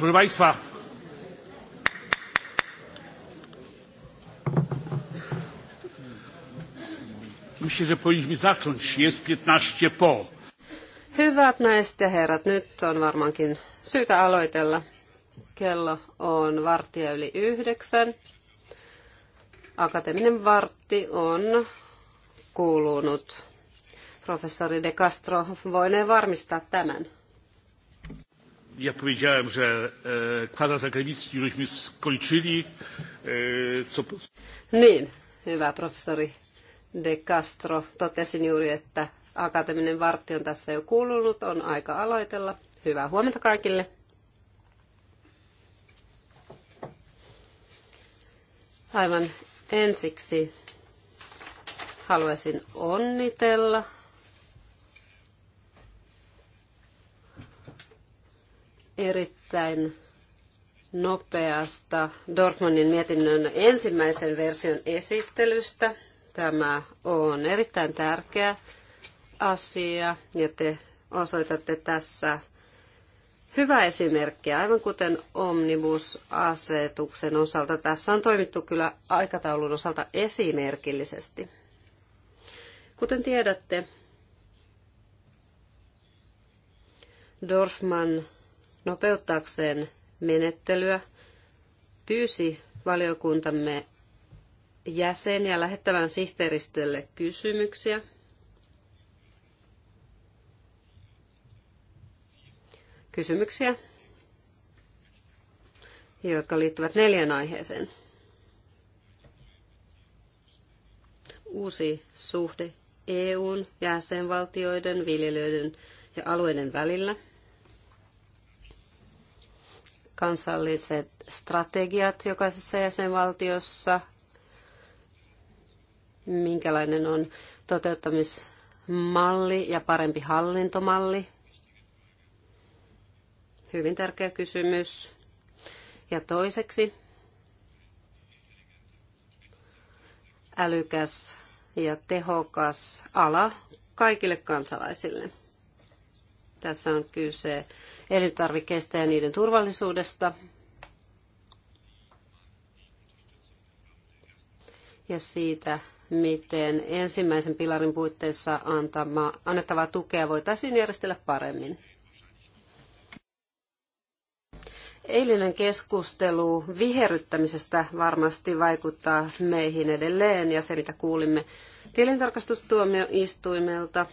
Proszę Państwa, myślę, że powinniśmy zacząć. Jest 15 po. Hyvät naiset ja herrat, nyt on varmaankin syytä aloitella. Kello on varttia yli yhdeksän. Akateeminen vartti on kuulunut. Professori De Castro voinee varmistaa tämän ja powiedziałem, że e, kwadrans akademicki jużśmy skończyli. E, co... Niin, hyvä professori De Castro. Totesin juuri, että akateeminen vartti on tässä jo kulunut, on aika aloitella. Hyvää huomenta kaikille. Aivan ensiksi haluaisin onnitella erittäin nopeasta Dortmundin mietinnön ensimmäisen version esittelystä. Tämä on erittäin tärkeä asia ja te osoitatte tässä hyvä esimerkki, aivan kuten omnibusasetuksen osalta. Tässä on toimittu kyllä aikataulun osalta esimerkillisesti. Kuten tiedätte, Dorfman nopeuttaakseen menettelyä pyysi valiokuntamme jäseniä lähettämään sihteeristölle kysymyksiä. Kysymyksiä, jotka liittyvät neljän aiheeseen. Uusi suhde EUn, jäsenvaltioiden, viljelijöiden ja alueiden välillä – kansalliset strategiat jokaisessa jäsenvaltiossa, minkälainen on toteuttamismalli ja parempi hallintomalli. Hyvin tärkeä kysymys. Ja toiseksi älykäs ja tehokas ala kaikille kansalaisille. Tässä on kyse elintarvikkeista ja niiden turvallisuudesta. Ja siitä, miten ensimmäisen pilarin puitteissa antama, annettavaa tukea voitaisiin järjestellä paremmin. Eilinen keskustelu viherryttämisestä varmasti vaikuttaa meihin edelleen ja se, mitä kuulimme tilintarkastustuomioistuimelta –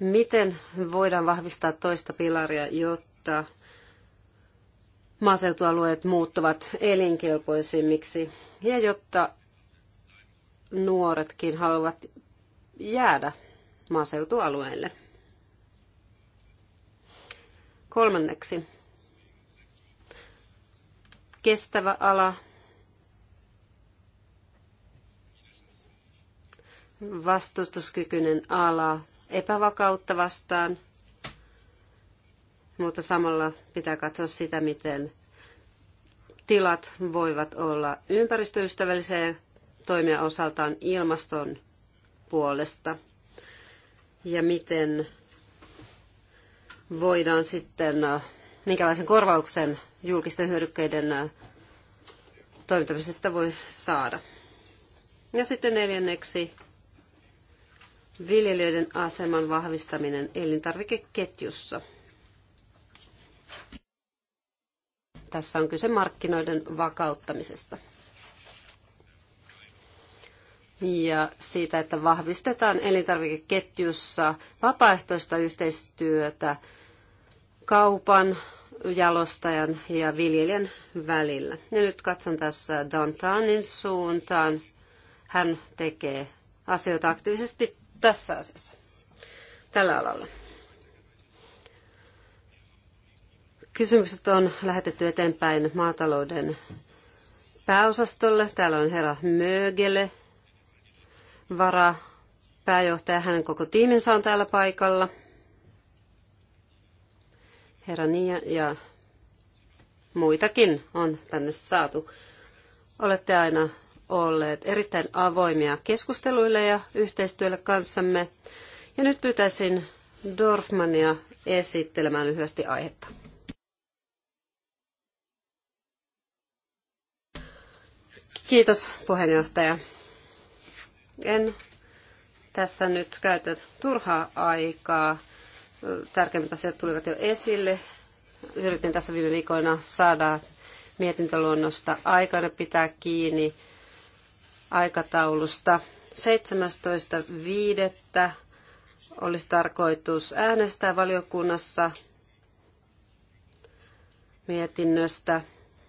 Miten voidaan vahvistaa toista pilaria, jotta maaseutualueet muuttuvat elinkelpoisimmiksi ja jotta nuoretkin haluavat jäädä maaseutualueelle. Kolmanneksi. Kestävä ala. Vastustuskykyinen ala epävakautta vastaan, mutta samalla pitää katsoa sitä, miten tilat voivat olla ympäristöystävällisiä ja toimia osaltaan ilmaston puolesta. Ja miten voidaan sitten, minkälaisen korvauksen julkisten hyödykkeiden toimintamisesta voi saada. Ja sitten neljänneksi viljelijöiden aseman vahvistaminen elintarvikeketjussa. Tässä on kyse markkinoiden vakauttamisesta. Ja siitä, että vahvistetaan elintarvikeketjussa vapaaehtoista yhteistyötä kaupan, jalostajan ja viljelijän välillä. Ja nyt katson tässä Dantanin suuntaan. Hän tekee asioita aktiivisesti tässä asiassa, tällä alalla. Kysymykset on lähetetty eteenpäin maatalouden pääosastolle. Täällä on herra Mögele, vara pääjohtaja, hänen koko tiiminsä on täällä paikalla. Herra Nia ja muitakin on tänne saatu. Olette aina olleet erittäin avoimia keskusteluille ja yhteistyölle kanssamme. Ja nyt pyytäisin Dorfmania esittelemään lyhyesti aihetta. Kiitos puheenjohtaja. En tässä nyt käytä turhaa aikaa. Tärkeimmät asiat tulivat jo esille. Yritin tässä viime viikoina saada mietintöluonnosta aikana pitää kiinni aikataulusta. 17.5. olisi tarkoitus äänestää valiokunnassa mietinnöstä.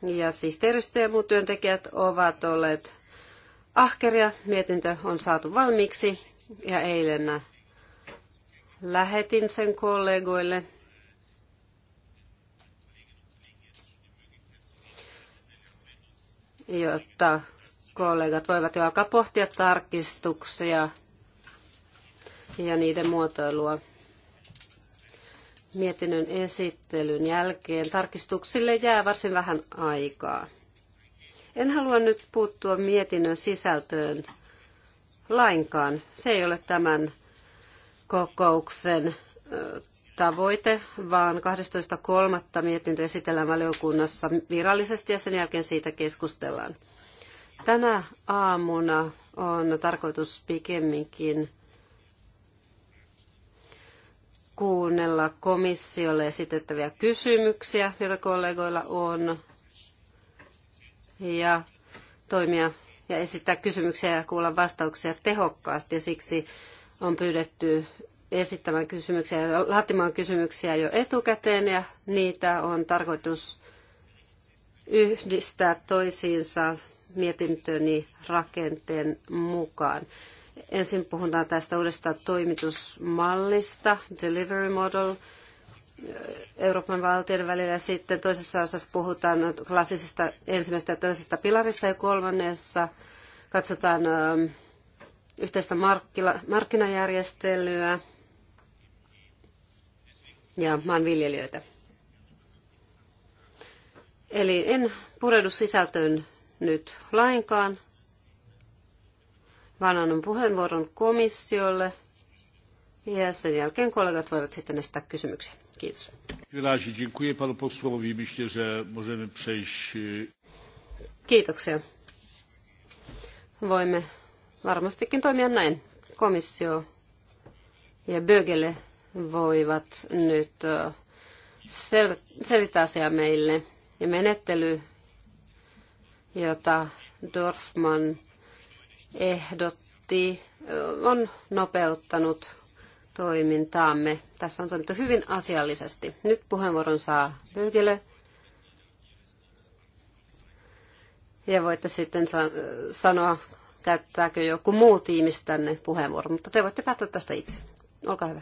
Ja sihteeristö ja muut työntekijät ovat olleet ahkeria. Mietintö on saatu valmiiksi ja eilen lähetin sen kollegoille. jotta kollegat voivat jo alkaa pohtia tarkistuksia ja niiden muotoilua. Mietinnön esittelyn jälkeen tarkistuksille jää varsin vähän aikaa. En halua nyt puuttua mietinnön sisältöön lainkaan. Se ei ole tämän kokouksen tavoite, vaan 12.3. mietintö esitellään valiokunnassa virallisesti ja sen jälkeen siitä keskustellaan. Tänä aamuna on tarkoitus pikemminkin kuunnella komissiolle esitettäviä kysymyksiä, joita kollegoilla on, ja toimia ja esittää kysymyksiä ja kuulla vastauksia tehokkaasti. Ja siksi on pyydetty esittämään kysymyksiä ja laatimaan kysymyksiä jo etukäteen ja niitä on tarkoitus yhdistää toisiinsa mietintöni rakenteen mukaan. Ensin puhutaan tästä uudesta toimitusmallista, delivery model, Euroopan valtioiden välillä. Sitten toisessa osassa puhutaan klassisesta ensimmäisestä ja toisesta pilarista ja kolmannessa katsotaan ähm, yhteistä markkinajärjestelyä ja maanviljelijöitä. Eli en pureudu sisältöön nyt lainkaan, vaan annan puheenvuoron komissiolle ja sen jälkeen kollegat voivat sitten esittää kysymyksiä. Kiitos. Kiitoksia. Voimme varmastikin toimia näin. Komissio ja Bögele voivat nyt selvittää selittää asiaa meille. Ja menettely jota Dorfman ehdotti, on nopeuttanut toimintaamme. Tässä on toimittu hyvin asiallisesti. Nyt puheenvuoron saa Bögele. Ja voitte sitten sanoa, käyttääkö joku muu tänne puheenvuoron, mutta te voitte päättää tästä itse. Olkaa hyvä.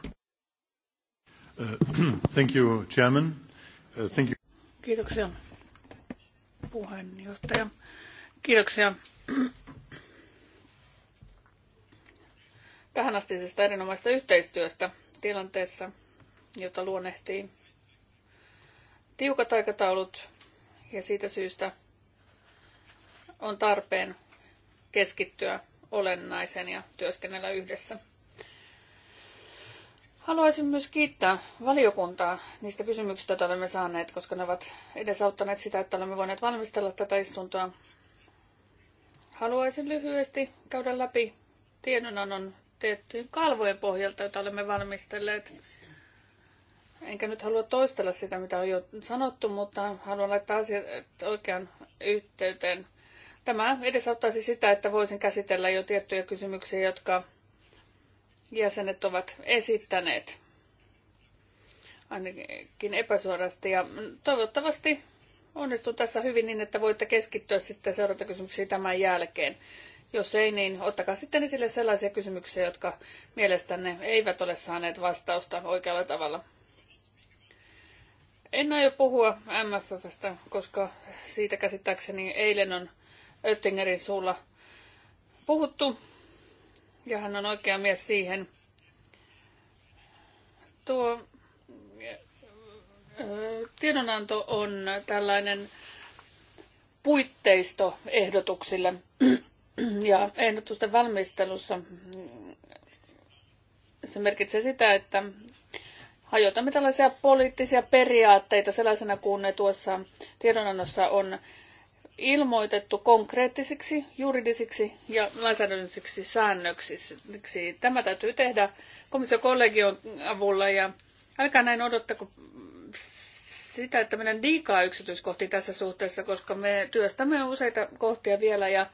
Uh, thank you, Chairman. Uh, thank you. Kiitoksia puheenjohtaja. Kiitoksia tähänastisesta erinomaista yhteistyöstä tilanteessa, jota luonnehtii tiukat aikataulut ja siitä syystä on tarpeen keskittyä olennaisen ja työskennellä yhdessä. Haluaisin myös kiittää valiokuntaa niistä kysymyksistä, joita olemme saaneet, koska ne ovat edesauttaneet sitä, että olemme voineet valmistella tätä istuntoa. Haluaisin lyhyesti käydä läpi tiedonannon tiettyjen kalvojen pohjalta, joita olemme valmistelleet. Enkä nyt halua toistella sitä, mitä on jo sanottu, mutta haluan laittaa asiat oikean yhteyteen. Tämä edesauttaisi sitä, että voisin käsitellä jo tiettyjä kysymyksiä, jotka jäsenet ovat esittäneet ainakin epäsuorasti. Ja toivottavasti onnistuu tässä hyvin niin, että voitte keskittyä sitten seurantakysymyksiin tämän jälkeen. Jos ei, niin ottakaa sitten esille sellaisia kysymyksiä, jotka mielestänne eivät ole saaneet vastausta oikealla tavalla. En aio puhua MFFstä, koska siitä käsittääkseni eilen on Oettingerin suulla puhuttu ja hän on oikea mies siihen. Tuo eh, tiedonanto on tällainen puitteisto ehdotuksille ja ehdotusten valmistelussa. Mm, se merkitsee sitä, että hajotamme tällaisia poliittisia periaatteita sellaisena kuin ne tuossa tiedonannossa on ilmoitettu konkreettisiksi, juridisiksi ja lainsäädännöllisiksi säännöksiksi. Tämä täytyy tehdä komissiokollegion avulla ja älkää näin odottako sitä, että menen liikaa yksityiskohtiin tässä suhteessa, koska me työstämme useita kohtia vielä ja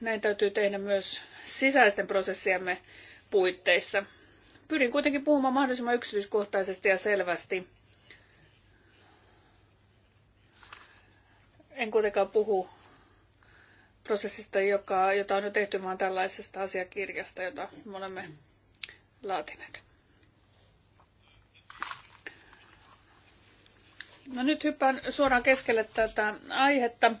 näin täytyy tehdä myös sisäisten prosessiemme puitteissa. Pyrin kuitenkin puhumaan mahdollisimman yksityiskohtaisesti ja selvästi En kuitenkaan puhu prosessista, joka, jota on jo tehty, vaan tällaisesta asiakirjasta, jota me olemme laatineet. No nyt hyppään suoraan keskelle tätä aihetta.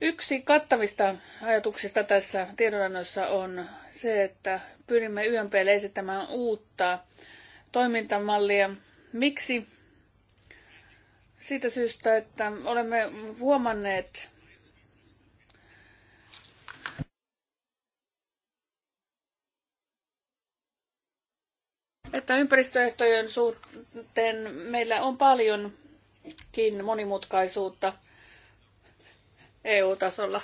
Yksi kattavista ajatuksista tässä tiedonannossa on se, että pyrimme YMPlle esittämään uutta toimintamallia. Miksi siitä syystä, että olemme huomanneet että ympäristöehtojen suhteen meillä on paljonkin monimutkaisuutta EU-tasolla.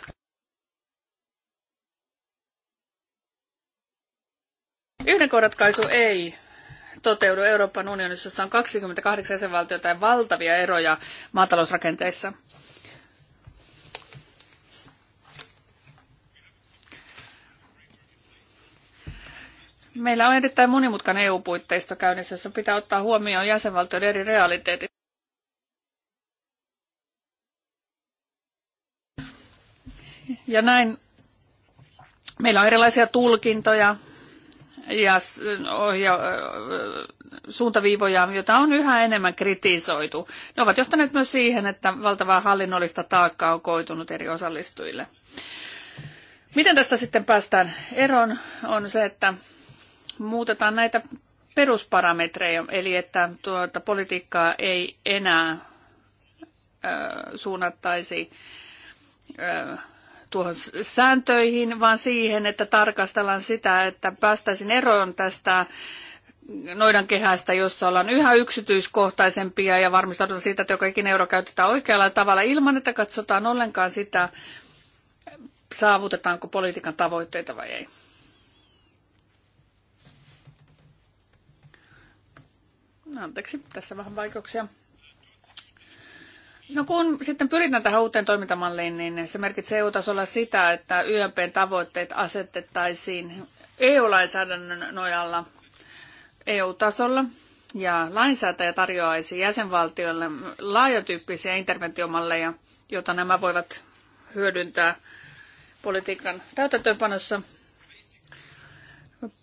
Yhden ei toteudu Euroopan unionissa, jossa on 28 jäsenvaltiota ja valtavia eroja maatalousrakenteissa. Meillä on erittäin monimutkainen EU-puitteisto käynnissä, jossa pitää ottaa huomioon jäsenvaltioiden eri realiteetit. Ja näin meillä on erilaisia tulkintoja, ja ohja- suuntaviivoja, joita on yhä enemmän kritisoitu. Ne ovat johtaneet myös siihen, että valtavaa hallinnollista taakkaa on koitunut eri osallistujille. Miten tästä sitten päästään eroon on se, että muutetaan näitä perusparametreja, eli että tuota politiikkaa ei enää ö, suunnattaisi ö, tuohon sääntöihin, vaan siihen, että tarkastellaan sitä, että päästäisiin eroon tästä kehästä, jossa ollaan yhä yksityiskohtaisempia ja varmistaudutaan siitä, että joka ikinen euro käytetään oikealla tavalla ilman, että katsotaan ollenkaan sitä, saavutetaanko politiikan tavoitteita vai ei. Anteeksi, tässä vähän vaikeuksia. No kun sitten pyritään tähän uuteen toimintamalliin, niin se merkitsee EU-tasolla sitä, että YMPn tavoitteet asetettaisiin EU-lainsäädännön nojalla EU-tasolla ja lainsäätäjä tarjoaisi jäsenvaltioille laajatyyppisiä interventiomalleja, joita nämä voivat hyödyntää politiikan täytäntöönpanossa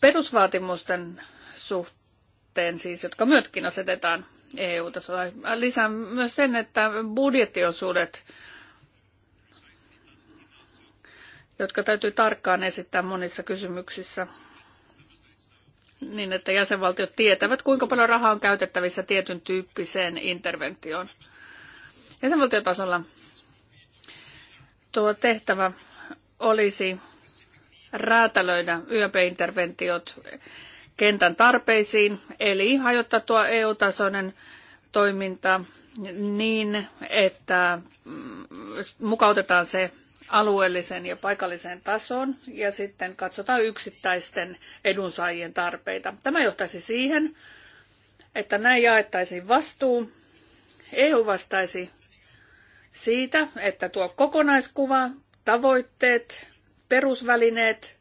perusvaatimusten suhteen, siis, jotka myötkin asetetaan EU-tasolla. Lisään myös sen, että budjettiosuudet, jotka täytyy tarkkaan esittää monissa kysymyksissä, niin että jäsenvaltiot tietävät, kuinka paljon rahaa on käytettävissä tietyn tyyppiseen interventioon. Jäsenvaltiotasolla tuo tehtävä olisi räätälöidä YMP-interventiot kentän tarpeisiin, eli hajottaa tuo e EU-tasoinen toiminta niin, että mm, mukautetaan se alueelliseen ja paikalliseen tasoon ja sitten katsotaan yksittäisten edunsaajien tarpeita. Tämä johtaisi siihen, että näin jaettaisiin vastuu. EU vastaisi siitä, että tuo kokonaiskuva, tavoitteet, perusvälineet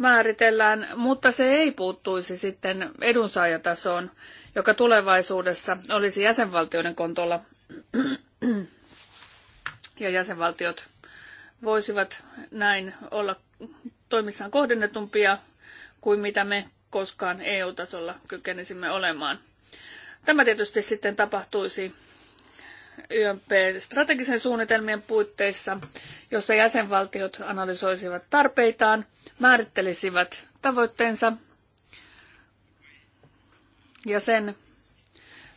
määritellään, mutta se ei puuttuisi sitten edunsaajatasoon, joka tulevaisuudessa olisi jäsenvaltioiden kontolla. Ja jäsenvaltiot voisivat näin olla toimissaan kohdennetumpia kuin mitä me koskaan EU-tasolla kykenisimme olemaan. Tämä tietysti sitten tapahtuisi YMP-strategisen suunnitelmien puitteissa, jossa jäsenvaltiot analysoisivat tarpeitaan, määrittelisivät tavoitteensa ja sen,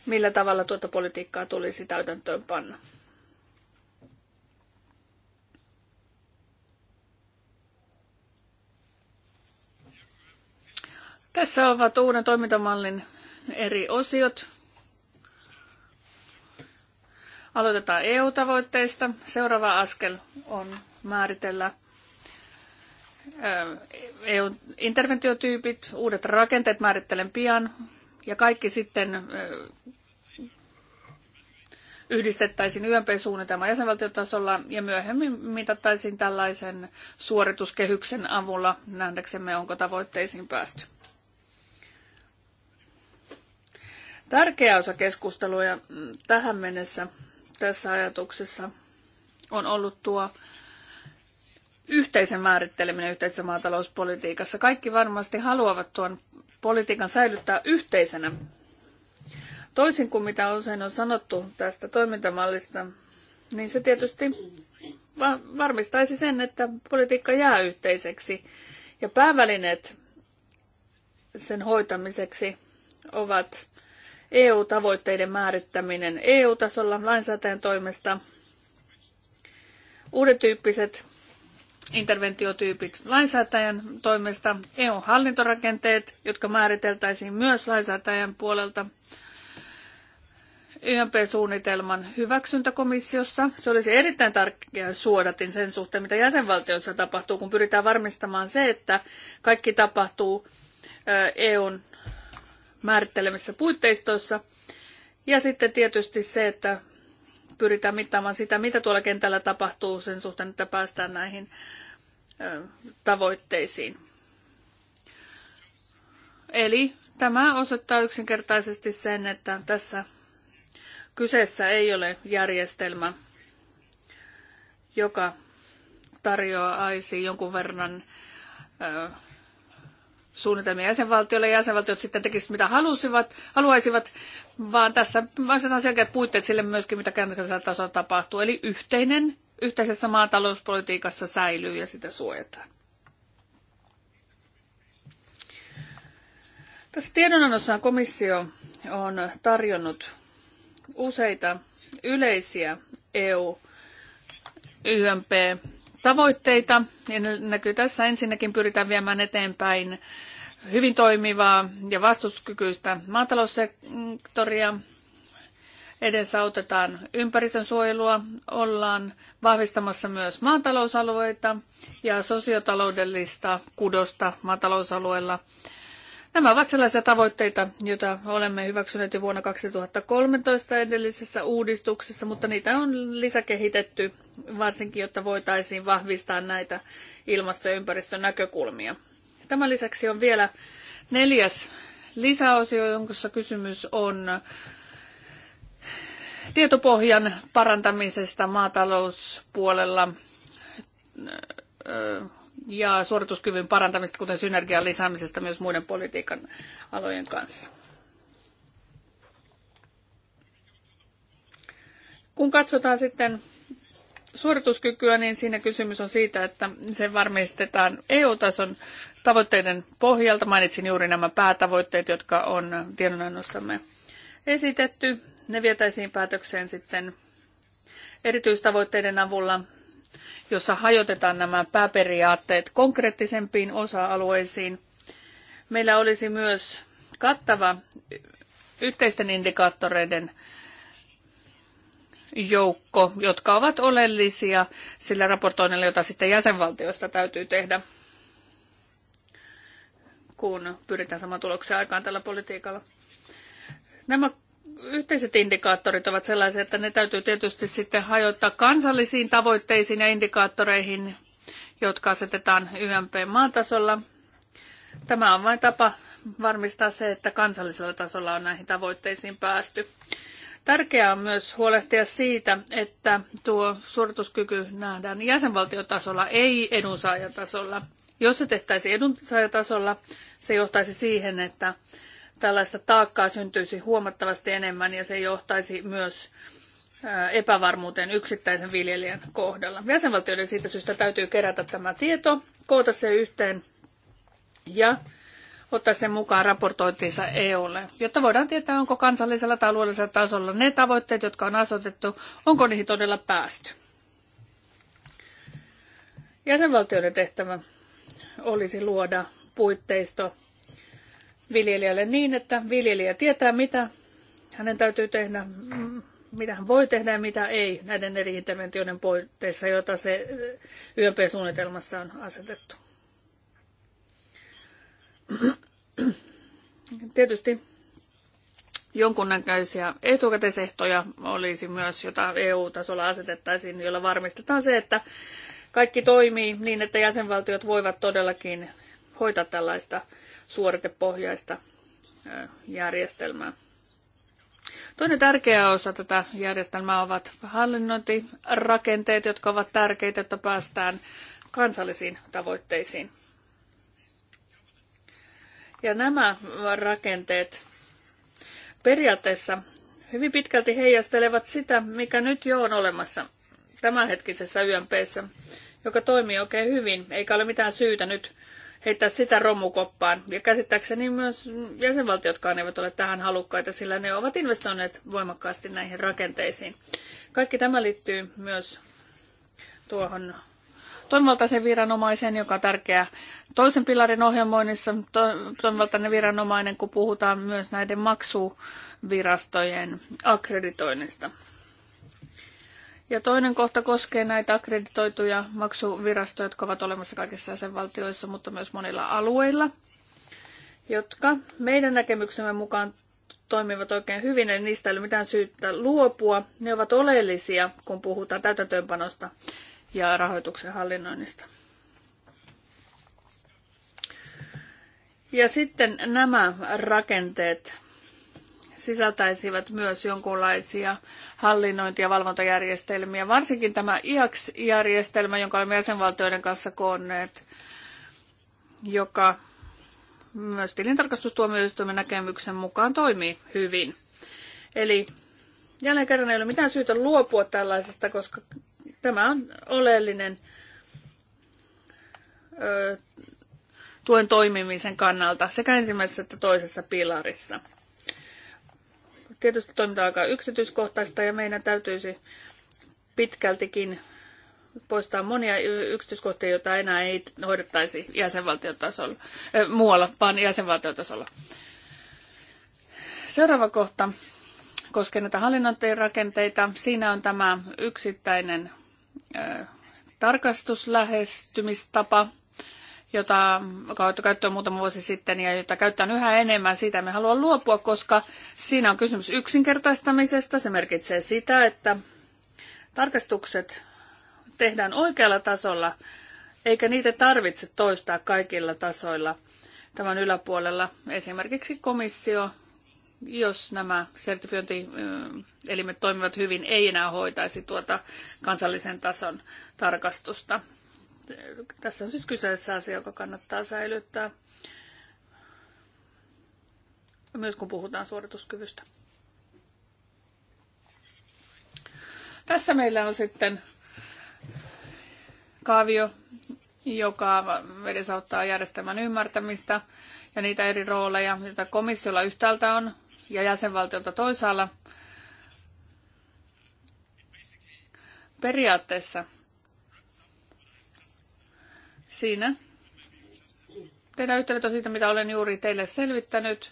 millä tavalla tuota politiikkaa tulisi täytäntöönpanna. Tässä ovat uuden toimintamallin eri osiot. Aloitetaan EU-tavoitteista. Seuraava askel on määritellä EU-interventiotyypit, uudet rakenteet määrittelen pian ja kaikki sitten yhdistettäisiin YMP-suunnitelman jäsenvaltiotasolla ja myöhemmin mitattaisiin tällaisen suorituskehyksen avulla nähdäksemme, onko tavoitteisiin päästy. Tärkeä osa keskustelua mm, tähän mennessä tässä ajatuksessa on ollut tuo yhteisen määritteleminen yhteisessä maatalouspolitiikassa. Kaikki varmasti haluavat tuon politiikan säilyttää yhteisenä. Toisin kuin mitä usein on sanottu tästä toimintamallista, niin se tietysti varmistaisi sen, että politiikka jää yhteiseksi. Ja päävälineet sen hoitamiseksi ovat EU-tavoitteiden määrittäminen EU-tasolla lainsäätäjän toimesta, uuden tyyppiset interventiotyypit lainsäätäjän toimesta, EU-hallintorakenteet, jotka määriteltäisiin myös lainsäätäjän puolelta, YMP-suunnitelman hyväksyntäkomissiossa. Se olisi erittäin tärkeä suodatin sen suhteen, mitä jäsenvaltioissa tapahtuu, kun pyritään varmistamaan se, että kaikki tapahtuu EUn määrittelemissä puitteistoissa. Ja sitten tietysti se, että pyritään mittaamaan sitä, mitä tuolla kentällä tapahtuu sen suhteen, että päästään näihin tavoitteisiin. Eli tämä osoittaa yksinkertaisesti sen, että tässä kyseessä ei ole järjestelmä, joka tarjoaisi jonkun verran suunnitelmia jäsenvaltioille ja jäsenvaltiot sitten tekisivät mitä halusivat, haluaisivat, vaan tässä asetetaan selkeät puitteet sille myöskin, mitä kansallisella tasolla tapahtuu. Eli yhteinen, yhteisessä maatalouspolitiikassa säilyy ja sitä suojataan. Tässä tiedonannossaan komissio on tarjonnut useita yleisiä EU YMP tavoitteita. Ja ne näkyy tässä ensinnäkin pyritään viemään eteenpäin hyvin toimivaa ja vastuskykyistä maataloussektoria. Edesautetaan ympäristönsuojelua, ollaan vahvistamassa myös maatalousalueita ja sosiotaloudellista kudosta maatalousalueella. Nämä ovat sellaisia tavoitteita, joita olemme hyväksyneet jo vuonna 2013 edellisessä uudistuksessa, mutta niitä on lisäkehitetty varsinkin, jotta voitaisiin vahvistaa näitä ilmasto- ja ympäristönäkökulmia. näkökulmia. Tämän lisäksi on vielä neljäs lisäosio, jonka kysymys on tietopohjan parantamisesta maatalouspuolella ja suorituskyvyn parantamisesta, kuten synergian lisäämisestä myös muiden politiikan alojen kanssa. Kun katsotaan sitten suorituskykyä, niin siinä kysymys on siitä, että se varmistetaan EU-tason tavoitteiden pohjalta. Mainitsin juuri nämä päätavoitteet, jotka on tiedonannostamme esitetty. Ne vietäisiin päätökseen sitten erityistavoitteiden avulla jossa hajotetaan nämä pääperiaatteet konkreettisempiin osa-alueisiin. Meillä olisi myös kattava yhteisten indikaattoreiden joukko, jotka ovat oleellisia sillä raportoinnilla, jota sitten jäsenvaltioista täytyy tehdä, kun pyritään saman tuloksen aikaan tällä politiikalla. Nämä yhteiset indikaattorit ovat sellaisia, että ne täytyy tietysti sitten hajottaa kansallisiin tavoitteisiin ja indikaattoreihin, jotka asetetaan YMP-maatasolla. Tämä on vain tapa varmistaa se, että kansallisella tasolla on näihin tavoitteisiin päästy. Tärkeää on myös huolehtia siitä, että tuo suorituskyky nähdään jäsenvaltiotasolla, ei edunsaajatasolla. Jos se tehtäisiin edunsaajatasolla, se johtaisi siihen, että tällaista taakkaa syntyisi huomattavasti enemmän ja se johtaisi myös epävarmuuteen yksittäisen viljelijän kohdalla. Jäsenvaltioiden siitä syystä täytyy kerätä tämä tieto, koota se yhteen ja ottaa sen mukaan raportointiinsa EUlle, jotta voidaan tietää, onko kansallisella tai alueellisella tasolla ne tavoitteet, jotka on asetettu, onko niihin todella päästy. Jäsenvaltioiden tehtävä olisi luoda puitteisto viljelijälle niin, että viljelijä tietää, mitä hänen täytyy tehdä, mitä hän voi tehdä ja mitä ei näiden eri interventioiden puitteissa, joita se eh, YMP-suunnitelmassa on asetettu. Tietysti jonkunnäköisiä etukäteisehtoja olisi myös, jota EU-tasolla asetettaisiin, jolla varmistetaan se, että kaikki toimii niin, että jäsenvaltiot voivat todellakin hoitaa tällaista suoritepohjaista järjestelmää. Toinen tärkeä osa tätä järjestelmää ovat hallinnointirakenteet, jotka ovat tärkeitä, että päästään kansallisiin tavoitteisiin. Ja nämä rakenteet periaatteessa hyvin pitkälti heijastelevat sitä, mikä nyt jo on olemassa tämänhetkisessä YMPssä, joka toimii oikein hyvin, eikä ole mitään syytä nyt heittää sitä romukoppaan. Ja käsittääkseni myös jäsenvaltiotkaan eivät ole tähän halukkaita, sillä ne ovat investoineet voimakkaasti näihin rakenteisiin. Kaikki tämä liittyy myös tuohon toimivaltaisen viranomaisen, joka on tärkeä toisen pilarin ohjelmoinnissa. Toimivaltainen viranomainen, kun puhutaan myös näiden maksuvirastojen akkreditoinnista. Ja toinen kohta koskee näitä akkreditoituja maksuvirastoja, jotka ovat olemassa kaikissa jäsenvaltioissa, mutta myös monilla alueilla, jotka meidän näkemyksemme mukaan toimivat oikein hyvin, eli niistä ei ole mitään syyttä luopua. Ne ovat oleellisia, kun puhutaan täytäntöönpanosta ja rahoituksen hallinnoinnista. Ja sitten nämä rakenteet sisältäisivät myös jonkinlaisia hallinnointi- ja valvontajärjestelmiä. Varsinkin tämä IAX-järjestelmä, jonka olemme jäsenvaltioiden kanssa koonneet, joka myös tilintarkastustuomioistuimen näkemyksen mukaan toimii hyvin. Eli jälleen kerran ei ole mitään syytä luopua tällaisesta, koska tämä on oleellinen ö, tuen toimimisen kannalta sekä ensimmäisessä että toisessa pilarissa. Tietysti toiminta on aika yksityiskohtaista ja meidän täytyisi pitkältikin poistaa monia yksityiskohtia, joita enää ei hoidettaisi jäsenvaltiotasolla, äh, muualla, vaan jäsenvaltiotasolla. Seuraava kohta koskee näitä hallinnointien rakenteita. Siinä on tämä yksittäinen äh, tarkastuslähestymistapa jota otettu käyttöön muutama vuosi sitten ja jota käytetään yhä enemmän, siitä me haluamme luopua, koska siinä on kysymys yksinkertaistamisesta. Se merkitsee sitä, että tarkastukset tehdään oikealla tasolla, eikä niitä tarvitse toistaa kaikilla tasoilla tämän yläpuolella. Esimerkiksi komissio, jos nämä sertifiointielimet toimivat hyvin, ei enää hoitaisi tuota kansallisen tason tarkastusta. Tässä on siis kyseessä asia, joka kannattaa säilyttää, myös kun puhutaan suorituskyvystä. Tässä meillä on sitten kaavio, joka edesauttaa järjestelmän ymmärtämistä ja niitä eri rooleja, joita komissiolla yhtäältä on ja jäsenvaltiolta toisaalla. Periaatteessa Siinä tehdään yhteenveto siitä, mitä olen juuri teille selvittänyt.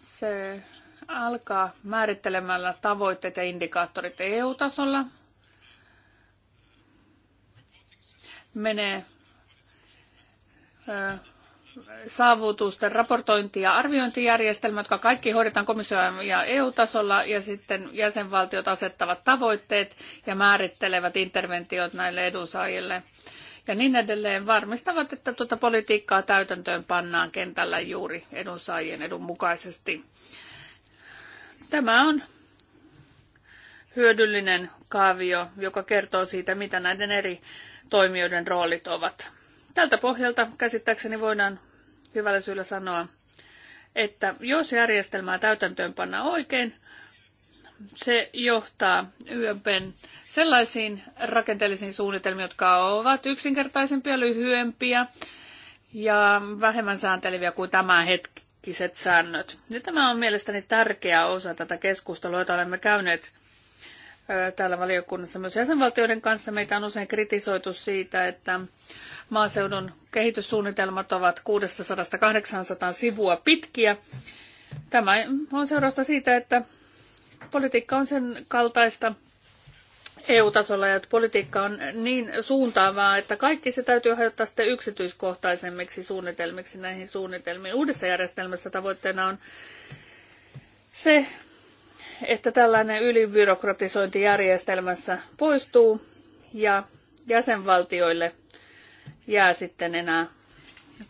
Se alkaa määrittelemällä tavoitteet ja indikaattorit EU-tasolla. Menee saavutusten raportointi- ja arviointijärjestelmä, jotka kaikki hoidetaan komission ja EU-tasolla, ja sitten jäsenvaltiot asettavat tavoitteet ja määrittelevät interventiot näille edunsaajille ja niin edelleen varmistavat, että tuota politiikkaa täytäntöön pannaan kentällä juuri edunsaajien edun mukaisesti. Tämä on hyödyllinen kaavio, joka kertoo siitä, mitä näiden eri toimijoiden roolit ovat. Tältä pohjalta käsittääkseni voidaan hyvällä syyllä sanoa, että jos järjestelmää täytäntöön pannaan oikein, se johtaa YMPn sellaisiin rakenteellisiin suunnitelmiin, jotka ovat yksinkertaisempia, lyhyempiä ja vähemmän säänteleviä kuin tämänhetkiset säännöt. Ja tämä on mielestäni tärkeä osa tätä keskustelua, jota olemme käyneet täällä valiokunnassa myös jäsenvaltioiden kanssa. Meitä on usein kritisoitu siitä, että maaseudun kehityssuunnitelmat ovat 600-800 sivua pitkiä. Tämä on seurausta siitä, että politiikka on sen kaltaista, EU-tasolla ja että politiikka on niin suuntaavaa, että kaikki se täytyy hajottaa sitten yksityiskohtaisemmiksi suunnitelmiksi näihin suunnitelmiin. Uudessa järjestelmässä tavoitteena on se, että tällainen ylibyrokratisointi järjestelmässä poistuu ja jäsenvaltioille jää sitten enää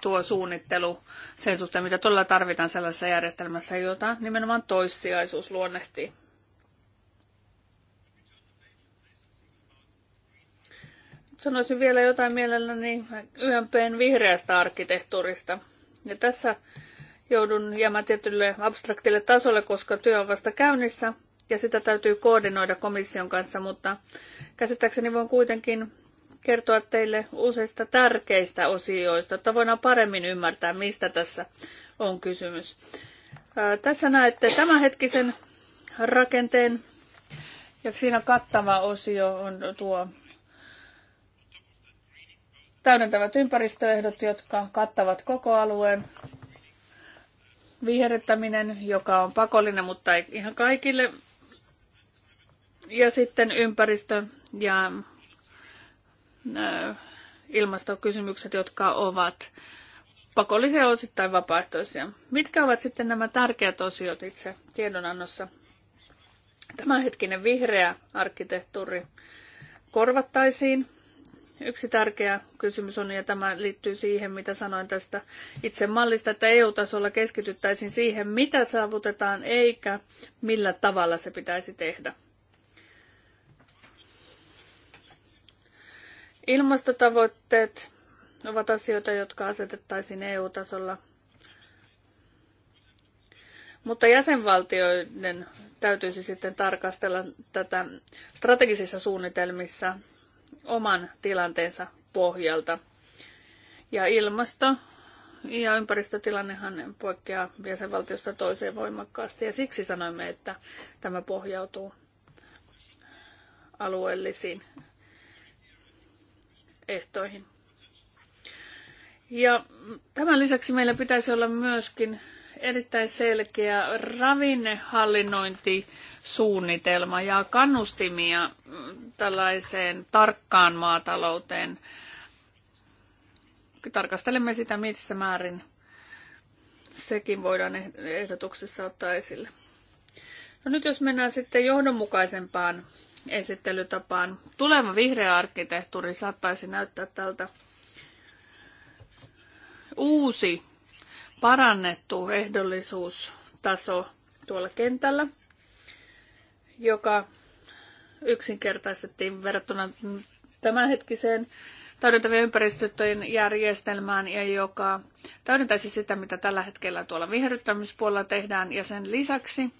tuo suunnittelu sen suhteen, mitä todella tarvitaan sellaisessa järjestelmässä, jota nimenomaan toissijaisuus luonnehtii. Sanoisin vielä jotain mielelläni YMPn vihreästä arkkitehtuurista. Ja tässä joudun jäämään tietylle abstraktille tasolle, koska työ on vasta käynnissä ja sitä täytyy koordinoida komission kanssa, mutta käsittääkseni voin kuitenkin kertoa teille useista tärkeistä osioista, jotta voidaan paremmin ymmärtää, mistä tässä on kysymys. Tässä näette tämänhetkisen rakenteen ja siinä kattava osio on tuo täydentävät ympäristöehdot, jotka kattavat koko alueen. viherettäminen, joka on pakollinen, mutta ei ihan kaikille. Ja sitten ympäristö ja äh, ilmastokysymykset, jotka ovat pakollisia osittain vapaaehtoisia. Mitkä ovat sitten nämä tärkeät osiot itse tiedonannossa? Tämänhetkinen vihreä arkkitehtuuri korvattaisiin Yksi tärkeä kysymys on, ja tämä liittyy siihen, mitä sanoin tästä itse mallista, että EU-tasolla keskityttäisiin siihen, mitä saavutetaan, eikä millä tavalla se pitäisi tehdä. Ilmastotavoitteet ovat asioita, jotka asetettaisiin EU-tasolla mutta jäsenvaltioiden täytyisi sitten tarkastella tätä strategisissa suunnitelmissa oman tilanteensa pohjalta. Ja ilmasto ja ympäristötilannehan poikkeaa jäsenvaltiosta toiseen voimakkaasti ja siksi sanoimme, että tämä pohjautuu alueellisiin ehtoihin. Ja tämän lisäksi meillä pitäisi olla myöskin erittäin selkeä ravinnehallinnointi suunnitelma ja kannustimia tällaiseen tarkkaan maatalouteen. Tarkastelemme sitä, missä määrin sekin voidaan ehdotuksessa ottaa esille. No nyt jos mennään sitten johdonmukaisempaan esittelytapaan. Tuleva vihreä arkkitehtuuri saattaisi näyttää tältä uusi parannettu ehdollisuustaso tuolla kentällä joka yksinkertaistettiin verrattuna tämänhetkiseen täydentävien ympäristötöjen järjestelmään ja joka täydentäisi sitä, mitä tällä hetkellä tuolla viherryttämispuolella tehdään. Ja sen lisäksi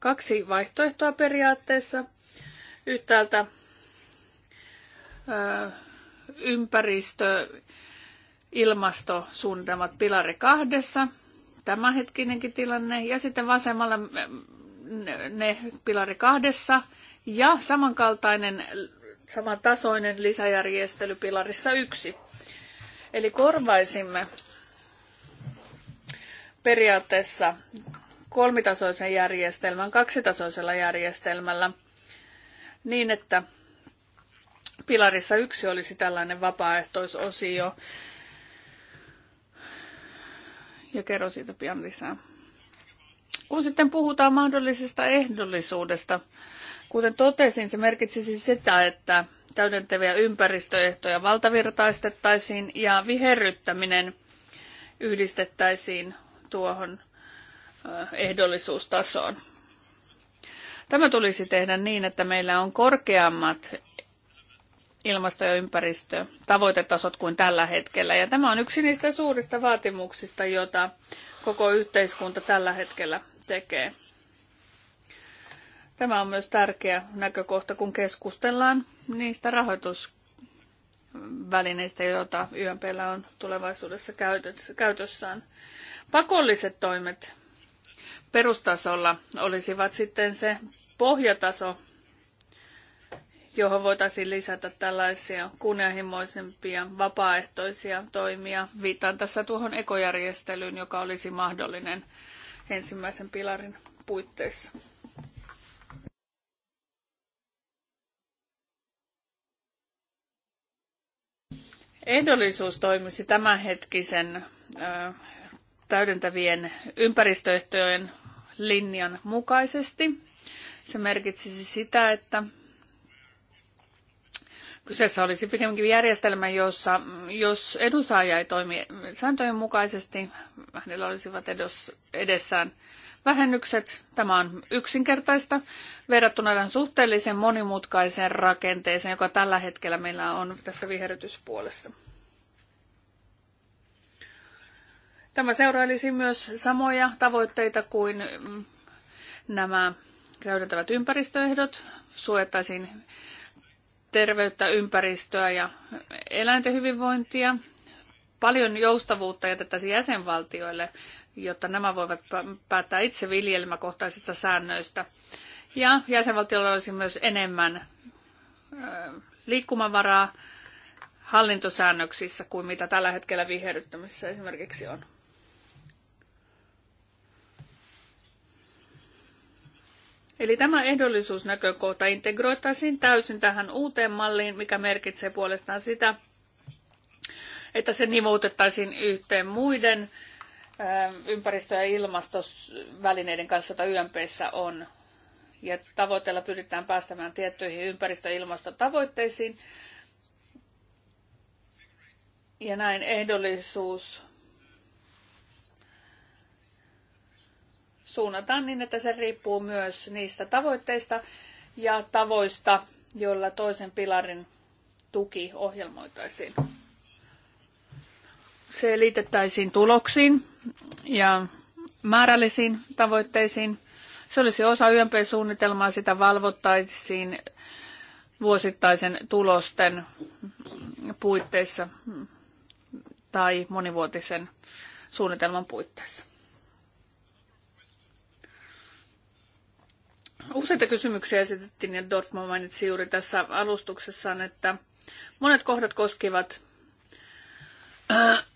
kaksi vaihtoehtoa periaatteessa. Yhtäältä ö, ympäristö, ilmastosuunnitelmat pilari kahdessa, tämänhetkinenkin tilanne, ja sitten vasemmalla ne pilari kahdessa ja samankaltainen, samantasoinen lisäjärjestely pilarissa yksi. Eli korvaisimme periaatteessa kolmitasoisen järjestelmän kaksitasoisella järjestelmällä niin, että pilarissa yksi olisi tällainen vapaaehtoisosio. Ja kerro siitä pian lisää. Kun sitten puhutaan mahdollisesta ehdollisuudesta, kuten totesin, se merkitsisi sitä, että täydentäviä ympäristöehtoja valtavirtaistettaisiin ja viherryttäminen yhdistettäisiin tuohon ehdollisuustasoon. Tämä tulisi tehdä niin, että meillä on korkeammat ilmasto- ja ympäristötavoitetasot kuin tällä hetkellä. Ja tämä on yksi niistä suurista vaatimuksista, joita koko yhteiskunta tällä hetkellä tekee. Tämä on myös tärkeä näkökohta, kun keskustellaan niistä rahoitusvälineistä, joita YMPllä on tulevaisuudessa käytössään. Pakolliset toimet perustasolla olisivat sitten se pohjataso, johon voitaisiin lisätä tällaisia kunnianhimoisempia vapaaehtoisia toimia. Viitaan tässä tuohon ekojärjestelyyn, joka olisi mahdollinen ensimmäisen pilarin puitteissa. Ehdollisuus toimisi tämänhetkisen täydentävien ympäristöehtojen linjan mukaisesti. Se merkitsisi sitä, että Kyseessä olisi pikemminkin järjestelmä, jossa jos edunsaaja ei toimi sääntöjen mukaisesti, hänellä olisivat edessään vähennykset. Tämä on yksinkertaista verrattuna tämän suhteellisen monimutkaiseen rakenteeseen, joka tällä hetkellä meillä on tässä viherrytyspuolessa. Tämä seurailisi myös samoja tavoitteita kuin mm, nämä täydentävät ympäristöehdot. Suojattaisiin terveyttä, ympäristöä ja eläinten hyvinvointia. Paljon joustavuutta jätettäisiin jäsenvaltioille, jotta nämä voivat päättää itse viljelmäkohtaisista säännöistä. Ja jäsenvaltioilla olisi myös enemmän liikkumavaraa hallintosäännöksissä kuin mitä tällä hetkellä viherryttämisessä esimerkiksi on. Eli tämä ehdollisuusnäkökohta integroitaisiin täysin tähän uuteen malliin, mikä merkitsee puolestaan sitä, että se nivoutettaisiin yhteen muiden ähm, ympäristö- ja ilmastovälineiden kanssa, joita YMPssä on. Ja tavoitteella pyritään päästämään tiettyihin ympäristö- ja ilmastotavoitteisiin. Ja näin ehdollisuus suunnataan niin, että se riippuu myös niistä tavoitteista ja tavoista, joilla toisen pilarin tuki ohjelmoitaisiin. Se liitettäisiin tuloksiin ja määrällisiin tavoitteisiin. Se olisi osa YMP-suunnitelmaa, sitä valvottaisiin vuosittaisen tulosten puitteissa tai monivuotisen suunnitelman puitteissa. Useita kysymyksiä esitettiin ja Dorfman mainitsi juuri tässä alustuksessaan, että monet kohdat koskivat äh, äh,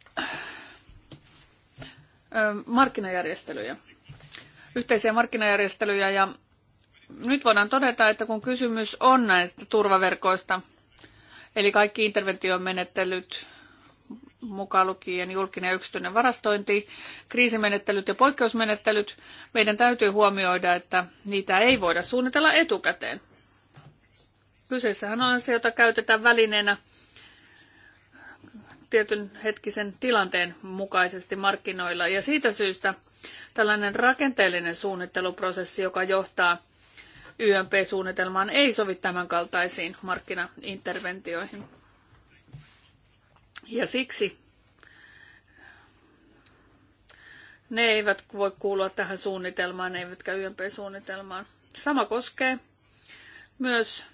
markkinajärjestelyjä, yhteisiä markkinajärjestelyjä ja nyt voidaan todeta, että kun kysymys on näistä turvaverkoista, eli kaikki interventiomenettelyt, mukaan lukien julkinen ja yksityinen varastointi, kriisimenettelyt ja poikkeusmenettelyt, meidän täytyy huomioida, että niitä ei voida suunnitella etukäteen. Kyseessähän on se, jota käytetään välineenä tietyn hetkisen tilanteen mukaisesti markkinoilla. Ja siitä syystä tällainen rakenteellinen suunnitteluprosessi, joka johtaa YMP-suunnitelmaan, ei sovi tämänkaltaisiin markkinainterventioihin. Ja siksi ne eivät voi kuulua tähän suunnitelmaan, ne eivätkä YMP-suunnitelmaan. Sama koskee myös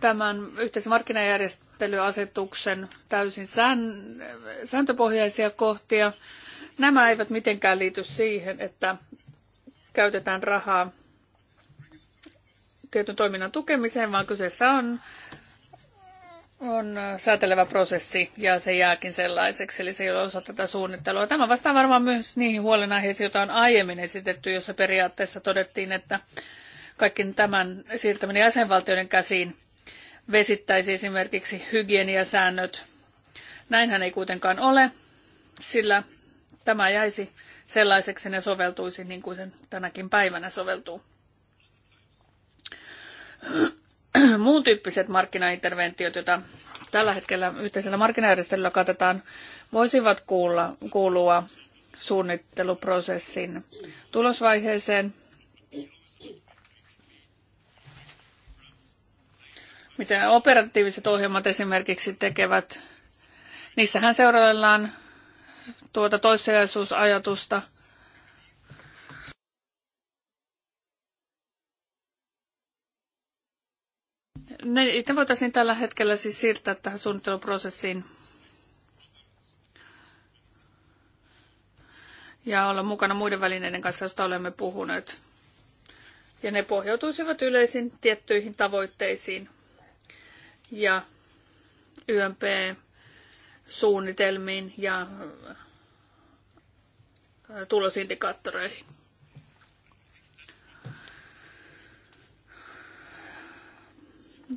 tämän yhteisen markkinajärjestelyasetuksen täysin sään, sääntöpohjaisia kohtia. Nämä eivät mitenkään liity siihen, että käytetään rahaa tietyn toiminnan tukemiseen, vaan kyseessä on on äh, säätelevä prosessi ja se jääkin sellaiseksi, eli se ei ole osa tätä suunnittelua. Tämä vastaa varmaan myös niihin huolenaiheisiin, joita on aiemmin esitetty, jossa periaatteessa todettiin, että kaikki tämän siirtäminen jäsenvaltioiden käsiin vesittäisi esimerkiksi hygieniasäännöt. Näinhän ei kuitenkaan ole, sillä tämä jäisi sellaiseksi ne soveltuisi niin kuin sen tänäkin päivänä soveltuu. muun tyyppiset markkinainterventiot, joita tällä hetkellä yhteisellä markkinajärjestelyllä katetaan, voisivat kuulla, kuulua suunnitteluprosessin tulosvaiheeseen. Mitä operatiiviset ohjelmat esimerkiksi tekevät, niissähän seuraillaan tuota toissijaisuusajatusta – Niitä voitaisiin tällä hetkellä siis siirtää tähän suunnitteluprosessiin ja olla mukana muiden välineiden kanssa, joista olemme puhuneet. Ja ne pohjautuisivat yleisiin tiettyihin tavoitteisiin ja YMP-suunnitelmiin ja äh, tulosindikaattoreihin.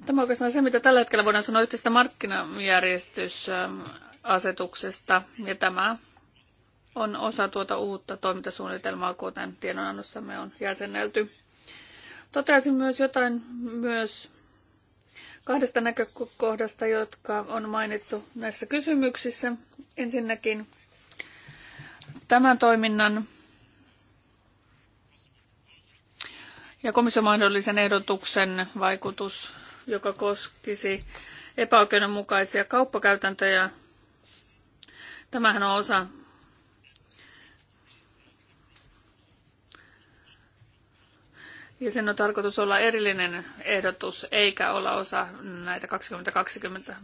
Tämä on oikeastaan se, mitä tällä hetkellä voidaan sanoa yhteistä markkinajärjestysasetuksesta. Ja tämä on osa tuota uutta toimintasuunnitelmaa, kuten tiedonannossamme on jäsennelty. Toteaisin myös jotain myös kahdesta näkökohdasta, jotka on mainittu näissä kysymyksissä. Ensinnäkin tämän toiminnan ja komission mahdollisen ehdotuksen vaikutus joka koskisi epäoikeudenmukaisia kauppakäytäntöjä. Tämähän on osa Ja sen on tarkoitus olla erillinen ehdotus, eikä olla osa näitä 2020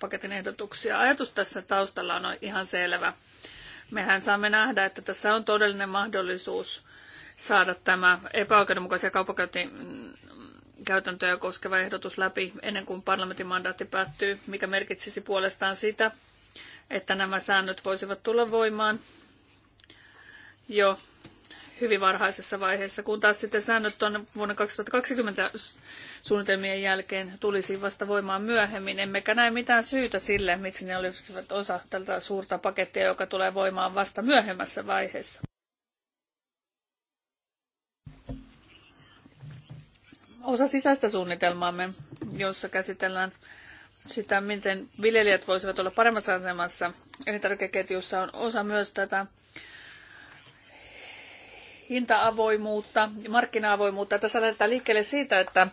paketin ehdotuksia. Ajatus tässä taustalla on ihan selvä. Mehän saamme nähdä, että tässä on todellinen mahdollisuus saada tämä epäoikeudenmukaisia kaupankäynti käytäntöjä koskeva ehdotus läpi ennen kuin parlamentin mandaatti päättyy, mikä merkitsisi puolestaan sitä, että nämä säännöt voisivat tulla voimaan jo hyvin varhaisessa vaiheessa, kun taas sitten säännöt on vuonna 2020 suunnitelmien jälkeen tulisi vasta voimaan myöhemmin. Emmekä näe mitään syytä sille, miksi ne olisivat osa tältä suurta pakettia, joka tulee voimaan vasta myöhemmässä vaiheessa. osa sisäistä suunnitelmaamme, jossa käsitellään sitä, miten viljelijät voisivat olla paremmassa asemassa elintarvikeketjussa, on osa myös tätä hinta-avoimuutta ja markkina-avoimuutta. Tässä lähdetään liikkeelle siitä, että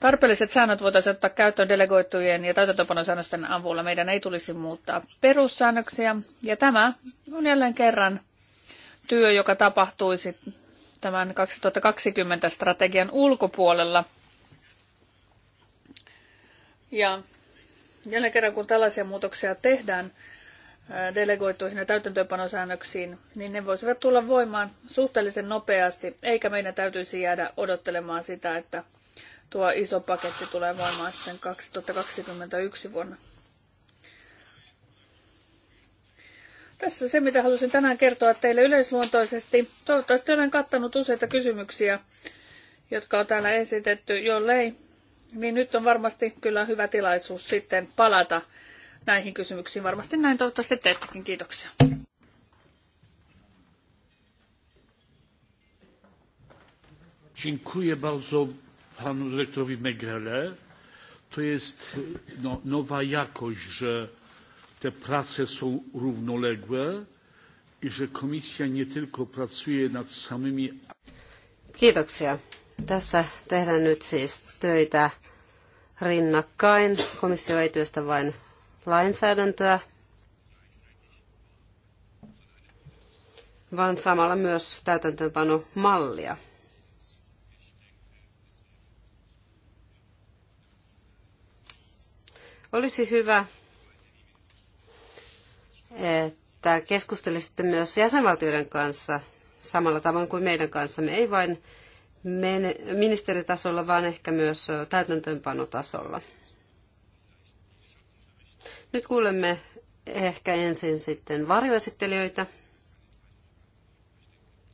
tarpeelliset säännöt voitaisiin ottaa käyttöön delegoitujen ja täytäntöpanosäännösten avulla. Meidän ei tulisi muuttaa perussäännöksiä. Ja tämä on jälleen kerran työ, joka tapahtuisi tämän 2020 strategian ulkopuolella. Ja jälleen kerran, kun tällaisia muutoksia tehdään delegoituihin ja täytäntöönpanosäännöksiin, niin ne voisivat tulla voimaan suhteellisen nopeasti, eikä meidän täytyisi jäädä odottelemaan sitä, että tuo iso paketti tulee voimaan sitten 2021 vuonna. Tässä se, mitä halusin tänään kertoa teille yleisluontoisesti. Toivottavasti olen kattanut useita kysymyksiä, jotka on täällä esitetty. Jollei, niin nyt on varmasti kyllä hyvä tilaisuus sitten palata näihin kysymyksiin. Varmasti näin toivottavasti teettekin. Kiitoksia. Dziękuję bardzo panu dyrektorowi Megele. To jest no, nowa jakość, że te prace są równoległe i że komisja nie tylko pracuje nad samymi... Kiitoksia. Tässä tehdään nyt siis töitä rinnakkain. Komissio ei työstä vain lainsäädäntöä, vaan samalla myös täytäntöönpanomallia. Olisi hyvä, että keskustelisitte myös jäsenvaltioiden kanssa samalla tavoin kuin meidän kanssamme, ei vain ministeritasolla, vaan ehkä myös täytäntöönpanotasolla. Nyt kuulemme ehkä ensin sitten varjoesittelijöitä.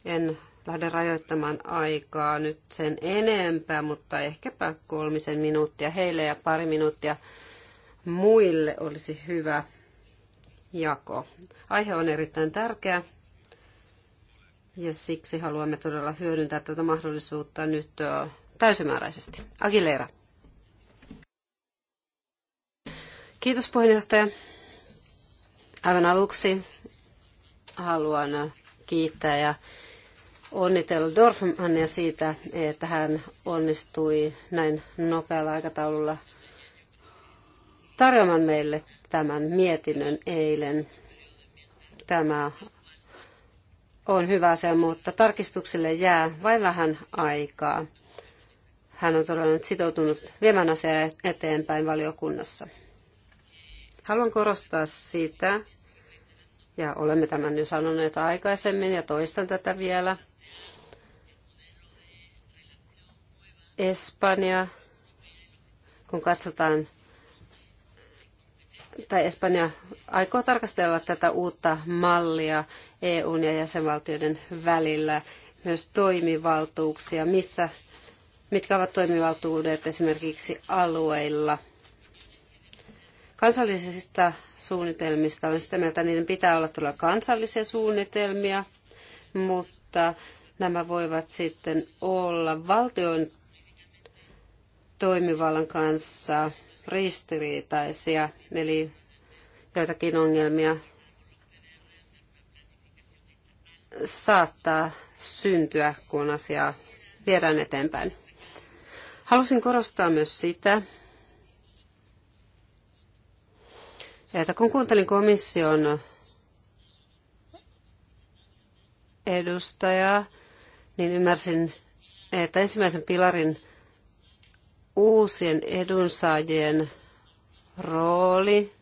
En lähde rajoittamaan aikaa nyt sen enempää, mutta ehkäpä kolmisen minuuttia heille ja pari minuuttia muille olisi hyvä jako. Aihe on erittäin tärkeä ja siksi haluamme todella hyödyntää tätä mahdollisuutta nyt täysimääräisesti. Agileira. Kiitos puheenjohtaja. Aivan aluksi haluan kiittää ja onnitella Dorfmania siitä, että hän onnistui näin nopealla aikataululla tarjoamaan meille tämän mietinnön eilen. Tämä on hyvä asia, mutta tarkistukselle jää vain vähän aikaa. Hän on todella nyt sitoutunut viemään asiaa eteenpäin valiokunnassa. Haluan korostaa sitä, ja olemme tämän jo sanoneet aikaisemmin ja toistan tätä vielä. Espanja, kun katsotaan tai Espanja aikoo tarkastella tätä uutta mallia EUn ja jäsenvaltioiden välillä, myös toimivaltuuksia, missä, mitkä ovat toimivaltuudet esimerkiksi alueilla. Kansallisista suunnitelmista olen sitä mieltä, että niiden pitää olla tulla kansallisia suunnitelmia, mutta nämä voivat sitten olla valtion toimivallan kanssa ristiriitaisia, eli joitakin ongelmia saattaa syntyä, kun asiaa viedään eteenpäin. Halusin korostaa myös sitä, että kun kuuntelin komission edustajaa, niin ymmärsin, että ensimmäisen pilarin uusien edunsaajien rooli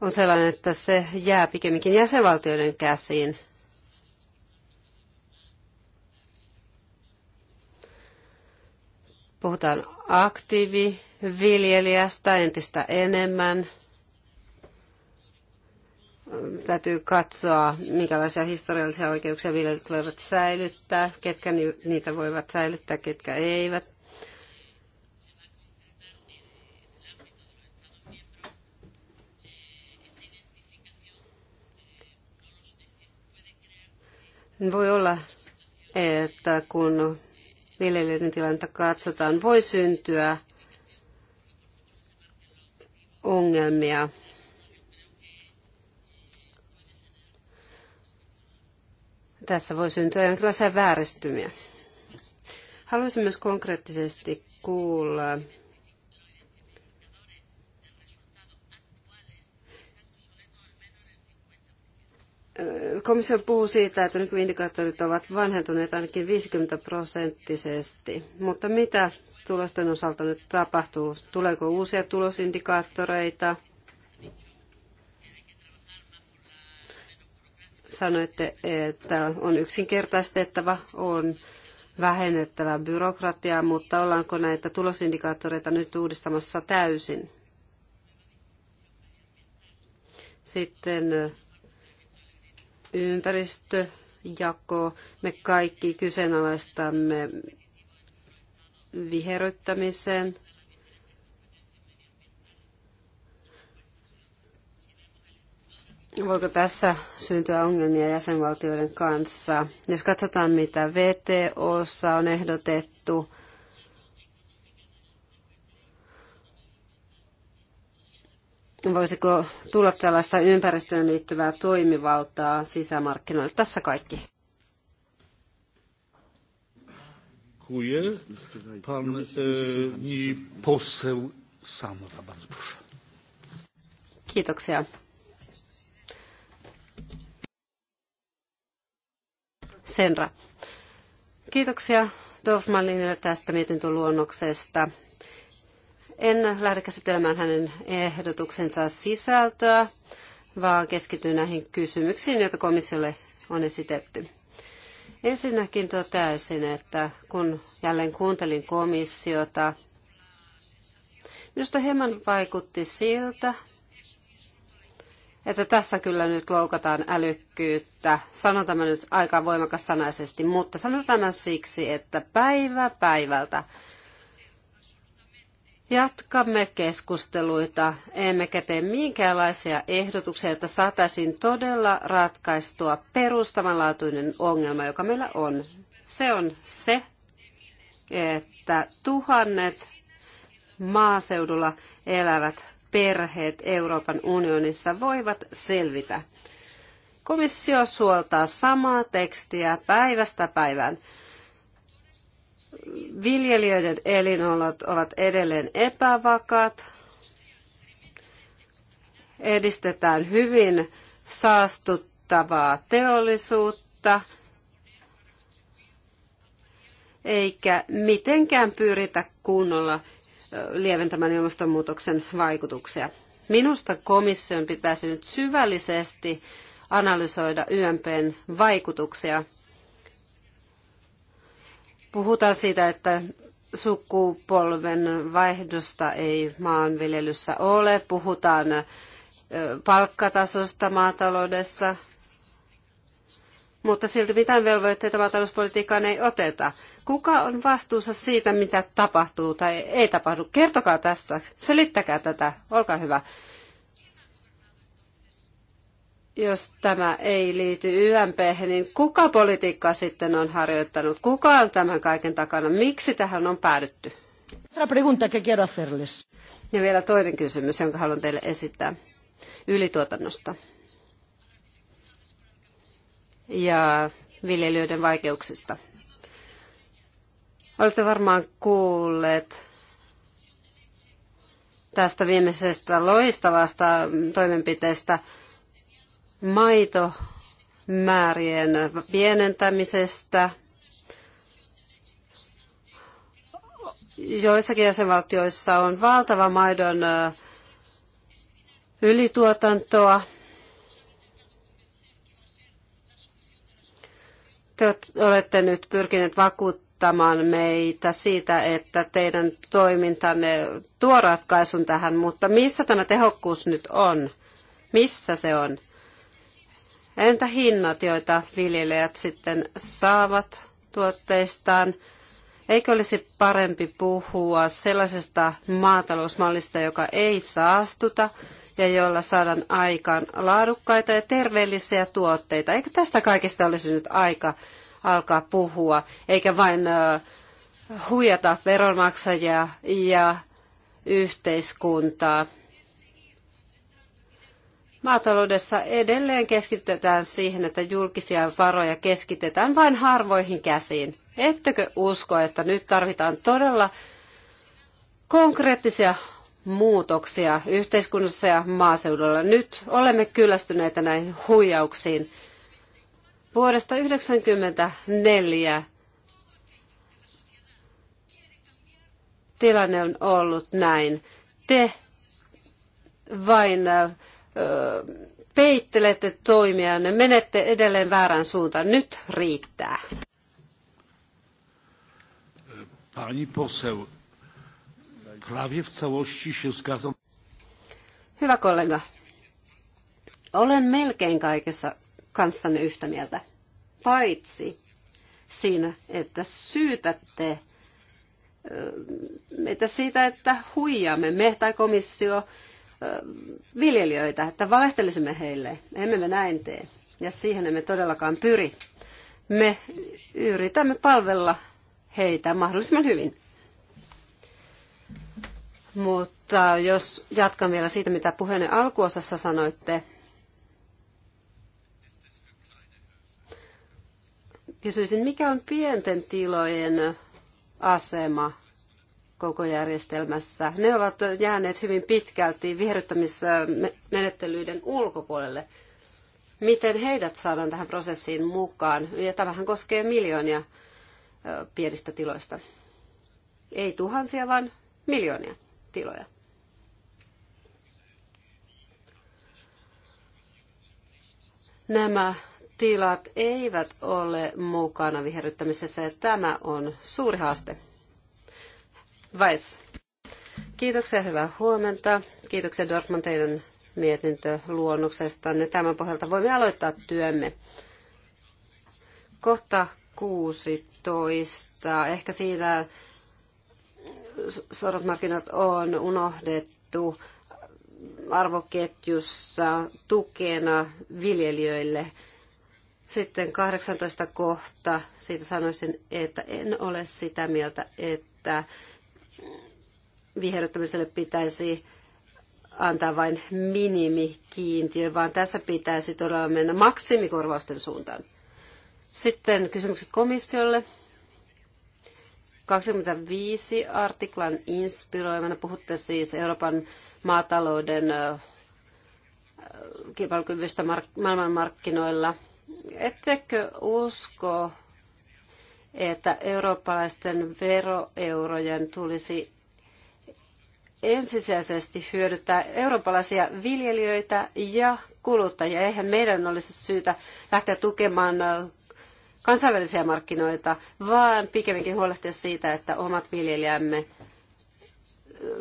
on sellainen, että se jää pikemminkin jäsenvaltioiden käsiin. Puhutaan aktiiviviljelijästä entistä enemmän – täytyy katsoa, minkälaisia historiallisia oikeuksia viljelijät voivat säilyttää, ketkä niitä voivat säilyttää, ketkä eivät. Voi olla, että kun viljelijöiden tilannetta katsotaan, voi syntyä ongelmia – tässä voi syntyä jonkinlaisia vääristymiä. Haluaisin myös konkreettisesti kuulla komissio puhuu siitä, että nykyindikaattorit ovat vanhentuneet ainakin 50 prosenttisesti, mutta mitä tulosten osalta nyt tapahtuu? Tuleeko uusia tulosindikaattoreita? sanoitte, että on yksinkertaistettava, on vähennettävä byrokratiaa, mutta ollaanko näitä tulosindikaattoreita nyt uudistamassa täysin? Sitten ympäristöjako. Me kaikki kyseenalaistamme viherryttämisen voiko tässä syntyä ongelmia jäsenvaltioiden kanssa. Jos katsotaan, mitä VTOssa on ehdotettu, voisiko tulla tällaista ympäristöön liittyvää toimivaltaa sisämarkkinoille? Tässä kaikki. E, Kiitoksia. Senra. Kiitoksia Dorfmanille tästä mietintöluonnoksesta. En lähde käsittelemään hänen ehdotuksensa sisältöä, vaan keskityn näihin kysymyksiin, joita komissiolle on esitetty. Ensinnäkin toteaisin, että kun jälleen kuuntelin komissiota, minusta hieman vaikutti siltä, että tässä kyllä nyt loukataan älykkyyttä. Sanon tämä nyt aika voimakas sanaisesti, mutta sanon tämä siksi, että päivä päivältä jatkamme keskusteluita, emmekä tee minkäänlaisia ehdotuksia, että saataisiin todella ratkaistua perustavanlaatuinen ongelma, joka meillä on. Se on se, että tuhannet maaseudulla elävät perheet Euroopan unionissa voivat selvitä. Komissio suoltaa samaa tekstiä päivästä päivään. Viljelijöiden elinolot ovat edelleen epävakaat. Edistetään hyvin saastuttavaa teollisuutta, eikä mitenkään pyritä kunnolla lieventämään ilmastonmuutoksen vaikutuksia. Minusta komission pitäisi nyt syvällisesti analysoida YMPn vaikutuksia. Puhutaan siitä, että sukupolven vaihdosta ei maanviljelyssä ole. Puhutaan palkkatasosta maataloudessa, mutta silti mitään velvoitteita maatalouspolitiikkaan ei oteta. Kuka on vastuussa siitä, mitä tapahtuu tai ei tapahdu? Kertokaa tästä, selittäkää tätä, olkaa hyvä. Jos tämä ei liity YMP, niin kuka politiikka sitten on harjoittanut? Kuka on tämän kaiken takana? Miksi tähän on päädytty? Ja vielä toinen kysymys, jonka haluan teille esittää ylituotannosta ja viljelijöiden vaikeuksista. Olette varmaan kuulleet tästä viimeisestä loistavasta toimenpiteestä maitomäärien pienentämisestä. Joissakin jäsenvaltioissa on valtava maidon ylituotantoa Te olette nyt pyrkineet vakuuttamaan meitä siitä, että teidän toimintanne tuo ratkaisun tähän, mutta missä tämä tehokkuus nyt on? Missä se on? Entä hinnat, joita viljelijät sitten saavat tuotteistaan? Eikö olisi parempi puhua sellaisesta maatalousmallista, joka ei saastuta, ja jolla saadaan aikaan laadukkaita ja terveellisiä tuotteita. Eikö tästä kaikesta olisi nyt aika alkaa puhua, eikä vain huijata veronmaksajia ja yhteiskuntaa. Maataloudessa edelleen keskitytään siihen, että julkisia varoja keskitetään vain harvoihin käsiin. Ettekö usko, että nyt tarvitaan todella konkreettisia muutoksia yhteiskunnassa ja maaseudulla. Nyt olemme kyllästyneitä näihin huijauksiin. Vuodesta 1994 tilanne on ollut näin. Te vain ö, peittelette toimia ne menette edelleen väärään suuntaan. Nyt riittää. Pani poseł Prawie w całości się zgadzam. Hyvä kollega. Olen melkein kaikessa kanssanne yhtä mieltä. Paitsi siinä, että syytätte että siitä, että huijaamme me tai komissio viljelijöitä, että valehtelisimme heille. Emme me näin tee. Ja siihen emme todellakaan pyri. Me yritämme palvella heitä mahdollisimman hyvin. Mutta jos jatkan vielä siitä, mitä puheenne alkuosassa sanoitte, kysyisin, mikä on pienten tilojen asema koko järjestelmässä? Ne ovat jääneet hyvin pitkälti viherryttämismenettelyiden ulkopuolelle. Miten heidät saadaan tähän prosessiin mukaan? Ja tämähän koskee miljoonia pienistä tiloista. Ei tuhansia, vaan miljoonia tiloja. Nämä tilat eivät ole mukana viherryttämisessä ja tämä on suuri haaste. Vais. Kiitoksia, hyvää huomenta. Kiitoksia Dortmund teidän mietintöluonnoksestanne. Tämän pohjalta voimme aloittaa työmme. Kohta 16. Ehkä siinä suorat markkinat on unohdettu arvoketjussa tukena viljelijöille. Sitten 18 kohta, siitä sanoisin, että en ole sitä mieltä, että viherryttämiselle pitäisi antaa vain minimikiintiö, vaan tässä pitäisi todella mennä maksimikorvausten suuntaan. Sitten kysymykset komissiolle. 25 artiklan inspiroimana puhutte siis Euroopan maatalouden kilpailukyvystä maailmanmarkkinoilla. Ettekö usko, että eurooppalaisten veroeurojen tulisi ensisijaisesti hyödyttää eurooppalaisia viljelijöitä ja kuluttajia. Eihän meidän olisi syytä lähteä tukemaan kansainvälisiä markkinoita, vaan pikemminkin huolehtia siitä, että omat viljelijämme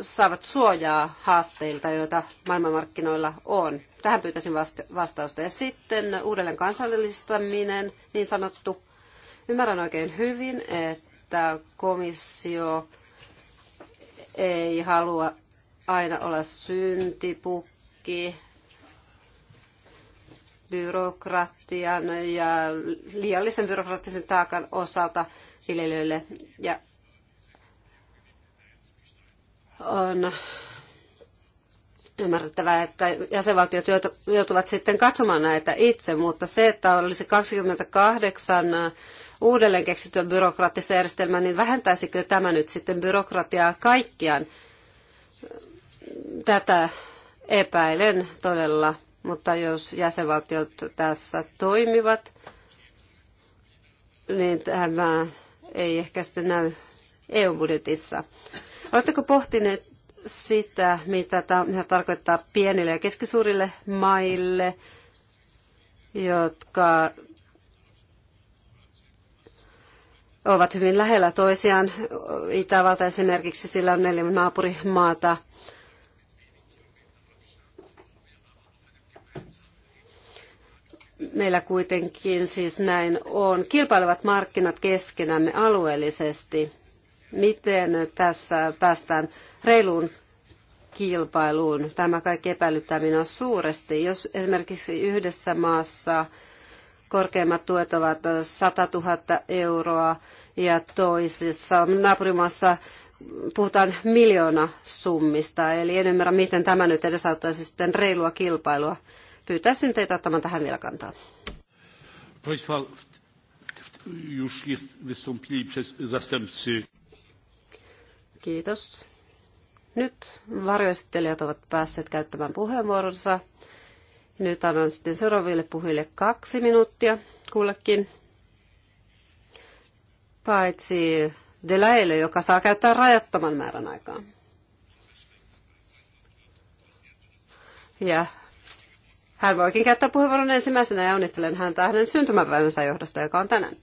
saavat suojaa haasteilta, joita maailmanmarkkinoilla on. Tähän pyytäisin vastausta. Ja sitten uudelleen kansallistaminen, niin sanottu. Ymmärrän oikein hyvin, että komissio ei halua aina olla syntipukki byrokratian ja liiallisen byrokraattisen taakan osalta viljelijöille. Ja on ymmärrettävää, että jäsenvaltiot joutuvat sitten katsomaan näitä itse, mutta se, että olisi 28 uudelleen keksittyä byrokraattista järjestelmää, niin vähentäisikö tämä nyt sitten byrokratiaa kaikkiaan? Tätä epäilen todella. Mutta jos jäsenvaltiot tässä toimivat, niin tämä ei ehkä sitten näy EU-budjetissa. Oletteko pohtineet sitä, mitä tämä tarkoittaa pienille ja keskisuurille maille, jotka ovat hyvin lähellä toisiaan. Itävalta esimerkiksi, sillä on neljä naapurimaata. meillä kuitenkin siis näin on. Kilpailevat markkinat keskenämme alueellisesti. Miten tässä päästään reiluun kilpailuun? Tämä kaikki epäilyttää minua suuresti. Jos esimerkiksi yhdessä maassa korkeimmat tuet ovat 100 000 euroa ja toisessa naapurimaassa puhutaan miljoona summista, eli en ymmärrä, miten tämä nyt edesauttaisi sitten reilua kilpailua. Pyytäisin teitä ottamaan tähän vielä kantaa. Kiitos. Nyt varjoesittelijät ovat päässeet käyttämään puheenvuoronsa. Nyt annan sitten seuraaville puhujille kaksi minuuttia kullekin. Paitsi Delaille, joka saa käyttää rajattoman määrän aikaa. Ja hän voikin käyttää puheenvuoron ensimmäisenä ja onnittelen häntä hänen syntymäpäivänsä johdosta, joka on tänään.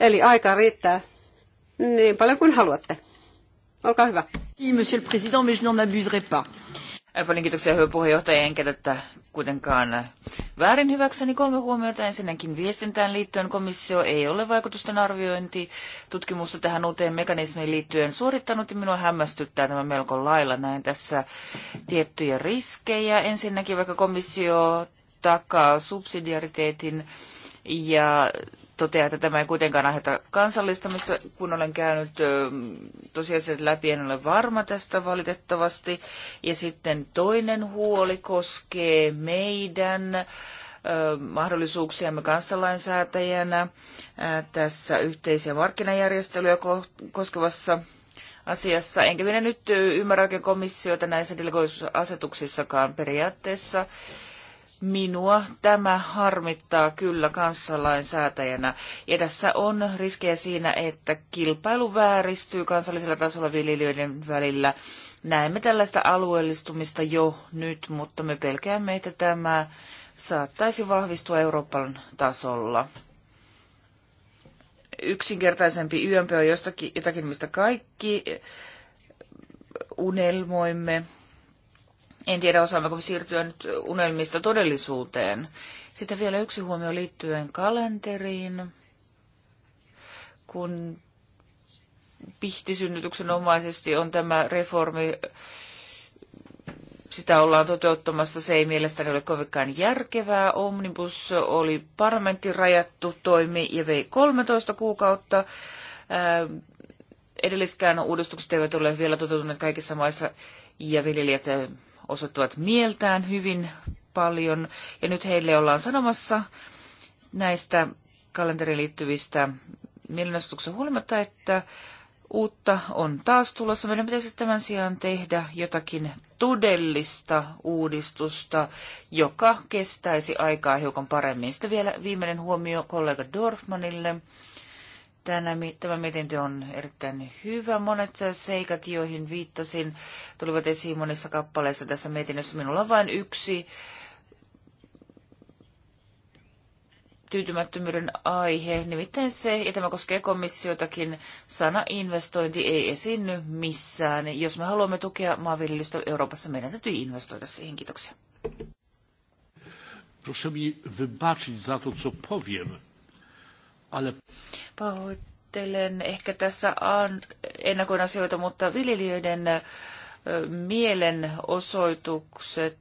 Eli aika riittää niin paljon kuin haluatte. Olkaa hyvä. Monsieur le Président, mais je n'en abuserai pas. Äh, paljon kiitoksia hyvä puheenjohtaja, enkä tätä kuitenkaan väärin hyväkseni. Kolme huomiota ensinnäkin viestintään liittyen. Komissio ei ole vaikutusten arviointi tutkimusta tähän uuteen mekanismiin liittyen suorittanut ja minua hämmästyttää tämä melko lailla. Näin tässä tiettyjä riskejä. Ensinnäkin vaikka komissio takaa subsidiariteetin ja toteaa, että tämä ei kuitenkaan aiheuta kansallistamista. Kun olen käynyt tosiasiat läpi, en ole varma tästä valitettavasti. Ja sitten toinen huoli koskee meidän mahdollisuuksiamme kansalainsäätäjänä tässä yhteisiä markkinajärjestelyjä koskevassa asiassa. Enkä minä nyt ymmärrä oikein komissiota näissä delegoisuusasetuksissakaan periaatteessa. Minua tämä harmittaa kyllä kansalainsäätäjänä. Edessä on riskejä siinä, että kilpailu vääristyy kansallisella tasolla viljelijöiden välillä. Näemme tällaista alueellistumista jo nyt, mutta me pelkäämme, että tämä saattaisi vahvistua Euroopan tasolla. Yksinkertaisempi YMP on jostakin, jotakin, mistä kaikki unelmoimme. En tiedä, osaammeko siirtyä nyt unelmista todellisuuteen. Sitten vielä yksi huomio liittyen kalenteriin. Kun pihtisynnytyksen omaisesti on tämä reformi, sitä ollaan toteuttamassa, se ei mielestäni ole kovinkaan järkevää. Omnibus oli parlamentin rajattu toimi ja vei 13 kuukautta. Edelliskään uudistukset eivät ole vielä toteutuneet kaikissa maissa ja viljelijät osoittavat mieltään hyvin paljon. Ja nyt heille ollaan sanomassa näistä kalenteriin liittyvistä mielenosoituksen huolimatta, että uutta on taas tulossa. Meidän pitäisi tämän sijaan tehdä jotakin todellista uudistusta, joka kestäisi aikaa hiukan paremmin. Sitten vielä viimeinen huomio kollega Dorfmanille tänä, tämä mietintö on erittäin hyvä. Monet seikat, joihin viittasin, tulivat esiin monissa kappaleissa tässä mietinnössä. Minulla on vain yksi tyytymättömyyden aihe, nimittäin se, ja tämä koskee komissiotakin, sana investointi ei esiinny missään. Jos me haluamme tukea maanviljelystä Euroopassa, meidän täytyy investoida siihen. Kiitoksia. Proszę mi wybaczyć za to, co powiem alle. Pahoittelen ehkä tässä ennakoin asioita, mutta viljelijöiden mielenosoitukset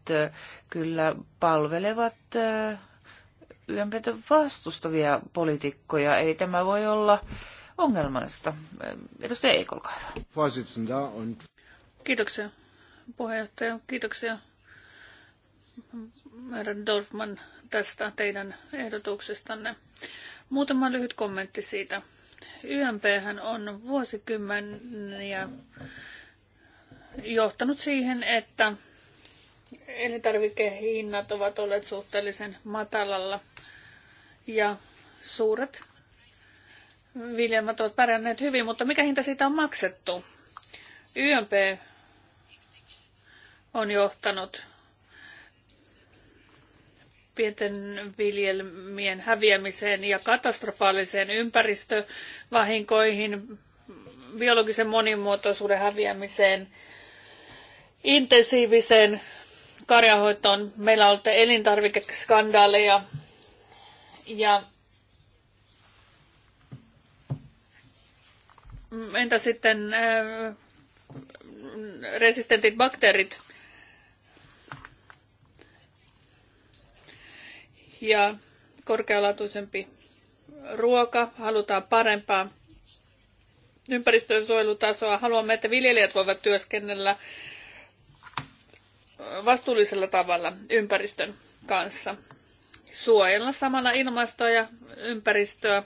kyllä palvelevat ympäristö vastustavia poliitikkoja, eli tämä voi olla ongelmallista. Edustaja Eik, Kiitoksia puheenjohtaja, kiitoksia Herra Dorfman tästä teidän ehdotuksestanne. Muutama lyhyt kommentti siitä. YMP on vuosikymmeniä johtanut siihen, että elintarvikehinnat ovat olleet suhteellisen matalalla ja suuret viljelmät ovat pärjänneet hyvin, mutta mikä hinta siitä on maksettu? YMP on johtanut pienten viljelmien häviämiseen ja katastrofaaliseen ympäristövahinkoihin, biologisen monimuotoisuuden häviämiseen, intensiiviseen karjahoitoon. Meillä on ollut elintarvikeskandaaleja ja entä sitten äh, resistentit bakteerit? ja korkealaatuisempi ruoka, halutaan parempaa ympäristönsuojelutasoa, haluamme, että viljelijät voivat työskennellä vastuullisella tavalla ympäristön kanssa, suojella samalla ilmastoa ja ympäristöä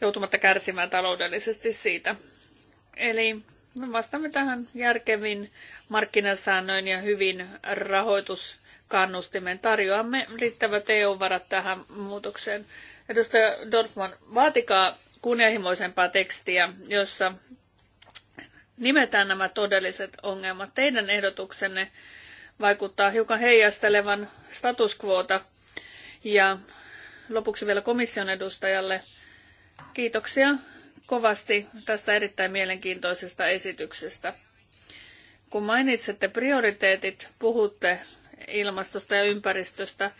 joutumatta kärsimään taloudellisesti siitä. Eli me vastaamme tähän järkevin markkinasäännöin ja hyvin rahoitus kannustimen. Tarjoamme riittävät EU-varat tähän muutokseen. Edustaja Dortmund vaatikaa kunnianhimoisempaa tekstiä, jossa nimetään nämä todelliset ongelmat. Teidän ehdotuksenne vaikuttaa hiukan heijastelevan status quota. Ja lopuksi vielä komission edustajalle kiitoksia kovasti tästä erittäin mielenkiintoisesta esityksestä. Kun mainitsette prioriteetit, puhutte ilmastosta ja ympäristöstä,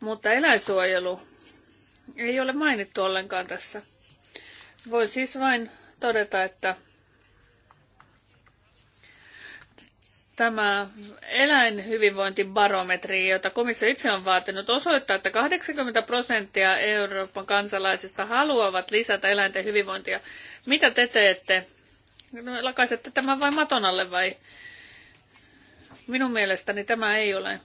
mutta eläinsuojelu ei ole mainittu ollenkaan tässä. Voi siis vain todeta, että tämä eläinhyvinvointibarometri, jota komissio itse on vaatinut, osoittaa, että 80 prosenttia Euroopan kansalaisista haluavat lisätä eläinten hyvinvointia. Mitä te teette? No, lakaisette tämän vain maton alle vai Minun mielestäni tämä ei ole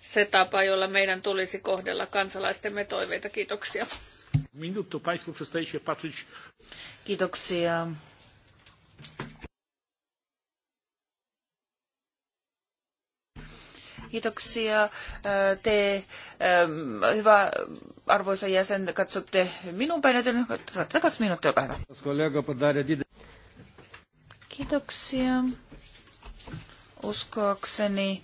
se tapa, jolla meidän tulisi kohdella kansalaistemme toiveita. Kiitoksia. Minut Państwo przestajecie patrzeć. Kiitoksia. Kiitoksia. Te, hyvä arvoisa jäsen, katsotte minun päin, joten saatte kaksi minuuttia, olkaa hyvä. Kiitoksia. Uskoakseni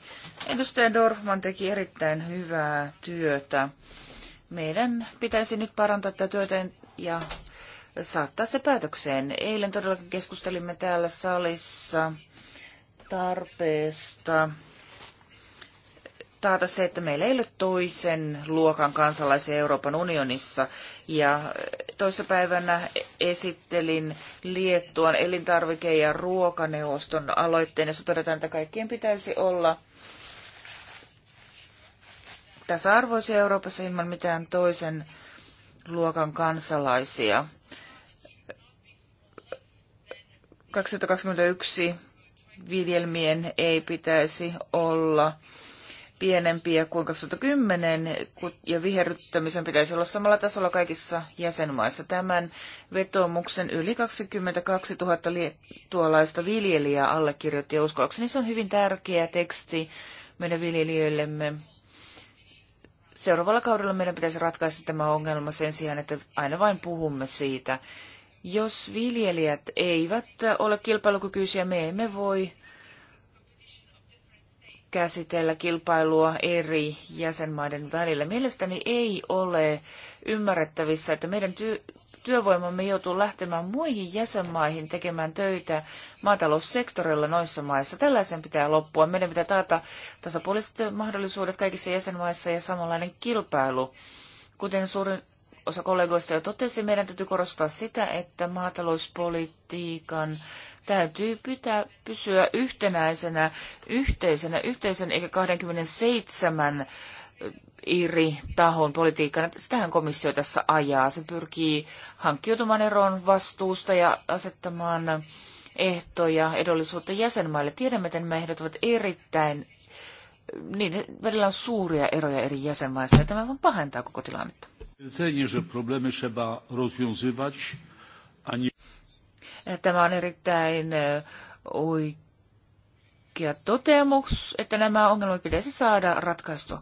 edustaja Dorfman teki erittäin hyvää työtä. Meidän pitäisi nyt parantaa tätä työtä ja saattaa se päätökseen. Eilen todellakin keskustelimme täällä salissa tarpeesta taata se, että meillä ei ole toisen luokan kansalaisia Euroopan unionissa. Ja äh, toissapäivänä esittelin Liettuan elintarvike- ja ruokaneuvoston aloitteen, jossa todetaan, että kaikkien pitäisi olla tasa-arvoisia Euroopassa ilman mitään toisen luokan kansalaisia. 2021 viljelmien ei pitäisi olla pienempiä kuin 2010 ja viherryttämisen pitäisi olla samalla tasolla kaikissa jäsenmaissa. Tämän vetomuksen yli 22 000 tuollaista viljelijää allekirjoitti ja uskoakseni se on hyvin tärkeä teksti meidän viljelijöillemme. Seuraavalla kaudella meidän pitäisi ratkaista tämä ongelma sen sijaan, että aina vain puhumme siitä. Jos viljelijät eivät ole kilpailukykyisiä, me emme voi käsitellä kilpailua eri jäsenmaiden välillä. Mielestäni ei ole ymmärrettävissä, että meidän ty- työvoimamme joutuu lähtemään muihin jäsenmaihin tekemään töitä maataloussektorilla noissa maissa. Tällaisen pitää loppua. Meidän pitää taata tasapuoliset mahdollisuudet kaikissa jäsenmaissa ja samanlainen kilpailu. Kuten suurin osa kollegoista jo totesi, meidän täytyy korostaa sitä, että maatalouspolitiikan täytyy pitää pysyä yhtenäisenä yhteisenä yhteisön eikä 27 eri tahon politiikkana. Sitähän komissio tässä ajaa. Se pyrkii hankkiutumaan eroon vastuusta ja asettamaan ehtoja edullisuutta jäsenmaille. Tiedämme, että nämä ehdot ovat erittäin, niiden välillä on suuria eroja eri jäsenmaissa ja tämä vaan pahentaa koko tilannetta. Tämä on erittäin e, oikea toteamus, että nämä ongelmat pitäisi saada ratkaistua.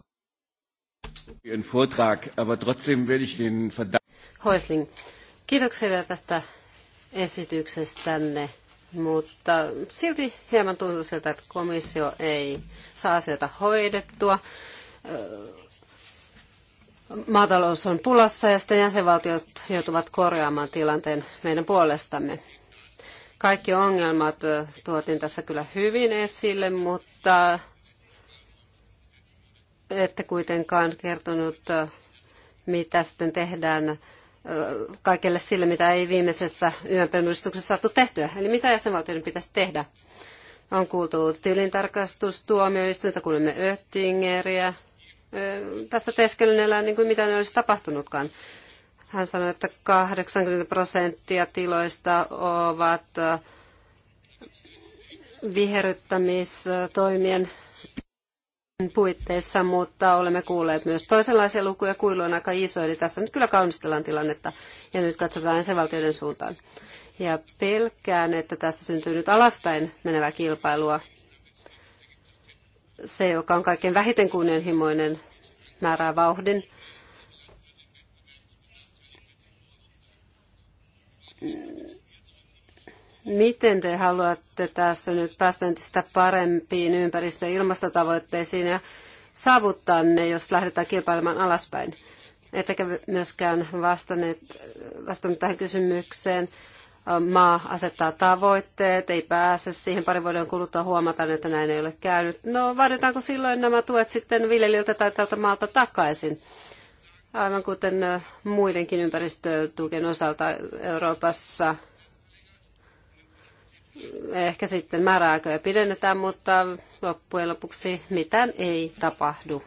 Häusling, kiitoksia vielä tästä esityksestänne, mutta silti hieman tuntuu siltä, että komissio ei saa asioita hoidettua maatalous on pulassa ja sitten jäsenvaltiot joutuvat korjaamaan tilanteen meidän puolestamme. Kaikki ongelmat tuotiin tässä kyllä hyvin esille, mutta ette kuitenkaan kertonut, mitä sitten tehdään kaikille sille, mitä ei viimeisessä yönpennustuksessa saatu tehtyä. Eli mitä jäsenvaltioiden pitäisi tehdä? On kuultu tilintarkastustuomioistuinta, kuulemme Öttingeriä, tässä teeskennellä, niin kuin mitä ne olisi tapahtunutkaan. Hän sanoi, että 80 prosenttia tiloista ovat viherryttämistoimien puitteissa, mutta olemme kuulleet myös toisenlaisia lukuja. Kuilu on aika iso, eli tässä nyt kyllä kaunistellaan tilannetta ja nyt katsotaan valtioiden suuntaan. Ja pelkään, että tässä syntyy nyt alaspäin menevää kilpailua se, joka on kaikkein vähiten kunnianhimoinen, määrää vauhdin. Miten te haluatte tässä nyt päästä sitä parempiin ympäristö- ja ilmastotavoitteisiin ja saavuttaa ne, jos lähdetään kilpailemaan alaspäin? Ettekä myöskään vastanneet, vastannut tähän kysymykseen maa asettaa tavoitteet, ei pääse siihen parin vuoden kuluttua, huomataan, että näin ei ole käynyt. No vaaditaanko silloin nämä tuet sitten viljelijöiltä tai tältä maalta takaisin? Aivan kuten muidenkin ympäristötukien osalta Euroopassa ehkä sitten määräaikoja pidennetään, mutta loppujen lopuksi mitään ei tapahdu.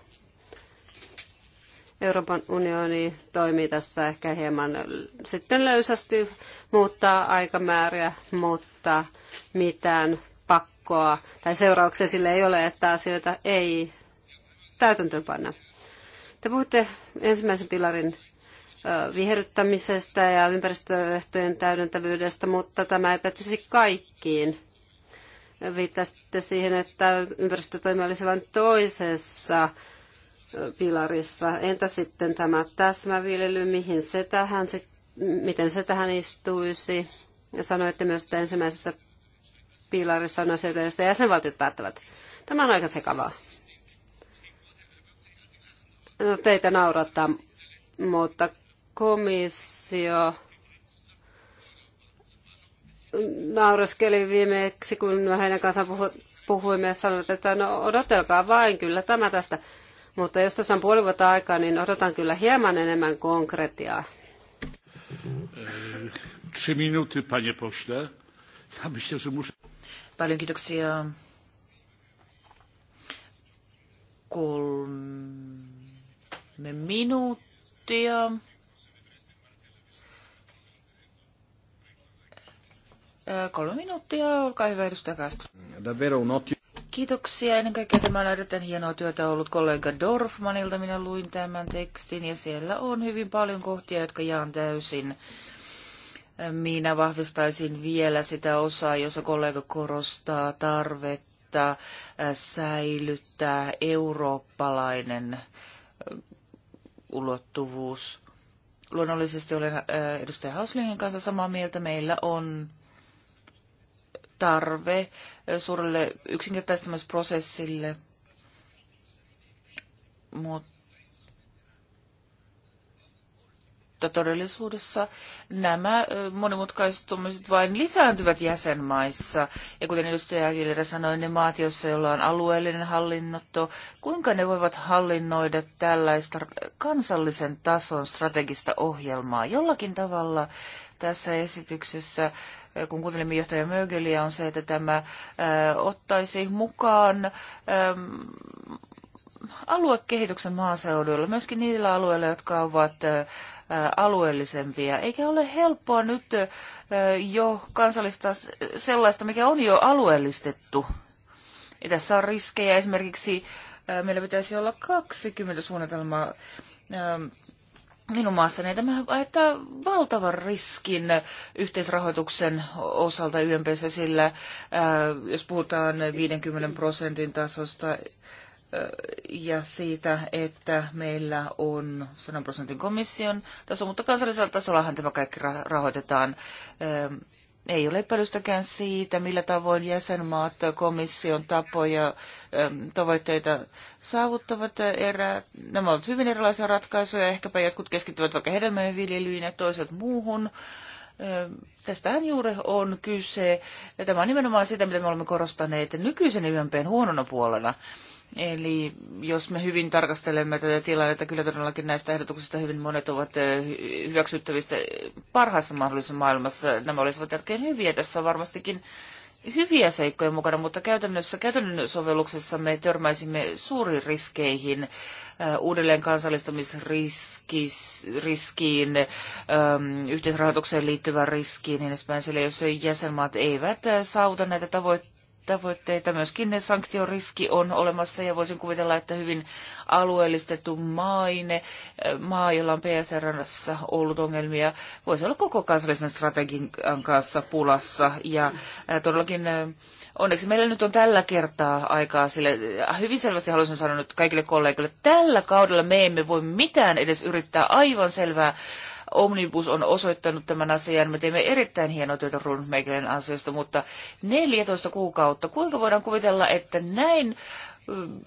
Euroopan unioni toimii tässä ehkä hieman sitten löysästi, muuttaa aikamääriä, mutta mitään pakkoa tai seurauksia sille ei ole, että asioita ei täytäntöönpanna. Te puhutte ensimmäisen pilarin viherryttämisestä ja ympäristöehtojen täydentävyydestä, mutta tämä ei pätisi kaikkiin. Viittasitte siihen, että ympäristötoimi olisi vain toisessa pilarissa. Entä sitten tämä täsmäviljely, mihin se tähän, miten se tähän istuisi? Ja sanoitte myös, että ensimmäisessä pilarissa on asioita, joista jäsenvaltiot päättävät. Tämä on aika sekavaa. No, teitä naurattaa, mutta komissio nauraskeli viimeksi, kun heidän kanssaan puhuimme ja sanoivat, että no odotelkaa vain, kyllä tämä tästä. Mutta jos tässä on puoli vuotta aikaa, niin odotan kyllä hieman enemmän konkretiaa. Ehm, trzy minuty, panie pośle. Ja myślę, że muszę... Paljon kiitoksia. Kolme minuuttia. Ehm, kolme minuuttia, olkaa hyvä edustaja Castro. Davvero un ottimo. Kiitoksia. Ennen kaikkea tämä on erittäin hienoa työtä ollut kollega Dorfmanilta. Minä luin tämän tekstin ja siellä on hyvin paljon kohtia, jotka jaan täysin. Minä vahvistaisin vielä sitä osaa, jossa kollega korostaa tarvetta äh, säilyttää eurooppalainen äh, ulottuvuus. Luonnollisesti olen äh, edustaja Hauslingin kanssa samaa mieltä. Meillä on tarve suurelle yksinkertaistamisprosessille, mutta todellisuudessa nämä monimutkaistumiset vain lisääntyvät jäsenmaissa. Ja kuten edustaja Aguilera sanoi, ne maat, joissa joilla on alueellinen hallinnotto, kuinka ne voivat hallinnoida tällaista kansallisen tason strategista ohjelmaa? Jollakin tavalla tässä esityksessä kun kuuntelimme johtaja Mögeliä, on se, että tämä ottaisi mukaan aluekehityksen maaseudulla, myöskin niillä alueilla, jotka ovat alueellisempia. Eikä ole helppoa nyt jo kansallista sellaista, mikä on jo alueellistettu. Ja tässä on riskejä esimerkiksi, meillä pitäisi olla 20 suunnitelmaa minun maassani. Tämä aiheuttaa valtavan riskin yhteisrahoituksen osalta YMPssä, sillä äh, jos puhutaan 50 prosentin tasosta äh, ja siitä, että meillä on 100 prosentin komission taso, mutta kansallisella tasollahan tämä kaikki rahoitetaan. Ähm, ei ole epäilystäkään siitä, millä tavoin jäsenmaat komission tapoja ähm, tavoitteita saavuttavat erää. Nämä ovat hyvin erilaisia ratkaisuja. Ehkäpä jotkut keskittyvät vaikka hedelmien viljelyyn ja toiset muuhun. Ähm, tästähän juuri on kyse. Ja tämä on nimenomaan sitä, mitä me olemme korostaneet nykyisen YMPn huonona puolena. Eli jos me hyvin tarkastelemme tätä tilannetta, kyllä todellakin näistä ehdotuksista hyvin monet ovat hyväksyttävistä parhaassa mahdollisessa maailmassa. Nämä olisivat jälkeen hyviä. Tässä on varmastikin hyviä seikkoja mukana, mutta käytännössä, käytännön sovelluksessa me törmäisimme suuriin riskeihin, uudelleen kansallistamisriskiin, yhteisrahoitukseen liittyvään riskiin niin edespäin. jos jäsenmaat eivät saavuta näitä tavoitteita, tavoitteita. Myöskin sanktioriski on olemassa ja voisin kuvitella, että hyvin alueellistettu maine, eh, maa, jolla on PSRssä ollut ongelmia, voisi olla koko kansallisen strategian kanssa pulassa. Ja eh, todellakin eh, onneksi meillä nyt on tällä kertaa aikaa sille. Hyvin selvästi haluaisin sanoa nyt kaikille kollegoille, tällä kaudella me emme voi mitään edes yrittää aivan selvää Omnibus on osoittanut tämän asian. Me teemme erittäin hienoa työtä Rundmeikelen ansiosta, mutta 14 kuukautta. Kuinka voidaan kuvitella, että näin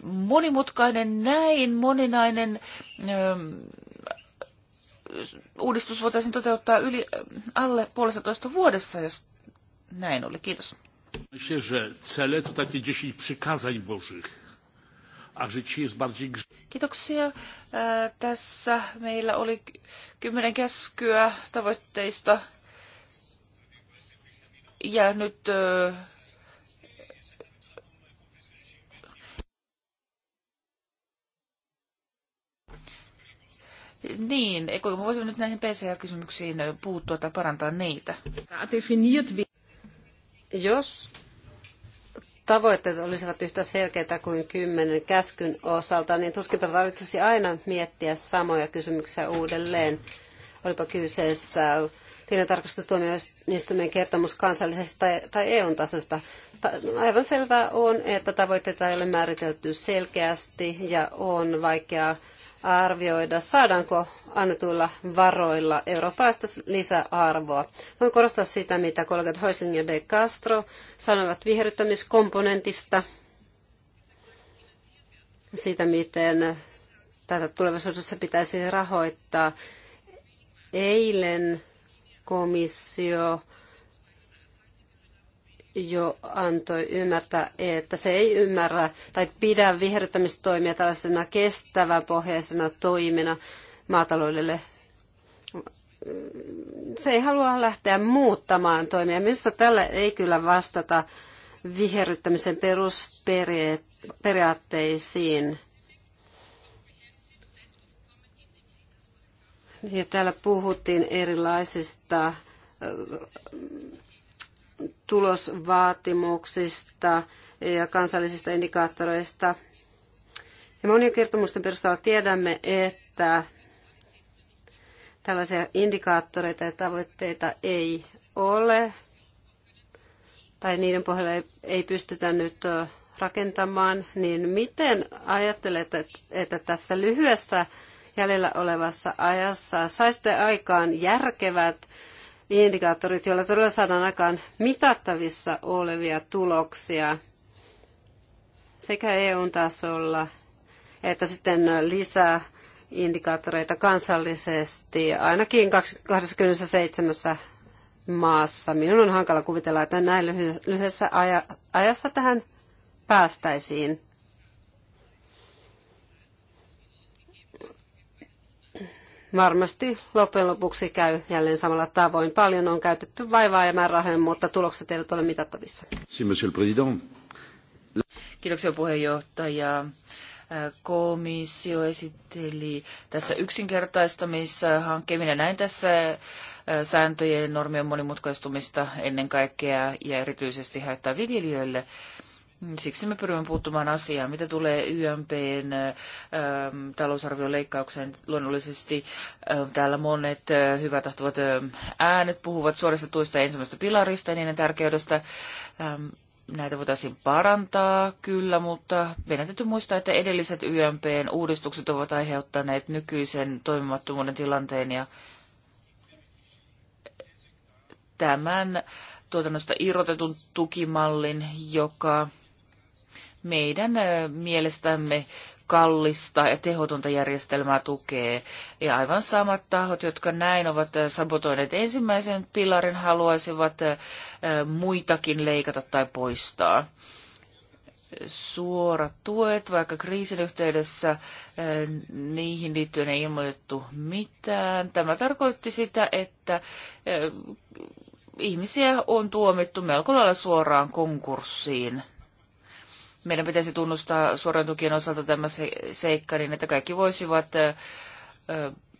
monimutkainen, näin moninainen uudistus voitaisiin toteuttaa yli alle puolestatoista vuodessa, jos näin oli. Kiitos. Myślę, że cele to takie 10 przykazań bożych. Kiitoksia. Äh, tässä meillä oli kymmenen käskyä tavoitteista. Ja nyt äh, Niin, eikö me voisimme nyt näihin PCR-kysymyksiin puuttua tai parantaa niitä? Jos tavoitteet olisivat yhtä selkeitä kuin kymmenen käskyn osalta, niin tuskinpä tarvitsisi aina miettiä samoja kysymyksiä uudelleen. Olipa kyseessä tilintarkastustuomioistuimen kertomus kansallisesta tai, tai EUn tasosta. aivan selvää on, että tavoitteita ei ole määritelty selkeästi ja on vaikeaa arvioida, saadaanko annetuilla varoilla Euroopasta lisäarvoa. Voin korostaa sitä, mitä kollegat Hoisling ja De Castro sanovat viherryttämiskomponentista, siitä, miten tätä tulevaisuudessa pitäisi rahoittaa. Eilen komissio jo antoi ymmärtää, että se ei ymmärrä tai pidä viherryttämistoimia tällaisena kestävän pohjaisena toimena maataloudelle. Se ei halua lähteä muuttamaan toimia. Minusta tällä ei kyllä vastata viherryttämisen perusperiaatteisiin. Ja täällä puhuttiin erilaisista tulosvaatimuksista ja kansallisista indikaattoreista. Ja monien kertomusten perusteella tiedämme, että tällaisia indikaattoreita ja tavoitteita ei ole, tai niiden pohjalle ei pystytä nyt rakentamaan, niin miten ajattelet, että tässä lyhyessä jäljellä olevassa ajassa saisitte aikaan järkevät indikaattorit, joilla todella saadaan aikaan mitattavissa olevia tuloksia sekä EU-tasolla että sitten lisää indikaattoreita kansallisesti ainakin 27 maassa. Minun on hankala kuvitella, että näin lyhyessä ajassa tähän päästäisiin. varmasti loppujen lopuksi käy jälleen samalla tavoin. Paljon on käytetty vaivaa ja määrärahoja, mutta tulokset eivät ole mitattavissa. Kiitoksia puheenjohtaja. Äh, komissio esitteli tässä yksinkertaistamishankkeen. Minä näin tässä äh, sääntöjen ja normien monimutkaistumista ennen kaikkea ja erityisesti haittaa viljelijöille Siksi me pyrimme puuttumaan asiaan, mitä tulee YMPn ähm, talousarvion Luonnollisesti täällä monet äh, hyvät äänet puhuvat suorista tuista ja ensimmäisestä pilarista ja niiden tärkeydestä. Ähm, näitä voitaisiin parantaa, kyllä, mutta meidän täytyy muistaa, että edelliset YMPn uudistukset ovat aiheuttaneet nykyisen toimimattomuuden tilanteen ja tämän tuotannosta irrotetun tukimallin, joka meidän mielestämme kallista ja tehotonta järjestelmää tukee. Ja aivan samat tahot, jotka näin ovat sabotoineet ensimmäisen pilarin, haluaisivat muitakin leikata tai poistaa. Suorat tuet, vaikka kriisin yhteydessä niihin liittyen ei ilmoitettu mitään. Tämä tarkoitti sitä, että ihmisiä on tuomittu melko lailla suoraan konkurssiin meidän pitäisi tunnustaa suoran tukien osalta tämä se, seikka, niin että kaikki voisivat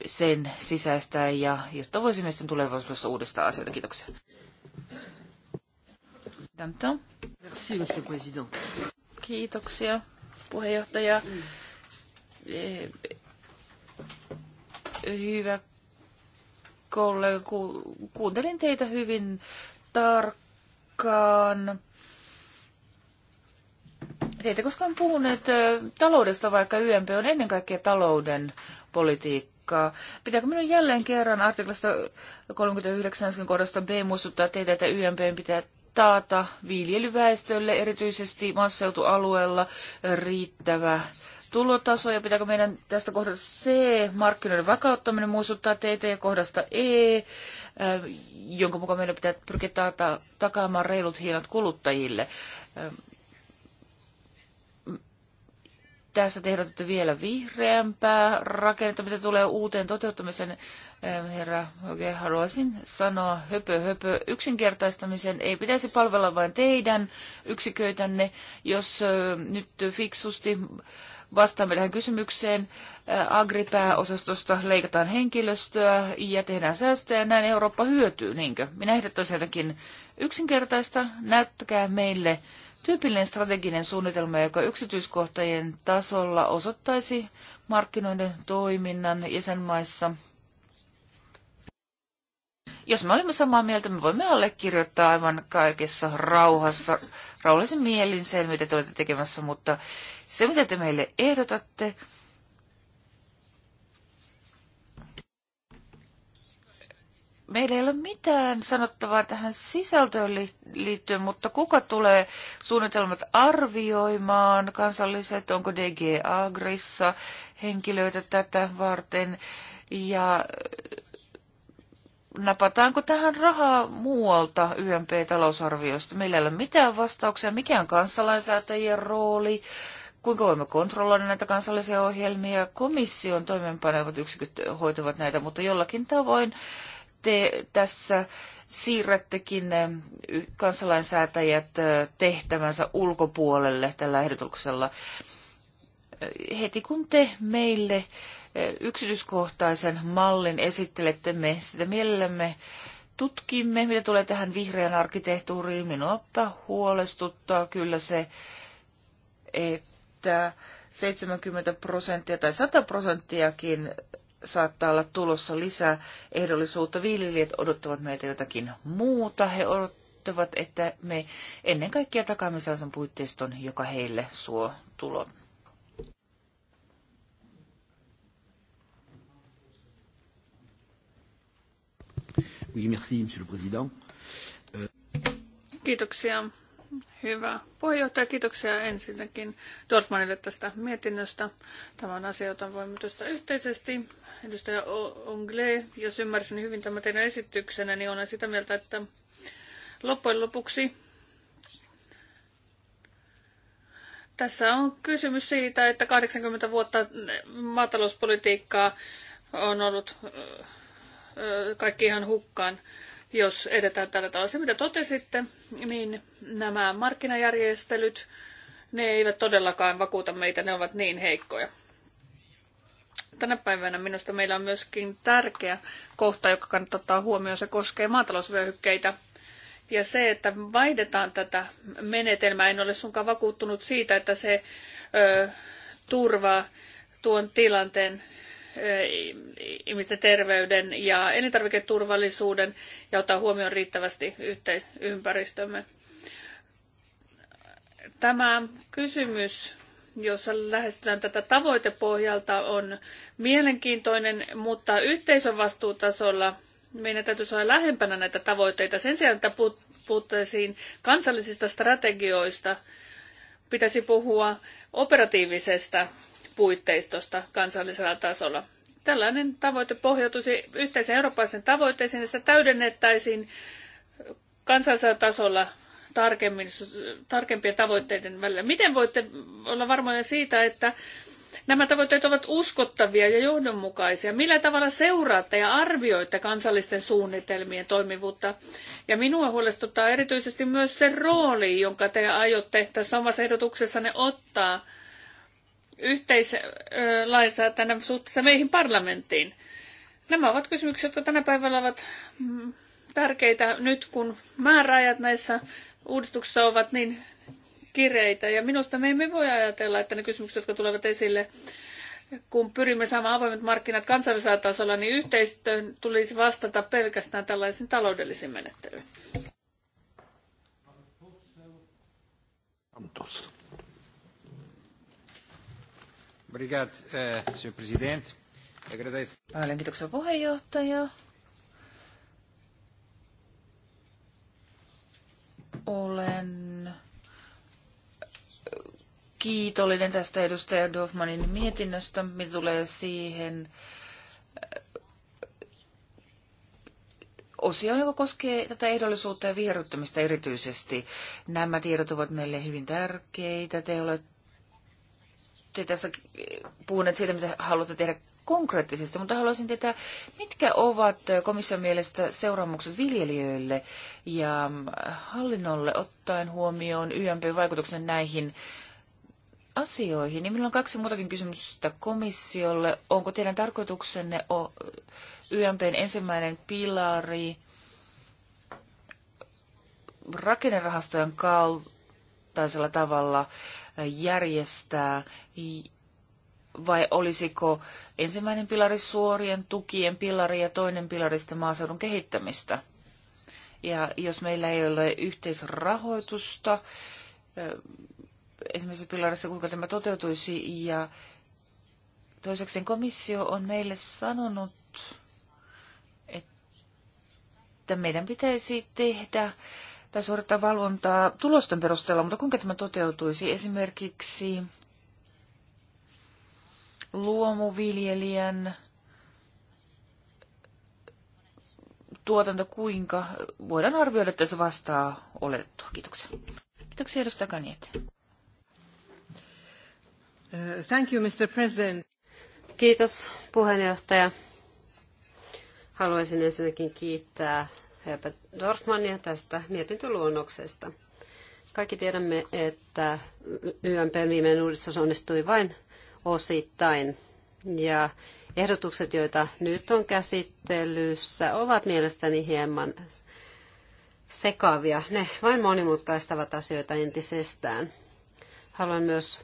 sen sisäistää ja jotta voisimme sitten tulevaisuudessa uudistaa asioita. Kiitoksia. Danton. Merci, monsieur Kiitoksia, puheenjohtaja. Eh, hyvä kollega, kuuntelin teitä hyvin tarkkaan Teitä koskaan puhuneet taloudesta, vaikka YMP on ennen kaikkea talouden politiikkaa. Pitääkö minun jälleen kerran artiklasta 39 kohdasta B muistuttaa teitä, että YMP pitää taata viljelyväestölle, erityisesti maaseutualueella, riittävä tulotaso ja pitääkö meidän tästä kohdasta C, markkinoiden vakauttaminen, muistuttaa teitä ja kohdasta E, jonka mukaan meidän pitää pyrkiä taata, takaamaan reilut hinnat kuluttajille tässä ehdotatte vielä vihreämpää rakennetta, mitä tulee uuteen toteuttamisen. Ähm, herra, oikein haluaisin sanoa höpö höpö. Yksinkertaistamisen ei pitäisi palvella vain teidän yksiköitänne. Jos nyt fiksusti vastaamme tähän kysymykseen, äh, Agripääosastosta leikataan henkilöstöä ja tehdään säästöjä, näin Eurooppa hyötyy, niinkö? Minä ehdottaisin jotakin yksinkertaista. Näyttäkää meille Tyypillinen strateginen suunnitelma, joka yksityiskohtajien tasolla osoittaisi markkinoiden toiminnan jäsenmaissa. Jos me olemme samaa mieltä, me voimme allekirjoittaa aivan kaikessa rauhassa, rauhallisen mielin sen, mitä te olette tekemässä, mutta se, mitä te meille ehdotatte, Meillä ei ole mitään sanottavaa tähän sisältöön liittyen, mutta kuka tulee suunnitelmat arvioimaan kansalliset, onko DG Agrissa henkilöitä tätä varten ja äh, napataanko tähän rahaa muualta YMP-talousarviosta? Meillä ei ole mitään vastauksia, mikä on kansalainsäätäjien rooli, kuinka voimme kontrolloida näitä kansallisia ohjelmia, komission toimeenpanevat yksiköt hoitavat näitä, mutta jollakin tavoin te tässä siirrättekin ähm, kansalainsäätäjät äh, tehtävänsä ulkopuolelle tällä ehdotuksella. Äh, heti kun te meille äh, yksityiskohtaisen mallin esittelette, me sitä mielellämme tutkimme, mitä tulee tähän vihreän arkkitehtuuriin. Minua huolestuttaa kyllä se, että 70 prosenttia tai 100 prosenttiakin saattaa olla tulossa lisää ehdollisuutta. Viljelijät odottavat meiltä jotakin muuta. He odottavat, että me ennen kaikkea takaamme sellaisen puitteiston, joka heille suo tulon. Oui, merci, monsieur le président. Kiitoksia. Hyvä. Puheenjohtaja, kiitoksia ensinnäkin Dorfmanille tästä mietinnöstä. Tämä on asia, jota voimme yhteisesti edustaja Ongle, jos ymmärsin hyvin tämän teidän esityksenä, niin olen sitä mieltä, että loppujen lopuksi tässä on kysymys siitä, että 80 vuotta maatalouspolitiikkaa on ollut kaikki ihan hukkaan, jos edetään tällä tavalla. Se, mitä totesitte, niin nämä markkinajärjestelyt, ne eivät todellakaan vakuuta meitä, ne ovat niin heikkoja. Tänä päivänä minusta meillä on myöskin tärkeä kohta, joka kannattaa ottaa huomioon. Se koskee maatalousvyöhykkeitä. Ja se, että vaihdetaan tätä menetelmää, en ole sunkaan vakuuttunut siitä, että se ö, turvaa tuon tilanteen ihmisten terveyden ja elintarviketurvallisuuden ja ottaa huomioon riittävästi yhteisympäristömme. Tämä kysymys jossa lähestytään tätä tavoitepohjalta, on mielenkiintoinen, mutta yhteisön vastuutasolla meidän täytyisi olla lähempänä näitä tavoitteita. Sen sijaan, että puhuttaisiin kansallisista strategioista, pitäisi puhua operatiivisesta puitteistosta kansallisella tasolla. Tällainen tavoite pohjautuisi yhteisen eurooppalaisen tavoitteeseen, ja sitä täydennettäisiin kansallisella tasolla tarkemmin, tarkempien tavoitteiden välillä. Miten voitte olla varmoja siitä, että nämä tavoitteet ovat uskottavia ja johdonmukaisia? Millä tavalla seuraatte ja arvioitte kansallisten suunnitelmien toimivuutta? Ja minua huolestuttaa erityisesti myös se rooli, jonka te aiotte tässä omassa ehdotuksessanne ottaa yhteislainsäätänä suhteessa meihin parlamenttiin. Nämä ovat kysymyksiä, jotka tänä päivänä ovat mm, tärkeitä nyt, kun määräajat näissä uudistuksessa ovat niin kireitä. Ja minusta me emme voi ajatella, että ne kysymykset, jotka tulevat esille, kun pyrimme saamaan avoimet markkinat kansallisella tasolla, niin yhteistyön tulisi vastata pelkästään tällaisin taloudellisiin menettelyihin. Eh, Paljon kiitoksia puheenjohtaja. Olen kiitollinen tästä edustaja Dorfmanin mietinnöstä, mitä tulee siihen äh, osio, joka koskee tätä ehdollisuutta ja viherryttämistä erityisesti. Nämä tiedot ovat meille hyvin tärkeitä. Te olette tässä puhuneet siitä, mitä haluatte tehdä konkreettisesti, mutta haluaisin tietää, mitkä ovat komission mielestä seuraamukset viljelijöille ja hallinnolle ottaen huomioon YMP-vaikutuksen näihin asioihin. Niin minulla on kaksi muutakin kysymystä komissiolle. Onko teidän tarkoituksenne YMPn ensimmäinen pilari rakennerahastojen kaltaisella tavalla järjestää vai olisiko ensimmäinen pilari suorien tukien pilari ja toinen pilari sitten maaseudun kehittämistä? Ja jos meillä ei ole yhteisrahoitusta esimerkiksi pilarissa, kuinka tämä toteutuisi ja toiseksi komissio on meille sanonut, että meidän pitäisi tehdä tai suorittaa valvontaa tulosten perusteella, mutta kuinka tämä toteutuisi esimerkiksi luomuviljelijän tuotanto, kuinka voidaan arvioida, että se vastaa oletettua. Kiitoksia. Kiitoksia edustaja Kaniet. Uh, thank you, Mr. President. Kiitos puheenjohtaja. Haluaisin ensinnäkin kiittää Herbert Dorfmania tästä mietintöluonnoksesta. Kaikki tiedämme, että YMP viimeinen uudistus onnistui vain osittain. Ja ehdotukset, joita nyt on käsittelyssä, ovat mielestäni hieman sekavia. Ne vain monimutkaistavat asioita entisestään. Haluan myös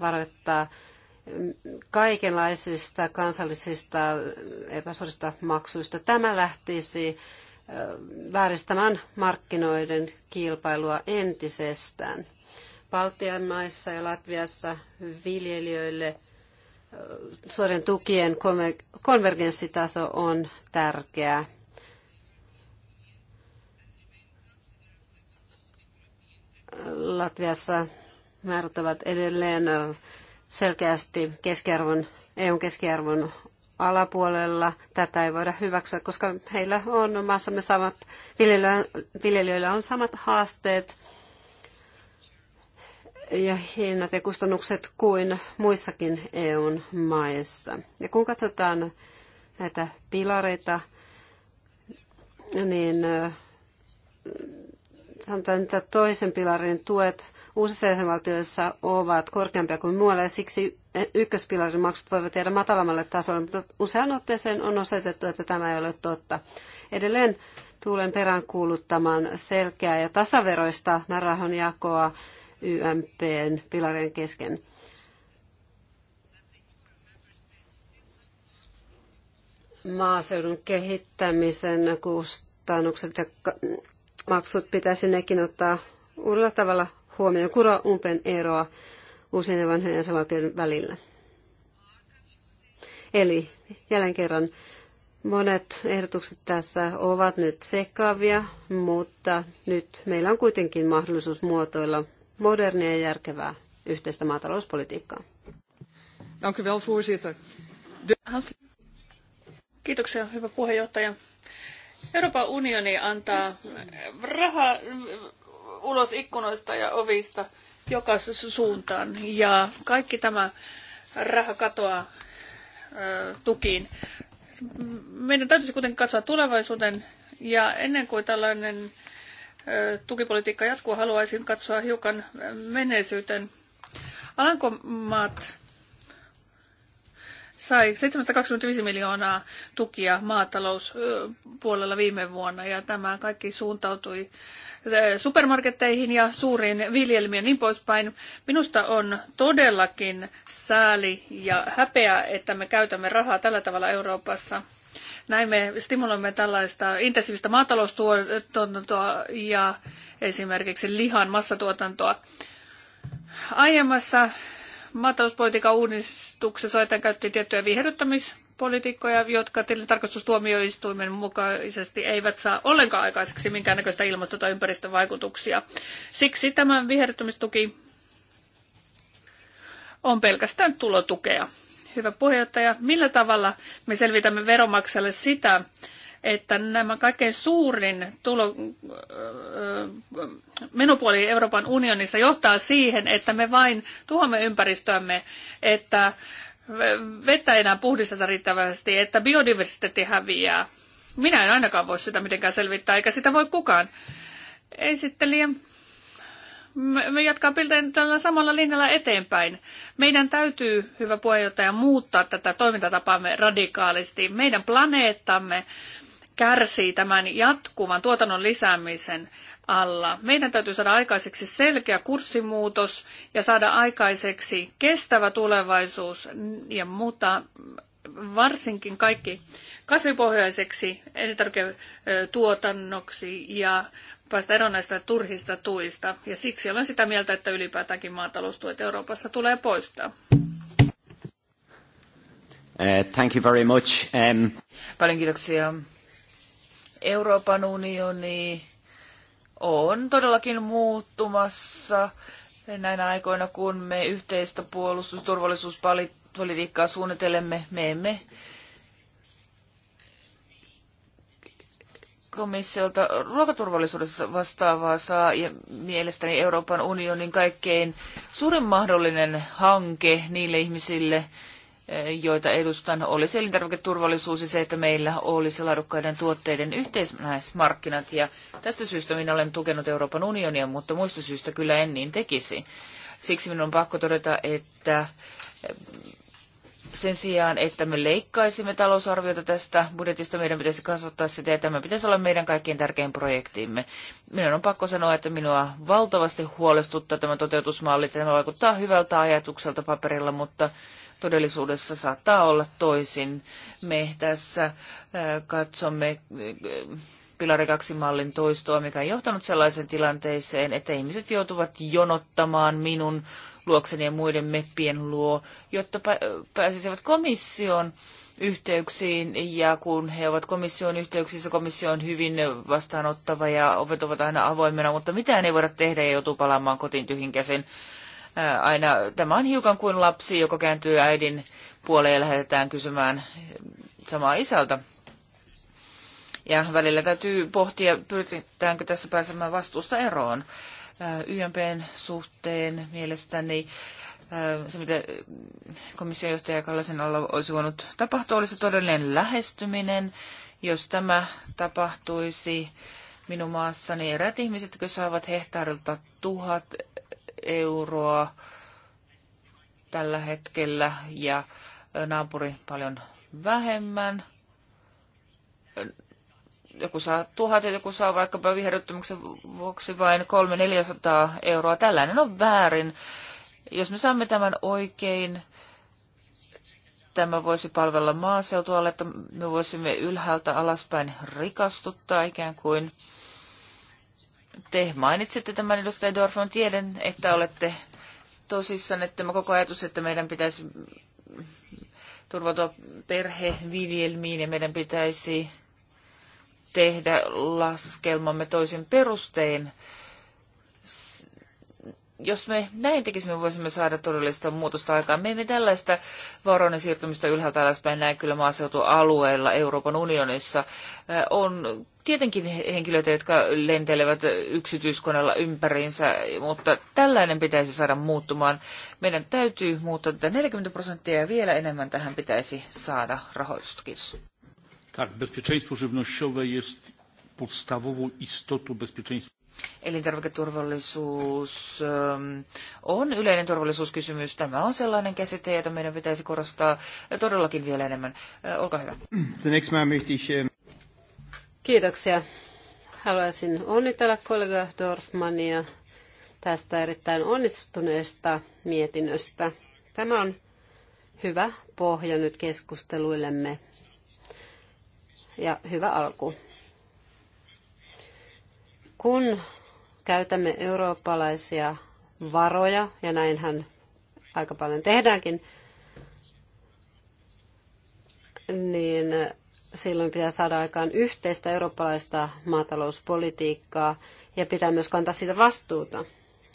varoittaa kaikenlaisista kansallisista epäsuorista maksuista. Tämä lähtisi vääristämään markkinoiden kilpailua entisestään. Baltian maissa ja Latviassa viljelijöille suorien tukien konvergenssitaso on tärkeä. Latviassa määrät ovat edelleen selkeästi keskiarvon, EUn keskiarvon alapuolella. Tätä ei voida hyväksyä, koska heillä on maassamme samat, viljelijöillä on samat haasteet ja hinnat ja kustannukset kuin muissakin EUn maissa. Ja kun katsotaan näitä pilareita, niin sanotaan, että toisen pilarin tuet uusissa jäsenvaltioissa ovat korkeampia kuin muualla ja siksi ykköspilarin maksut voivat jäädä matalammalle tasolle, mutta usean otteeseen on osoitettu, että tämä ei ole totta. Edelleen tulen peräänkuuluttamaan selkeää ja tasaveroista rahan jakoa YMPn pilarien kesken. Maaseudun kehittämisen kustannukset ja maksut pitäisi nekin ottaa uudella tavalla huomioon, kuroa umpeen eroa uusien ja vanhojen jäsenvaltioiden välillä. Eli jälleen kerran monet ehdotukset tässä ovat nyt sekavia, mutta nyt meillä on kuitenkin mahdollisuus muotoilla modernia ja järkevää yhteistä maatalouspolitiikkaa. Dank u wel, voorzitter. De... Kiitoksia, hyvä puheenjohtaja. Euroopan unioni antaa rahaa ulos ikkunoista ja ovista joka suuntaan. Ja kaikki tämä raha katoaa ö, tukiin. Meidän täytyisi kuitenkin katsoa tulevaisuuden ja ennen kuin tällainen tukipolitiikka jatkuu, haluaisin katsoa hiukan menneisyyteen. Alankomaat sai 725 miljoonaa tukia maatalouspuolella viime vuonna ja tämä kaikki suuntautui supermarketteihin ja suuriin viljelmiin ja niin poispäin. Minusta on todellakin sääli ja häpeä, että me käytämme rahaa tällä tavalla Euroopassa näin me stimuloimme tällaista intensiivistä maataloustuotantoa ja esimerkiksi lihan massatuotantoa. Aiemmassa maatalouspolitiikan uudistuksessa soitan käyttiin tiettyjä viherryttämispolitiikkoja, jotka tilintarkastustuomioistuimen mukaisesti eivät saa ollenkaan aikaiseksi minkäännäköistä ilmasto- tai ympäristövaikutuksia. Siksi tämä viherryttämistuki on pelkästään tulotukea hyvä puheenjohtaja, millä tavalla me selvitämme veromakselle sitä, että nämä kaikkein suurin tulo, menopuoli Euroopan unionissa johtaa siihen, että me vain tuhoamme ympäristöämme, että vettä ei enää puhdisteta riittävästi, että biodiversiteetti häviää. Minä en ainakaan voi sitä mitenkään selvittää, eikä sitä voi kukaan. Ei sitten liian me jatkaan piltein tällä samalla linjalla eteenpäin. Meidän täytyy, hyvä puheenjohtaja, muuttaa tätä toimintatapaamme radikaalisti. Meidän planeettamme kärsii tämän jatkuvan tuotannon lisäämisen alla. Meidän täytyy saada aikaiseksi selkeä kurssimuutos ja saada aikaiseksi kestävä tulevaisuus ja muuttaa varsinkin kaikki kasvipohjaiseksi elintarviketuotannoksi ja päästä eroon näistä turhista tuista. Ja siksi olen sitä mieltä, että ylipäätäänkin maataloustuet Euroopassa tulee poistaa. Uh, thank you very much. Um... Paljon kiitoksia. Euroopan unioni on todellakin muuttumassa näinä aikoina, kun me yhteistä puolustus- ja turvallisuuspolitiikkaa suunnitelemme. Me emme komissiolta ruokaturvallisuudessa vastaavaa saa ja mielestäni Euroopan unionin kaikkein suurin mahdollinen hanke niille ihmisille, eh, joita edustan, olisi elintarviketurvallisuus ja se, että meillä olisi laadukkaiden tuotteiden yhteismarkkinat. Ja tästä syystä minä olen tukenut Euroopan unionia, mutta muista syystä kyllä en niin tekisi. Siksi minun on pakko todeta, että eh, sen sijaan, että me leikkaisimme talousarviota tästä budjetista, meidän pitäisi kasvattaa sitä ja tämä pitäisi olla meidän kaikkien tärkein projektiimme. Minun on pakko sanoa, että minua valtavasti huolestuttaa tämä toteutusmalli. Tämä vaikuttaa hyvältä ajatukselta paperilla, mutta todellisuudessa saattaa olla toisin. Me tässä äh, katsomme äh, Pilari 2 mallin toistoa, mikä on johtanut sellaisen tilanteeseen, että ihmiset joutuvat jonottamaan minun luokseni ja muiden meppien luo, jotta pääsisivät komission yhteyksiin ja kun he ovat komission yhteyksissä, komissio on hyvin vastaanottava ja ovet ovat aina avoimena, mutta mitään ei voida tehdä ja joutuu palaamaan kotiin tyhjinkäsin. Aina tämä on hiukan kuin lapsi, joka kääntyy äidin puoleen ja lähetetään kysymään samaa isältä. Ja välillä täytyy pohtia, pyritäänkö tässä pääsemään vastuusta eroon. YMPn suhteen mielestäni se, mitä komissiojohtaja Kallasen alla olisi voinut tapahtua, olisi todellinen lähestyminen. Jos tämä tapahtuisi minun maassani, erät ihmiset, jotka saavat hehtaarilta tuhat euroa tällä hetkellä ja naapuri paljon vähemmän, joku saa tuhat ja joku saa vaikkapa viherryttämyksen vuoksi vain 300-400 euroa. Tällainen on väärin. Jos me saamme tämän oikein, tämä voisi palvella maaseutua, että me voisimme ylhäältä alaspäin rikastuttaa ikään kuin. Te mainitsitte tämän edustaja Dorfman, tiedän, että olette tosissaan, että tämä koko ajatus, että meidän pitäisi turvata perheviljelmiin ja meidän pitäisi tehdä laskelmamme toisin perustein. Jos me näin tekisimme, voisimme saada todellista muutosta aikaan. Me emme tällaista varoinen siirtymistä ylhäältä alaspäin näe kyllä maaseutualueella Euroopan unionissa. Äh, on tietenkin henkilöitä, jotka lentelevät yksityiskoneella ympäriinsä, mutta tällainen pitäisi saada muuttumaan. Meidän täytyy muuttaa tätä 40 prosenttia ja vielä enemmän tähän pitäisi saada rahoitusta. Kiitos. Tak, bezpieczeństwo żywnościowe jest podstawową istotą bezpieczeństwa. Elintarviketurvallisuus on yleinen turvallisuuskysymys. Tämä on sellainen käsite, jota meidän pitäisi korostaa todellakin vielä enemmän. Olkaa hyvä. Ähm, Kiitoksia. Haluaisin onnitella kollega Dorfmania tästä erittäin onnistuneesta mietinnöstä. Tämä on hyvä pohja nyt keskusteluillemme ja hyvä alku. Kun käytämme eurooppalaisia varoja, ja näinhän aika paljon tehdäänkin, niin silloin pitää saada aikaan yhteistä eurooppalaista maatalouspolitiikkaa ja pitää myös kantaa siitä vastuuta.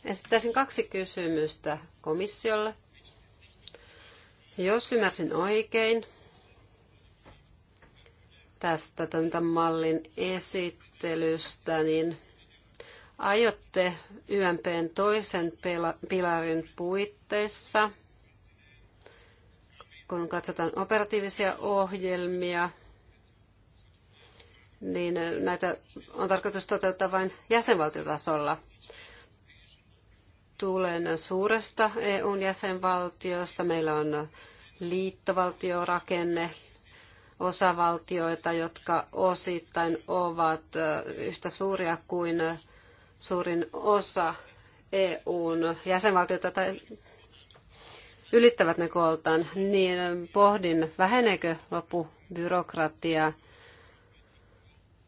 Esittäisin kaksi kysymystä komissiolle. Jos ymmärsin oikein, tästä mallin esittelystä, niin aiotte YMPn toisen pilarin puitteissa, kun katsotaan operatiivisia ohjelmia, niin näitä on tarkoitus toteuttaa vain jäsenvaltiotasolla. Tulen suuresta EUn jäsenvaltiosta. Meillä on liittovaltiorakenne, osavaltioita, jotka osittain ovat yhtä suuria kuin suurin osa EUn jäsenvaltioita tai ylittävät ne kooltaan, niin pohdin, väheneekö loppu byrokratia,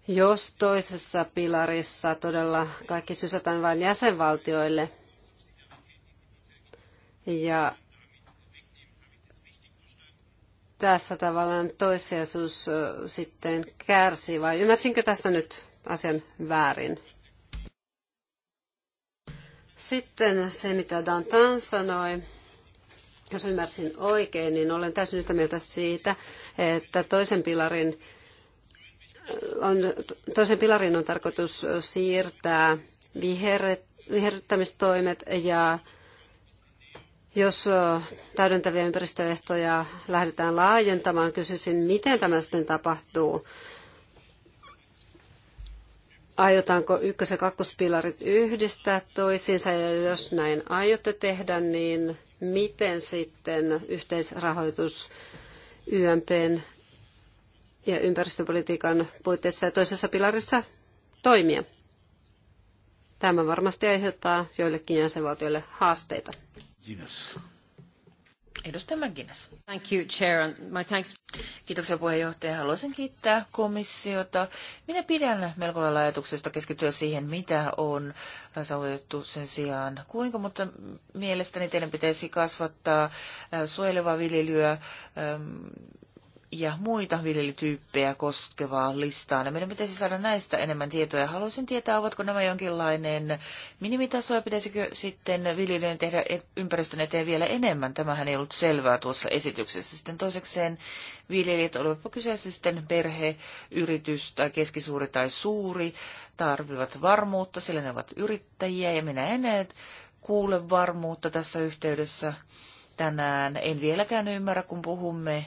jos toisessa pilarissa todella kaikki sysätään vain jäsenvaltioille ja tässä tavallaan toissijaisuus sitten kärsi vai ymmärsinkö tässä nyt asian väärin? Sitten se, mitä Dantan sanoi, jos ymmärsin oikein, niin olen täysin yhtä mieltä siitä, että toisen pilarin on, toisen pilarin on tarkoitus siirtää viherryttämistoimet ja jos täydentäviä ympäristöehtoja lähdetään laajentamaan, kysyisin, miten tämä sitten tapahtuu? Aiotaanko ykkös- ja kakkospilarit yhdistää toisiinsa, ja jos näin aiotte tehdä, niin miten sitten yhteisrahoitus YMPn ja ympäristöpolitiikan puitteissa ja toisessa pilarissa toimia. Tämä varmasti aiheuttaa joillekin jäsenvaltioille haasteita. Edustaja Thank you, Chair, and my thanks. Kiitoksia puheenjohtaja. Haluaisin kiittää komissiota. Minä pidän melko lailla ajatuksesta keskittyä siihen, mitä on saavutettu sen sijaan. Kuinka, mutta mielestäni teidän pitäisi kasvattaa suojelevaa viljelyä, ja muita viljelytyyppejä koskevaa listaa. No, meidän pitäisi saada näistä enemmän tietoja. Haluaisin tietää, ovatko nämä jonkinlainen minimitaso ja pitäisikö sitten viljelyyn tehdä e- ympäristön eteen vielä enemmän. Tämähän ei ollut selvää tuossa esityksessä. Sitten toisekseen viljelijät, olivatpa kyseessä sitten perhe, yritys tai keskisuuri tai suuri, tarvivat varmuutta, sillä ne ovat yrittäjiä ja minä en kuule varmuutta tässä yhteydessä tänään. En vieläkään ymmärrä, kun puhumme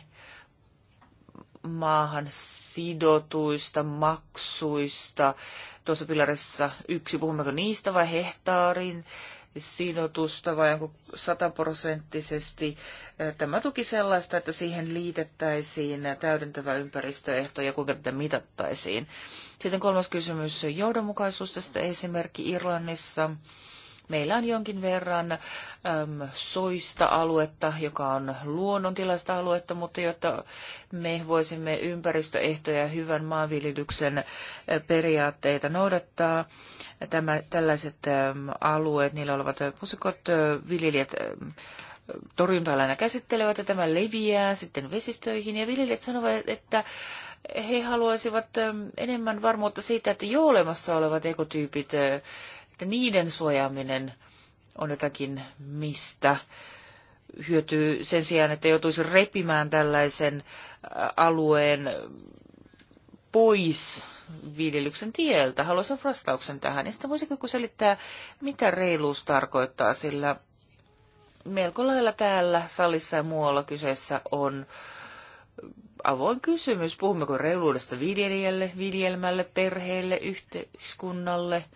maahan sidotuista maksuista. Tuossa pilarissa yksi, puhummeko niistä vai hehtaarin sidotusta vai onko sataprosenttisesti. Tämä tuki sellaista, että siihen liitettäisiin täydentävä ympäristöehto ja kuinka tätä mitattaisiin. Sitten kolmas kysymys, johdonmukaisuus tästä esimerkki Irlannissa. Meillä on jonkin verran äm, soista aluetta, joka on luonnontilaista aluetta, mutta jotta me voisimme ympäristöehtoja ja hyvän maanviljelyksen periaatteita noudattaa, tämä, tällaiset äm, alueet, niillä olevat pusikot, viljelijät äm, torjunta-alana käsittelevät ja tämä leviää sitten vesistöihin ja viljelijät sanovat, että he haluaisivat enemmän varmuutta siitä, että jo olemassa olevat ekotyypit että niiden suojaaminen on jotakin, mistä hyötyy sen sijaan, että joutuisi repimään tällaisen alueen pois viljelyksen tieltä. Haluaisin vastauksen tähän. Ja sitten voisiko joku selittää, mitä reiluus tarkoittaa, sillä melko lailla täällä salissa ja muualla kyseessä on avoin kysymys. Puhummeko reiluudesta viljelijälle, viljelmälle, perheelle, yhteiskunnalle –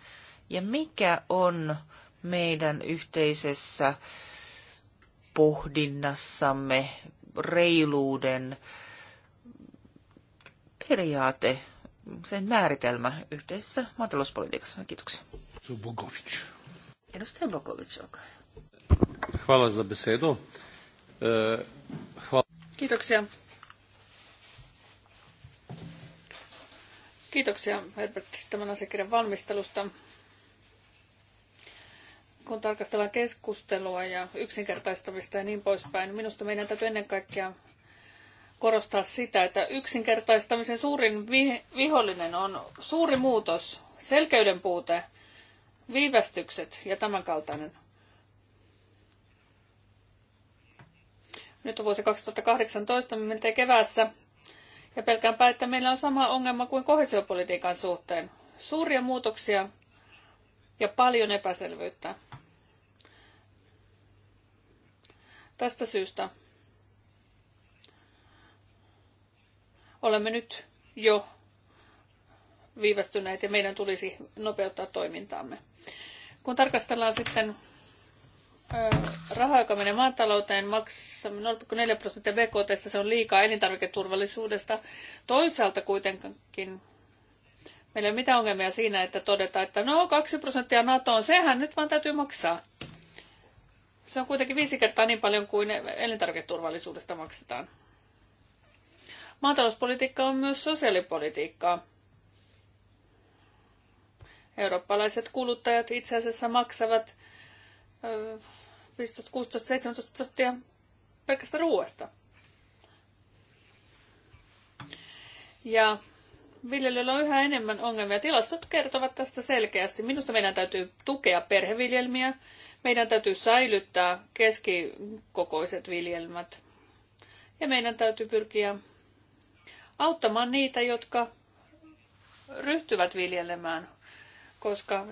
ja mikä on meidän yhteisessä pohdinnassamme reiluuden periaate, sen määritelmä yhteisessä maatalouspolitiikassa. Kiitoksia. Bogovic. Edustaja Bogovic, olkaa Hvala za besedo. E, Hvala. Kiitoksia. Kiitoksia Herbert tämän asiakirjan valmistelusta kun tarkastellaan keskustelua ja yksinkertaistamista ja niin poispäin, minusta meidän täytyy ennen kaikkea korostaa sitä, että yksinkertaistamisen suurin vihollinen on suuri muutos, selkeyden puute, viivästykset ja tämänkaltainen. Nyt on vuosi 2018, me keväässä ja pelkäänpä, että meillä on sama ongelma kuin kohesiopolitiikan suhteen. Suuria muutoksia ja paljon epäselvyyttä. Tästä syystä olemme nyt jo viivästyneet ja meidän tulisi nopeuttaa toimintaamme. Kun tarkastellaan sitten rahaa, joka menee maatalouteen, maksamme 0,4 prosenttia BKT, se on liikaa elintarviketurvallisuudesta. Toisaalta kuitenkin meillä ei ole mitään ongelmia siinä, että todetaan, että no 2 prosenttia NATO on sehän nyt vaan täytyy maksaa. Se on kuitenkin viisi kertaa niin paljon kuin elintarviketurvallisuudesta maksetaan. Maatalouspolitiikka on myös sosiaalipolitiikkaa. Eurooppalaiset kuluttajat itse asiassa maksavat 15, 16, 17 prosenttia pelkästä ruoasta. Ja viljelyllä on yhä enemmän ongelmia. Tilastot kertovat tästä selkeästi. Minusta meidän täytyy tukea perheviljelmiä, meidän täytyy säilyttää keskikokoiset viljelmät. Ja meidän täytyy pyrkiä auttamaan niitä, jotka ryhtyvät viljelemään, koska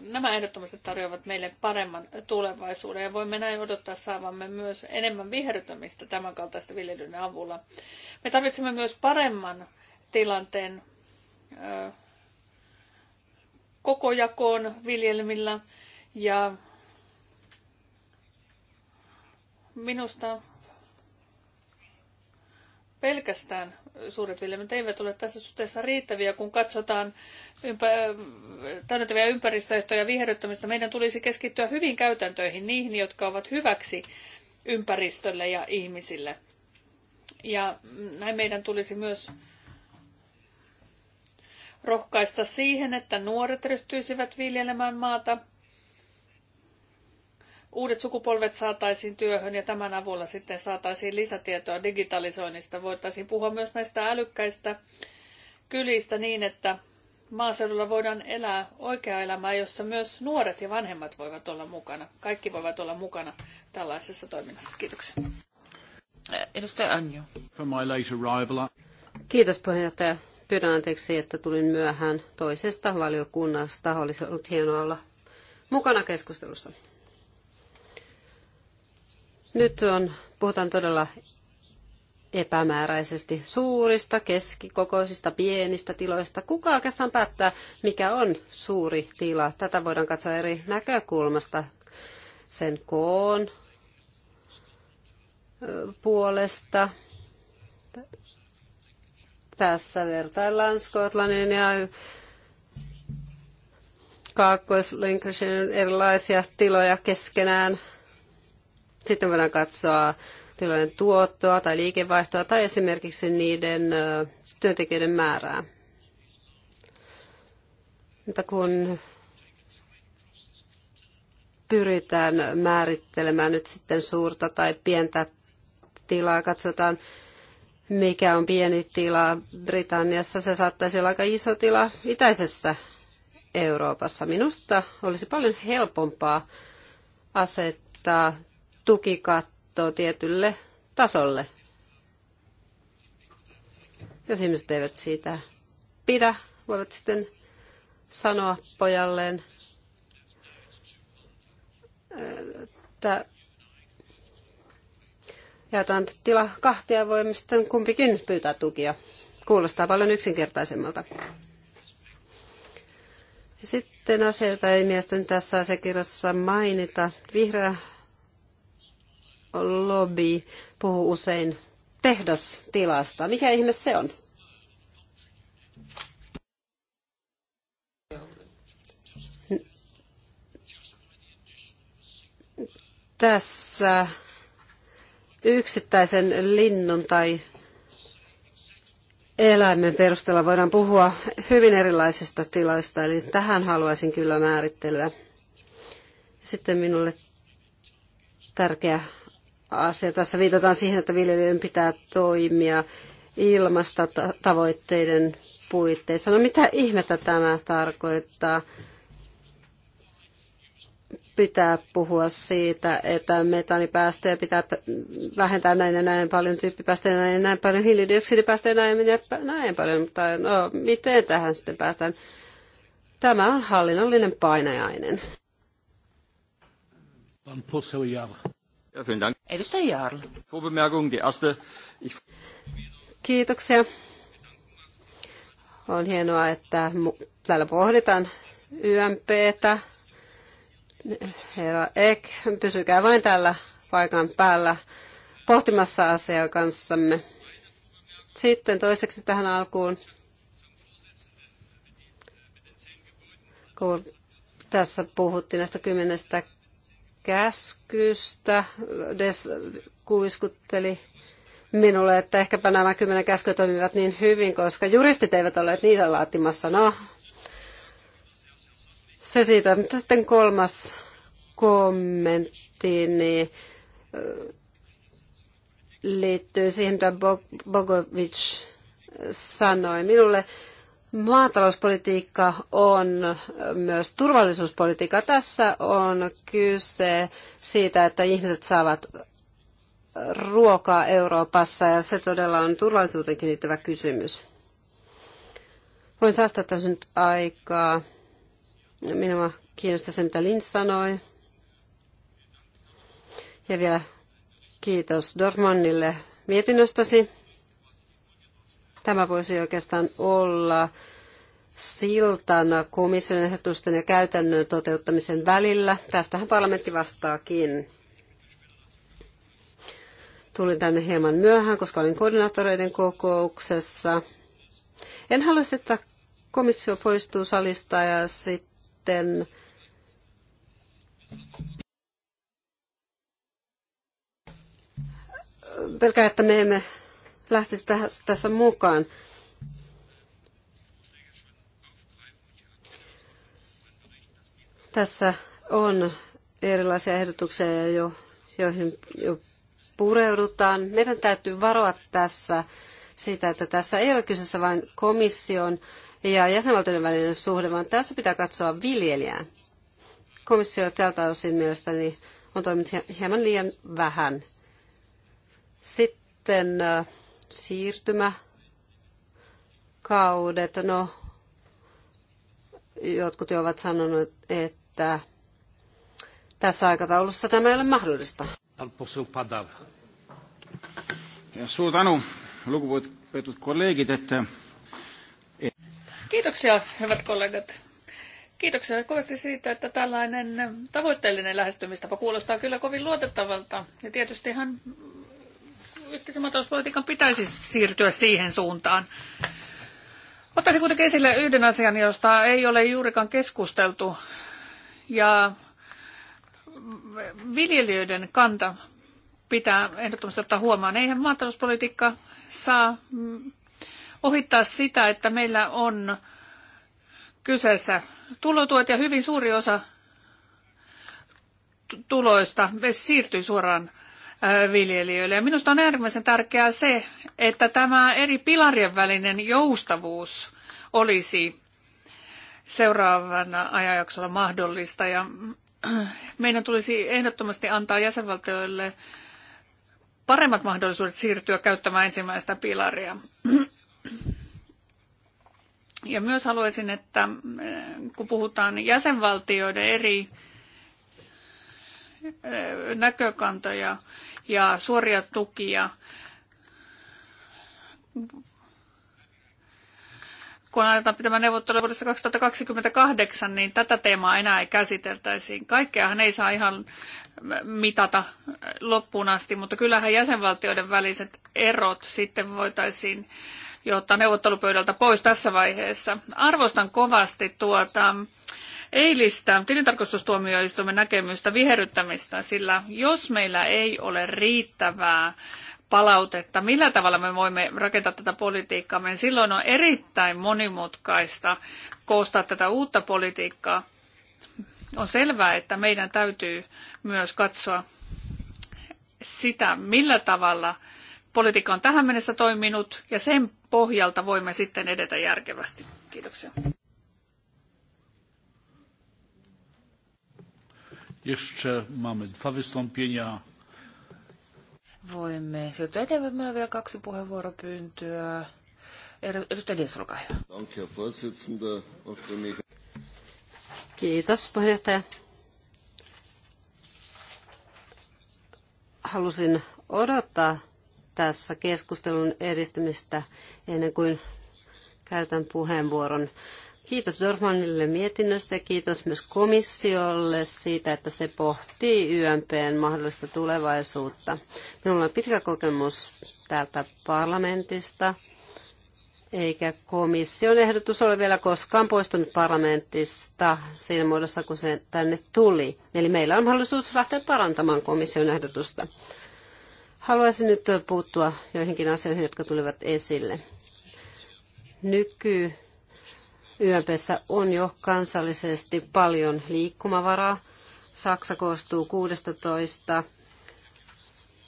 nämä ehdottomasti tarjoavat meille paremman tulevaisuuden ja voimme näin odottaa saavamme myös enemmän vihertämistä tämän kaltaista viljelyn avulla. Me tarvitsemme myös paremman tilanteen kokojakoon viljelmillä ja Minusta pelkästään suuret viljelmät eivät ole tässä suhteessa riittäviä, kun katsotaan ympä- täydentäviä ympäristöehtoja ja viherryttämistä. Meidän tulisi keskittyä hyvin käytäntöihin, niihin, jotka ovat hyväksi ympäristölle ja ihmisille. Ja näin meidän tulisi myös rohkaista siihen, että nuoret ryhtyisivät viljelemään maata – uudet sukupolvet saataisiin työhön ja tämän avulla sitten saataisiin lisätietoa digitalisoinnista. Voitaisiin puhua myös näistä älykkäistä kylistä niin, että maaseudulla voidaan elää oikeaa elämää, jossa myös nuoret ja vanhemmat voivat olla mukana. Kaikki voivat olla mukana tällaisessa toiminnassa. Kiitoksia. Edustaja Anjo. Kiitos puheenjohtaja. Pyydän anteeksi, että tulin myöhään toisesta valiokunnasta. Olisi ollut hienoa olla mukana keskustelussa. Nyt on, puhutaan todella epämääräisesti suurista, keskikokoisista, pienistä tiloista. Kuka oikeastaan päättää, mikä on suuri tila? Tätä voidaan katsoa eri näkökulmasta. Sen koon puolesta. Tässä vertaillaan Skotlannin ja Kaakkois-Lincolnshiren erilaisia tiloja keskenään. Sitten voidaan katsoa tilojen tuottoa tai liikevaihtoa tai esimerkiksi niiden työntekijöiden määrää. Mutta kun pyritään määrittelemään nyt sitten suurta tai pientä tilaa, katsotaan mikä on pieni tila Britanniassa, se saattaisi olla aika iso tila itäisessä Euroopassa. Minusta olisi paljon helpompaa asettaa tukikatto tietylle tasolle. Jos ihmiset eivät siitä pidä, voivat sitten sanoa pojalleen, että jaetaan tila kahtia ja voimme sitten kumpikin pyytää tukia. Kuulostaa paljon yksinkertaisemmalta. Sitten asioita ei mielestäni tässä asiakirjassa mainita. Vihreä lobby puhuu usein tehdastilasta. Mikä ihme se on? Tässä yksittäisen linnun tai eläimen perusteella voidaan puhua hyvin erilaisista tiloista, eli tähän haluaisin kyllä määrittelyä. Sitten minulle tärkeä asia. Tässä viitataan siihen, että viljelijöiden pitää toimia ilmasta tavoitteiden puitteissa. No mitä ihmettä tämä tarkoittaa? Pitää puhua siitä, että metaanipäästöjä pitää vähentää näin ja näin paljon, tyyppipäästöjä näin ja näin paljon, hiilidioksidipäästöjä näin ja näin paljon, mutta no, miten tähän sitten päästään? Tämä on hallinnollinen painajainen. Pan Edustaja Jarl. Kiitoksia. On hienoa, että täällä pohditaan YMPtä. Herra Ek, pysykää vain täällä paikan päällä pohtimassa asiaa kanssamme. Sitten toiseksi tähän alkuun, kun tässä puhuttiin näistä kymmenestä käskystä. Des kuiskutteli minulle, että ehkäpä nämä kymmenen käskyä toimivat niin hyvin, koska juristit eivät olleet niitä laatimassa. No, se siitä. Mutta sitten kolmas kommentti niin liittyy siihen, mitä Bogovic sanoi. Minulle Maatalouspolitiikka on myös turvallisuuspolitiikka. Tässä on kyse siitä, että ihmiset saavat ruokaa Euroopassa ja se todella on turvallisuuteenkin liittyvä kysymys. Voin säästää tässä nyt aikaa. Minua kiinnostaa se, mitä Lin sanoi. Ja vielä kiitos Dormannille mietinnöstäsi. Tämä voisi oikeastaan olla siltana komission ehdotusten ja käytännön toteuttamisen välillä. Tästähän parlamentti vastaakin. Tulin tänne hieman myöhään, koska olin koordinaattoreiden kokouksessa. En haluaisi, että komissio poistuu salista ja sitten pelkää, että me emme lähtisi tässä mukaan. Tässä on erilaisia ehdotuksia, jo, joihin jo pureudutaan. Meidän täytyy varoa tässä sitä, että tässä ei ole kyseessä vain komission ja jäsenvaltioiden välinen suhde, vaan tässä pitää katsoa viljelijää. Komissio tältä osin mielestäni on toiminut hieman liian vähän. Sitten äh, siirtymäkaudet. No, jotkut jo ovat sanoneet, että tässä aikataulussa tämä ei ole mahdollista. ja Suur tänu, lukuvuotetut kollegit, että... Kiitoksia, hyvät kollegat. Kiitoksia kovasti siitä, että tällainen tavoitteellinen lähestymistapa kuulostaa kyllä kovin luotettavalta. Ja tietysti ihan yhteisen maatalouspolitiikan pitäisi siirtyä siihen suuntaan. Ottaisin kuitenkin esille yhden asian, josta ei ole juurikaan keskusteltu. Ja viljelijöiden kanta pitää ehdottomasti ottaa huomaan. Eihän maatalouspolitiikka saa ohittaa sitä, että meillä on kyseessä tulotuet ja hyvin suuri osa tuloista siirtyy suoraan viljelijöille. Ja minusta on äärimmäisen tärkeää se, että tämä eri pilarien välinen joustavuus olisi seuraavana ajanjaksolla mahdollista. Ja meidän tulisi ehdottomasti antaa jäsenvaltioille paremmat mahdollisuudet siirtyä käyttämään ensimmäistä pilaria. Ja myös haluaisin, että kun puhutaan jäsenvaltioiden eri näkökantoja ja suoria tukia. Kun aletaan pitämään neuvottelua vuodesta 2028, niin tätä teemaa enää ei käsiteltäisi. Kaikkeahan ei saa ihan mitata loppuun asti, mutta kyllähän jäsenvaltioiden väliset erot sitten voitaisiin jo ottaa neuvottelupöydältä pois tässä vaiheessa. Arvostan kovasti tuota eilistä tilintarkastustuomioistuimen näkemystä viherryttämistä, sillä jos meillä ei ole riittävää palautetta, millä tavalla me voimme rakentaa tätä politiikkaa, niin silloin on erittäin monimutkaista koostaa tätä uutta politiikkaa. On selvää, että meidän täytyy myös katsoa sitä, millä tavalla politiikka on tähän mennessä toiminut ja sen pohjalta voimme sitten edetä järkevästi. Kiitoksia. Jeszcze mamy dwa wystąpienia. Voimme siirtyä eteenpäin. Meillä on vielä kaksi puheenvuoropyyntöä. Er- edustaja Dias, olkaa hyvä. Kiitos puheenjohtaja. Halusin odottaa tässä keskustelun edistymistä ennen kuin käytän puheenvuoron. Kiitos Dormanille mietinnöstä ja kiitos myös komissiolle siitä, että se pohtii YMPn mahdollista tulevaisuutta. Minulla on pitkä kokemus täältä parlamentista, eikä komission ehdotus ole vielä koskaan poistunut parlamentista siinä muodossa, kun se tänne tuli. Eli meillä on mahdollisuus lähteä parantamaan komission ehdotusta. Haluaisin nyt puuttua joihinkin asioihin, jotka tulivat esille. Nyky YMPssä on jo kansallisesti paljon liikkumavaraa. Saksa koostuu 16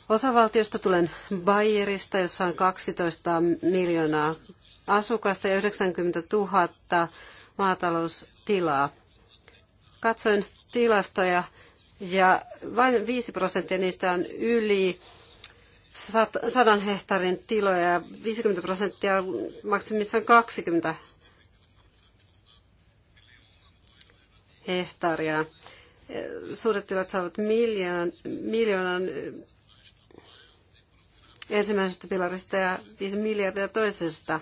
osavaltiosta. Tulen Bayerista, jossa on 12 miljoonaa asukasta ja 90 000 maataloustilaa. Katsoin tilastoja ja vain 5 prosenttia niistä on yli 100 hehtaarin tiloja ja 50 prosenttia maksimissaan 20 hehtaaria. Suuret tilat saavat miljoonan, miljoonan ensimmäisestä pilarista ja 5 miljardia toisesta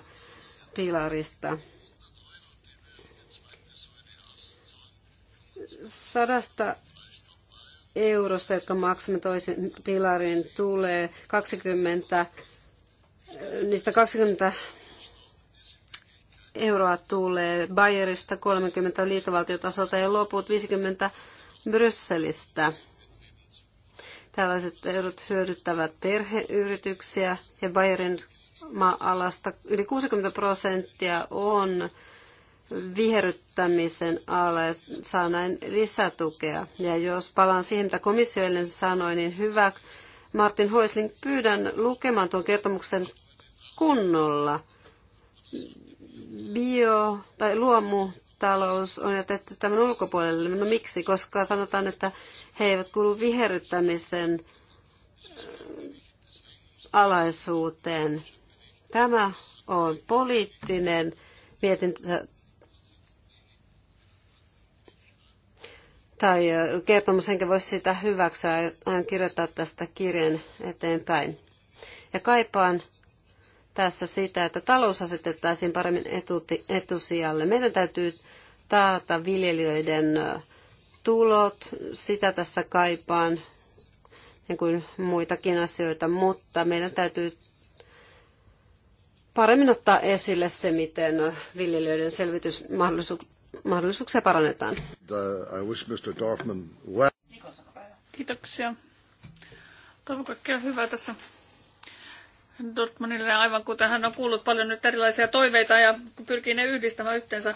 pilarista. Sadasta eurosta, jotka maksamme toisen pilarin, tulee 20, niistä 20 euroa tulee Bayerista, 30 liitovaltiotasolta ja loput 50 Brysselistä. Tällaiset eurot hyödyttävät perheyrityksiä ja Bayerin maa-alasta yli 60 prosenttia on viherryttämisen alle saa näin lisätukea. Ja jos palaan siihen, mitä komissio eilen sanoi, niin hyvä Martin Hoisling, pyydän lukemaan tuon kertomuksen kunnolla bio- tai luomutalous on jätetty tämän ulkopuolelle. No miksi? Koska sanotaan, että he eivät kuulu viherryttämisen äh, alaisuuteen. Tämä on poliittinen mietintö tai äh, kertomus, enkä voi sitä hyväksyä. Aion kirjoittaa tästä kirjan eteenpäin. Ja kaipaan tässä sitä, että talous asetettaisiin paremmin etusijalle. Meidän täytyy taata viljelijöiden tulot, sitä tässä kaipaan, niin kuin muitakin asioita, mutta meidän täytyy paremmin ottaa esille se, miten viljelijöiden selvitysmahdollisuuksia parannetaan. Kiitoksia. Toivon kaikkea hyvää tässä Dortmundille, aivan kuten hän on kuullut paljon nyt erilaisia toiveita ja pyrkii ne yhdistämään yhteensä.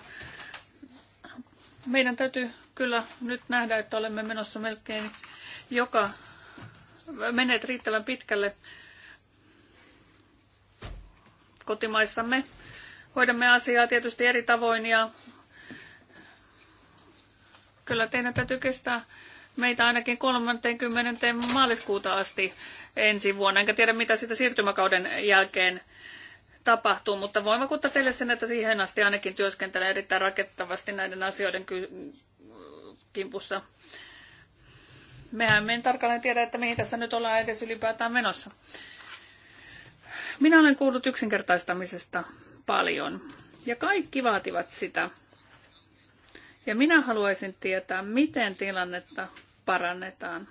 Meidän täytyy kyllä nyt nähdä, että olemme menossa melkein joka menet riittävän pitkälle kotimaissamme. Hoidamme asiaa tietysti eri tavoin ja kyllä teidän täytyy kestää meitä ainakin 30. maaliskuuta asti ensi vuonna. Enkä tiedä, mitä sitä siirtymäkauden jälkeen tapahtuu, mutta voin vakuuttaa teille sen, että siihen asti ainakin työskentelee erittäin rakettavasti näiden asioiden kimpussa. Mehän me en tarkalleen tiedä, että mihin tässä nyt ollaan edes ylipäätään menossa. Minä olen kuullut yksinkertaistamisesta paljon ja kaikki vaativat sitä. Ja minä haluaisin tietää, miten tilannetta parannetaan.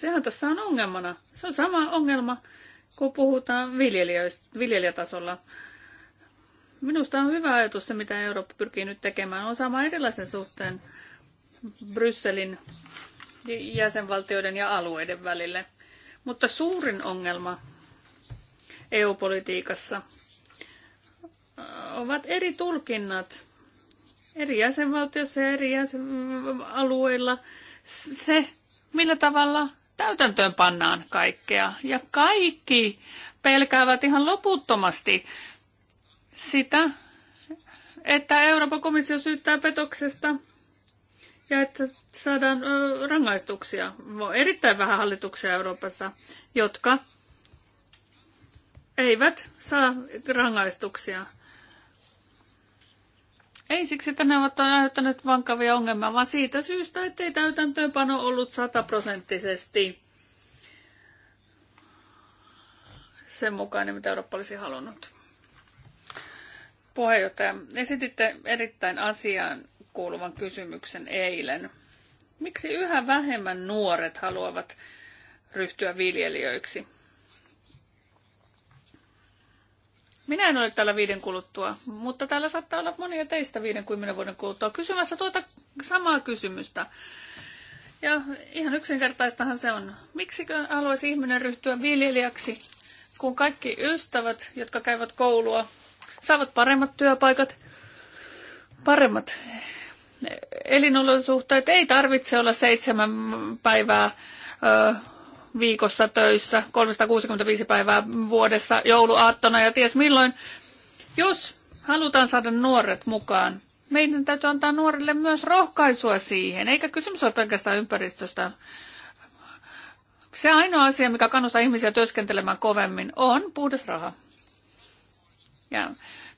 Sehän tässä on ongelmana. Se on sama ongelma, kun puhutaan viljelijätasolla. Minusta on hyvä ajatus se, mitä Eurooppa pyrkii nyt tekemään, on sama erilaisen suhteen Brysselin jäsenvaltioiden ja alueiden välille. Mutta suurin ongelma EU-politiikassa äh, ovat eri tulkinnat eri jäsenvaltioissa ja eri jäsen- alueilla. Se, millä tavalla täytäntöön pannaan kaikkea. Ja kaikki pelkäävät ihan loputtomasti sitä, että Euroopan komissio syyttää petoksesta ja että saadaan rangaistuksia. On erittäin vähän hallituksia Euroopassa, jotka eivät saa rangaistuksia. Ei siksi, että ne ovat aiheuttaneet vankavia ongelmia, vaan siitä syystä, ettei täytäntöönpano ollut sataprosenttisesti sen mukainen, mitä Eurooppa olisi halunnut. Puheenjohtaja, esititte erittäin asiaan kuuluvan kysymyksen eilen. Miksi yhä vähemmän nuoret haluavat ryhtyä viljelijöiksi? Minä en ole täällä viiden kuluttua, mutta täällä saattaa olla monia teistä viiden kuin vuoden kuluttua kysymässä tuota samaa kysymystä. Ja ihan yksinkertaistahan se on. Miksi haluaisi ihminen ryhtyä viljelijäksi, kun kaikki ystävät, jotka käyvät koulua, saavat paremmat työpaikat, paremmat elinolosuhteet. Ei tarvitse olla seitsemän päivää ö, viikossa töissä, 365 päivää vuodessa, jouluaattona ja ties milloin. Jos halutaan saada nuoret mukaan, meidän täytyy antaa nuorille myös rohkaisua siihen, eikä kysymys ole pelkästään ympäristöstä. Se ainoa asia, mikä kannustaa ihmisiä työskentelemään kovemmin, on puhdas raha. Ja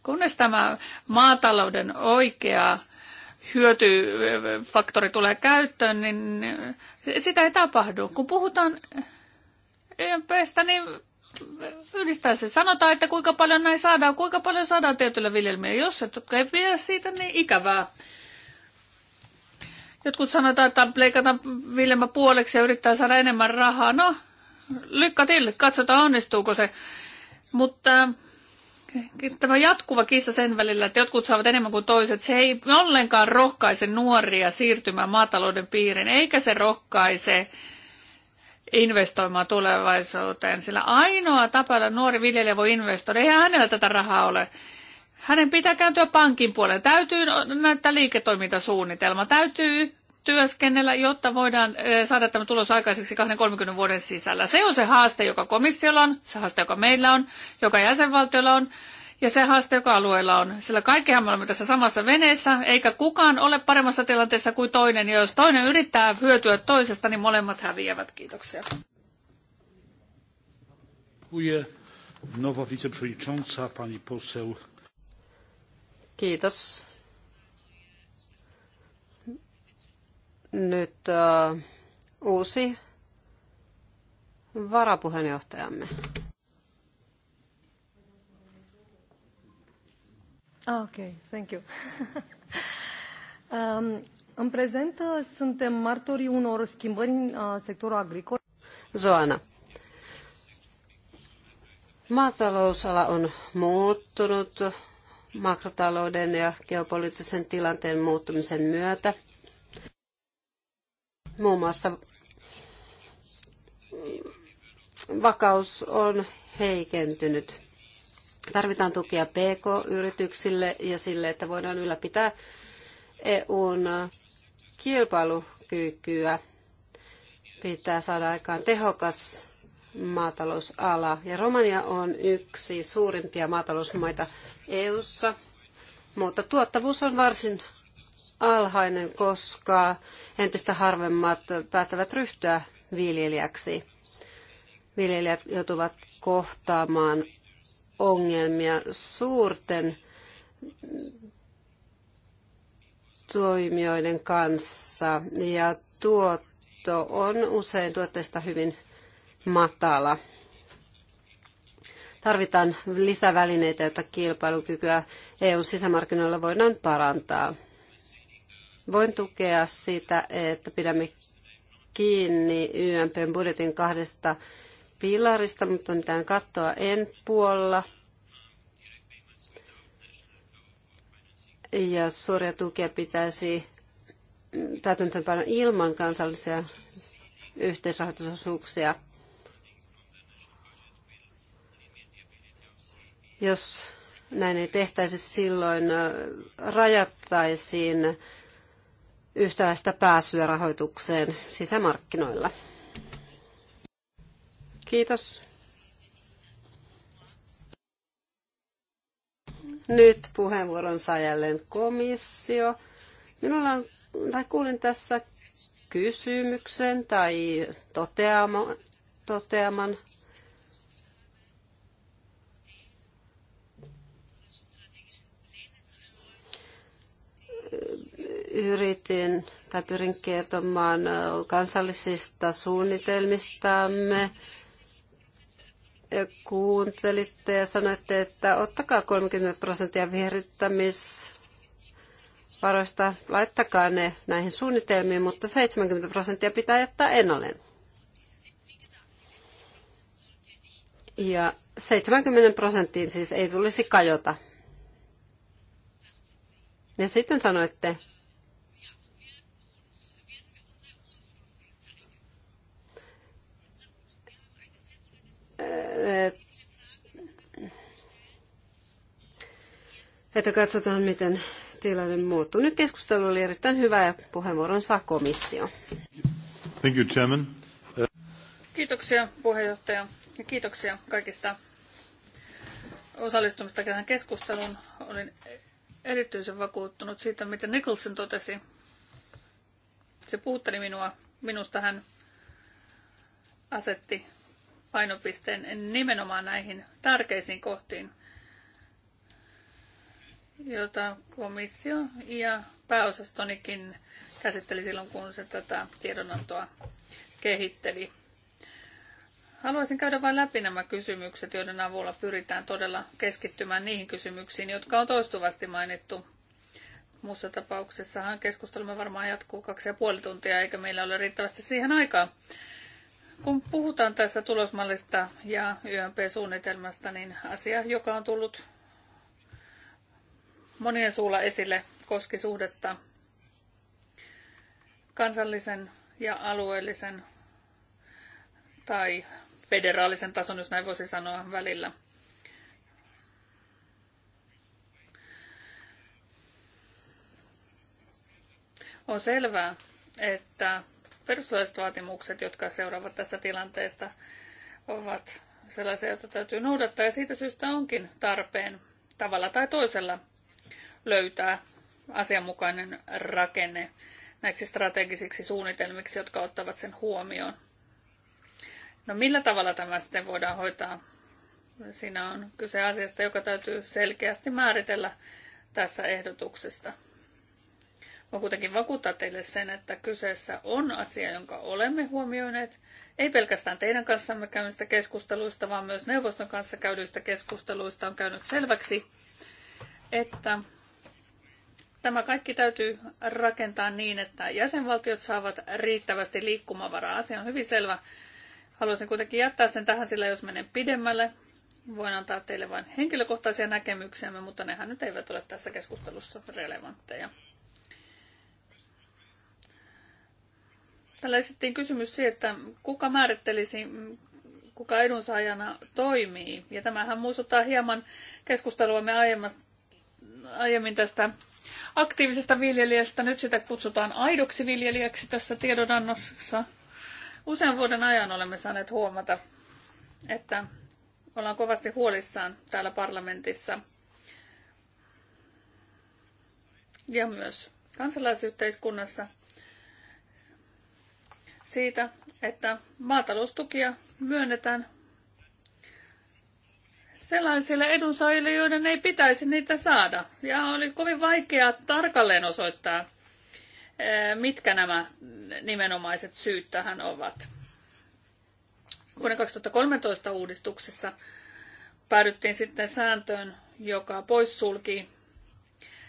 kunnes tämä maatalouden oikea hyötyfaktori tulee käyttöön, niin sitä ei tapahdu. Kun puhutaan YMPstä, niin yhdistää se. Sanotaan, että kuinka paljon näin saadaan, kuinka paljon saadaan tietyllä viljelmiä. Jos et ei vielä siitä, niin ikävää. Jotkut sanotaan, että leikataan viljelmä puoleksi ja yrittää saada enemmän rahaa. No, lykkä till, katsotaan onnistuuko se. Mutta tämä jatkuva kiista sen välillä, että jotkut saavat enemmän kuin toiset, se ei ollenkaan rohkaise nuoria siirtymään maatalouden piiriin, eikä se rohkaise investoimaan tulevaisuuteen, sillä ainoa tapa, että nuori viljelijä voi investoida, eihän hänellä tätä rahaa ole. Hänen pitää kääntyä pankin puolelle. Täytyy näyttää liiketoimintasuunnitelma. Täytyy työskennellä, jotta voidaan saada tämä tulos aikaiseksi 20-30 vuoden sisällä. Se on se haaste, joka komissiolla on, se haaste, joka meillä on, joka jäsenvaltiolla on ja se haaste, joka alueella on. Sillä kaikkihan me olemme tässä samassa veneessä, eikä kukaan ole paremmassa tilanteessa kuin toinen. Ja jos toinen yrittää hyötyä toisesta, niin molemmat häviävät. Kiitoksia. Kiitos. nyt uh, uusi varapuheenjohtajamme. Ah, okay, thank you. um, în prezent uh, suntem martorii unor schimbări în uh, sectorul agricol. Zoana. Maatalousala on muuttunut makrotalouden ja geopoliittisen tilanteen muuttumisen myötä. Muun muassa vakaus on heikentynyt. Tarvitaan tukea PK-yrityksille ja sille, että voidaan ylläpitää EUn kilpailukykyä. Pitää saada aikaan tehokas maatalousala. Ja Romania on yksi suurimpia maatalousmaita EU:ssa, mutta tuottavuus on varsin alhainen, koska entistä harvemmat päättävät ryhtyä viljelijäksi. Viljelijät joutuvat kohtaamaan ongelmia suurten toimijoiden kanssa ja tuotto on usein tuotteista hyvin matala. Tarvitaan lisävälineitä, jotta kilpailukykyä EU sisämarkkinoilla voidaan parantaa. Voin tukea sitä, että pidämme kiinni YMPn budjetin kahdesta pilarista, mutta mitään kattoa en puolla. Ja suoria tukia pitäisi täytäntöönpano ilman kansallisia yhteisrahoitusosuuksia. Jos näin ei tehtäisi, silloin rajattaisiin yhtäläistä pääsyä rahoitukseen sisämarkkinoilla. Kiitos. Nyt puheenvuoron saa jälleen komissio. Minulla on, tai kuulin tässä kysymyksen tai toteama, toteaman yritin tai pyrin kertomaan kansallisista suunnitelmistamme. Kuuntelitte ja sanoitte, että ottakaa 30 prosenttia viherryttämisvaroista, laittakaa ne näihin suunnitelmiin, mutta 70 prosenttia pitää jättää ennalleen. Ja 70 prosenttiin siis ei tulisi kajota. Ja sitten sanoitte, että katsotaan, miten tilanne muuttuu. Nyt keskustelu oli erittäin hyvä ja puheenvuoron saa komissio. Thank you, Chairman. Kiitoksia puheenjohtaja ja kiitoksia kaikista osallistumista tähän keskusteluun. Olin erityisen vakuuttunut siitä, mitä Nicholson totesi. Se puhutteli minua. Minusta hän asetti painopisteen nimenomaan näihin tärkeisiin kohtiin, jota komissio ja pääosastonikin käsitteli silloin, kun se tätä tiedonantoa kehitteli. Haluaisin käydä vain läpi nämä kysymykset, joiden avulla pyritään todella keskittymään niihin kysymyksiin, jotka on toistuvasti mainittu. Muussa tapauksessahan keskustelumme varmaan jatkuu kaksi ja puoli tuntia, eikä meillä ole riittävästi siihen aikaa. Kun puhutaan tästä tulosmallista ja YMP-suunnitelmasta, niin asia, joka on tullut monien suulla esille, koski suhdetta kansallisen ja alueellisen tai federaalisen tason, jos näin voisi sanoa, välillä. On selvää, että perustuslaiset vaatimukset, jotka seuraavat tästä tilanteesta, ovat sellaisia, joita täytyy noudattaa. Ja siitä syystä onkin tarpeen tavalla tai toisella löytää asianmukainen rakenne näiksi strategisiksi suunnitelmiksi, jotka ottavat sen huomioon. No millä tavalla tämä sitten voidaan hoitaa? Siinä on kyse asiasta, joka täytyy selkeästi määritellä tässä ehdotuksesta. Mä kuitenkin vakuuttaa teille sen, että kyseessä on asia, jonka olemme huomioineet, ei pelkästään teidän kanssamme käynnistä keskusteluista, vaan myös neuvoston kanssa käydyistä keskusteluista on käynyt selväksi, että tämä kaikki täytyy rakentaa niin, että jäsenvaltiot saavat riittävästi liikkumavaraa. Asia on hyvin selvä. Haluaisin kuitenkin jättää sen tähän, sillä jos menen pidemmälle, voin antaa teille vain henkilökohtaisia näkemyksiämme, mutta nehän nyt eivät ole tässä keskustelussa relevantteja. Täällä esittiin kysymys siitä, että kuka määrittelisi, kuka edunsaajana toimii. Ja tämähän muistuttaa hieman keskusteluamme aiemmin tästä aktiivisesta viljelijästä. Nyt sitä kutsutaan aidoksi viljelijäksi tässä tiedonannossa. Usean vuoden ajan olemme saaneet huomata, että ollaan kovasti huolissaan täällä parlamentissa ja myös kansalaisyhteiskunnassa – siitä, että maataloustukia myönnetään sellaisille edunsaajille, joiden ei pitäisi niitä saada. Ja oli kovin vaikeaa tarkalleen osoittaa, eh, mitkä nämä nimenomaiset syyt tähän ovat. Vuoden 2013 uudistuksessa päädyttiin sitten sääntöön, joka poissulki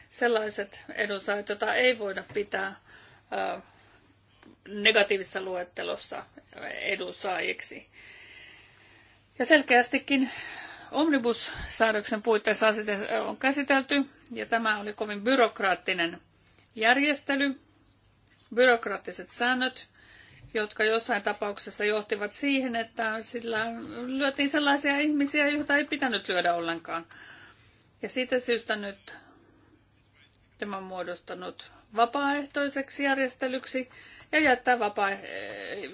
sellaiset edunsaajat, joita ei voida pitää eh, negatiivisessa luettelossa edunsaajiksi. Ja selkeästikin omnibussäädöksen puitteissa asia on käsitelty, ja tämä oli kovin byrokraattinen järjestely, byrokraattiset säännöt, jotka jossain tapauksessa johtivat siihen, että sillä lyötiin sellaisia ihmisiä, joita ei pitänyt lyödä ollenkaan. Ja siitä syystä nyt tämä on muodostanut vapaaehtoiseksi järjestelyksi, ja jättää vapaa eh,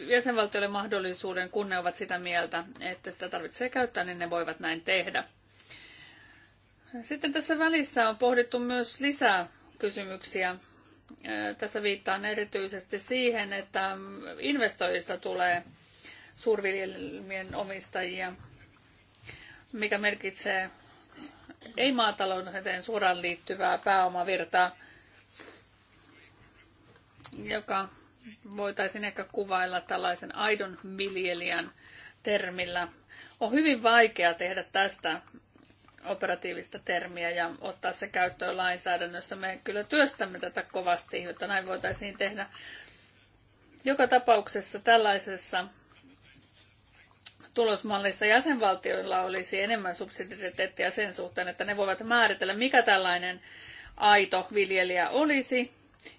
jäsenvaltioille mahdollisuuden, kun ne ovat sitä mieltä, että sitä tarvitsee käyttää, niin ne voivat näin tehdä. Sitten tässä välissä on pohdittu myös lisää kysymyksiä. Eh, tässä viittaan erityisesti siihen, että investoijista tulee suurviljelmien omistajia, mikä merkitsee ei maatalouden suoraan liittyvää pääomavirtaa, joka voitaisiin ehkä kuvailla tällaisen aidon viljelijän termillä. On hyvin vaikea tehdä tästä operatiivista termiä ja ottaa se käyttöön lainsäädännössä. Me kyllä työstämme tätä kovasti, jotta näin voitaisiin tehdä. Joka tapauksessa tällaisessa tulosmallissa jäsenvaltioilla olisi enemmän subsidiariteettia sen suhteen, että ne voivat määritellä, mikä tällainen aito viljelijä olisi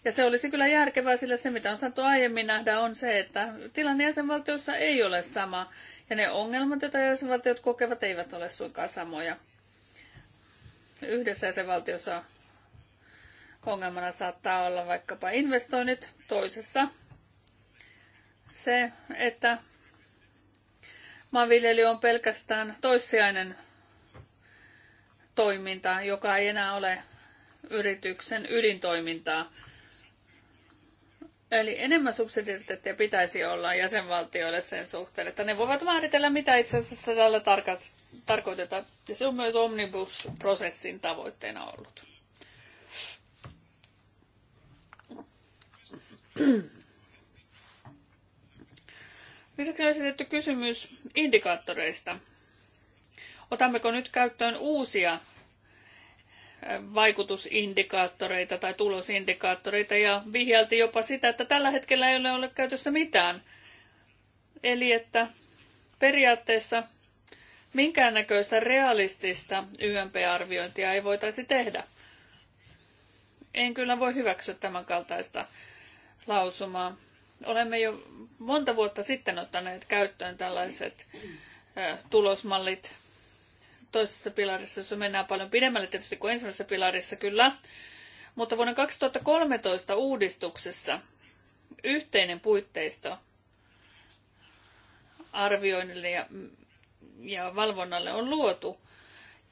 ja se olisi kyllä järkevää, sillä se mitä on saatu aiemmin nähdä on se, että tilanne jäsenvaltiossa ei ole sama ja ne ongelmat, joita jäsenvaltiot kokevat, eivät ole suinkaan samoja. Yhdessä jäsenvaltiossa ongelmana saattaa olla vaikkapa investoinnit, toisessa se, että maanviljely on pelkästään toissijainen toiminta, joka ei enää ole yrityksen ydintoimintaa. Eli enemmän subsidiariteettia pitäisi olla jäsenvaltioille sen suhteen, että ne voivat määritellä, mitä itse asiassa tällä tarko- tarkoitetaan. Ja se on myös omnibus-prosessin tavoitteena ollut. Lisäksi on esitetty kysymys indikaattoreista. Otammeko nyt käyttöön uusia vaikutusindikaattoreita tai tulosindikaattoreita ja vihjalti jopa sitä, että tällä hetkellä ei ole, ole käytössä mitään. Eli että periaatteessa minkäännäköistä realistista YMP-arviointia ei voitaisi tehdä. En kyllä voi hyväksyä tämän kaltaista lausumaa. Olemme jo monta vuotta sitten ottaneet käyttöön tällaiset tulosmallit, toisessa pilarissa, jossa mennään paljon pidemmälle tietysti kuin ensimmäisessä pilarissa kyllä, mutta vuonna 2013 uudistuksessa yhteinen puitteisto arvioinnille ja, ja valvonnalle on luotu.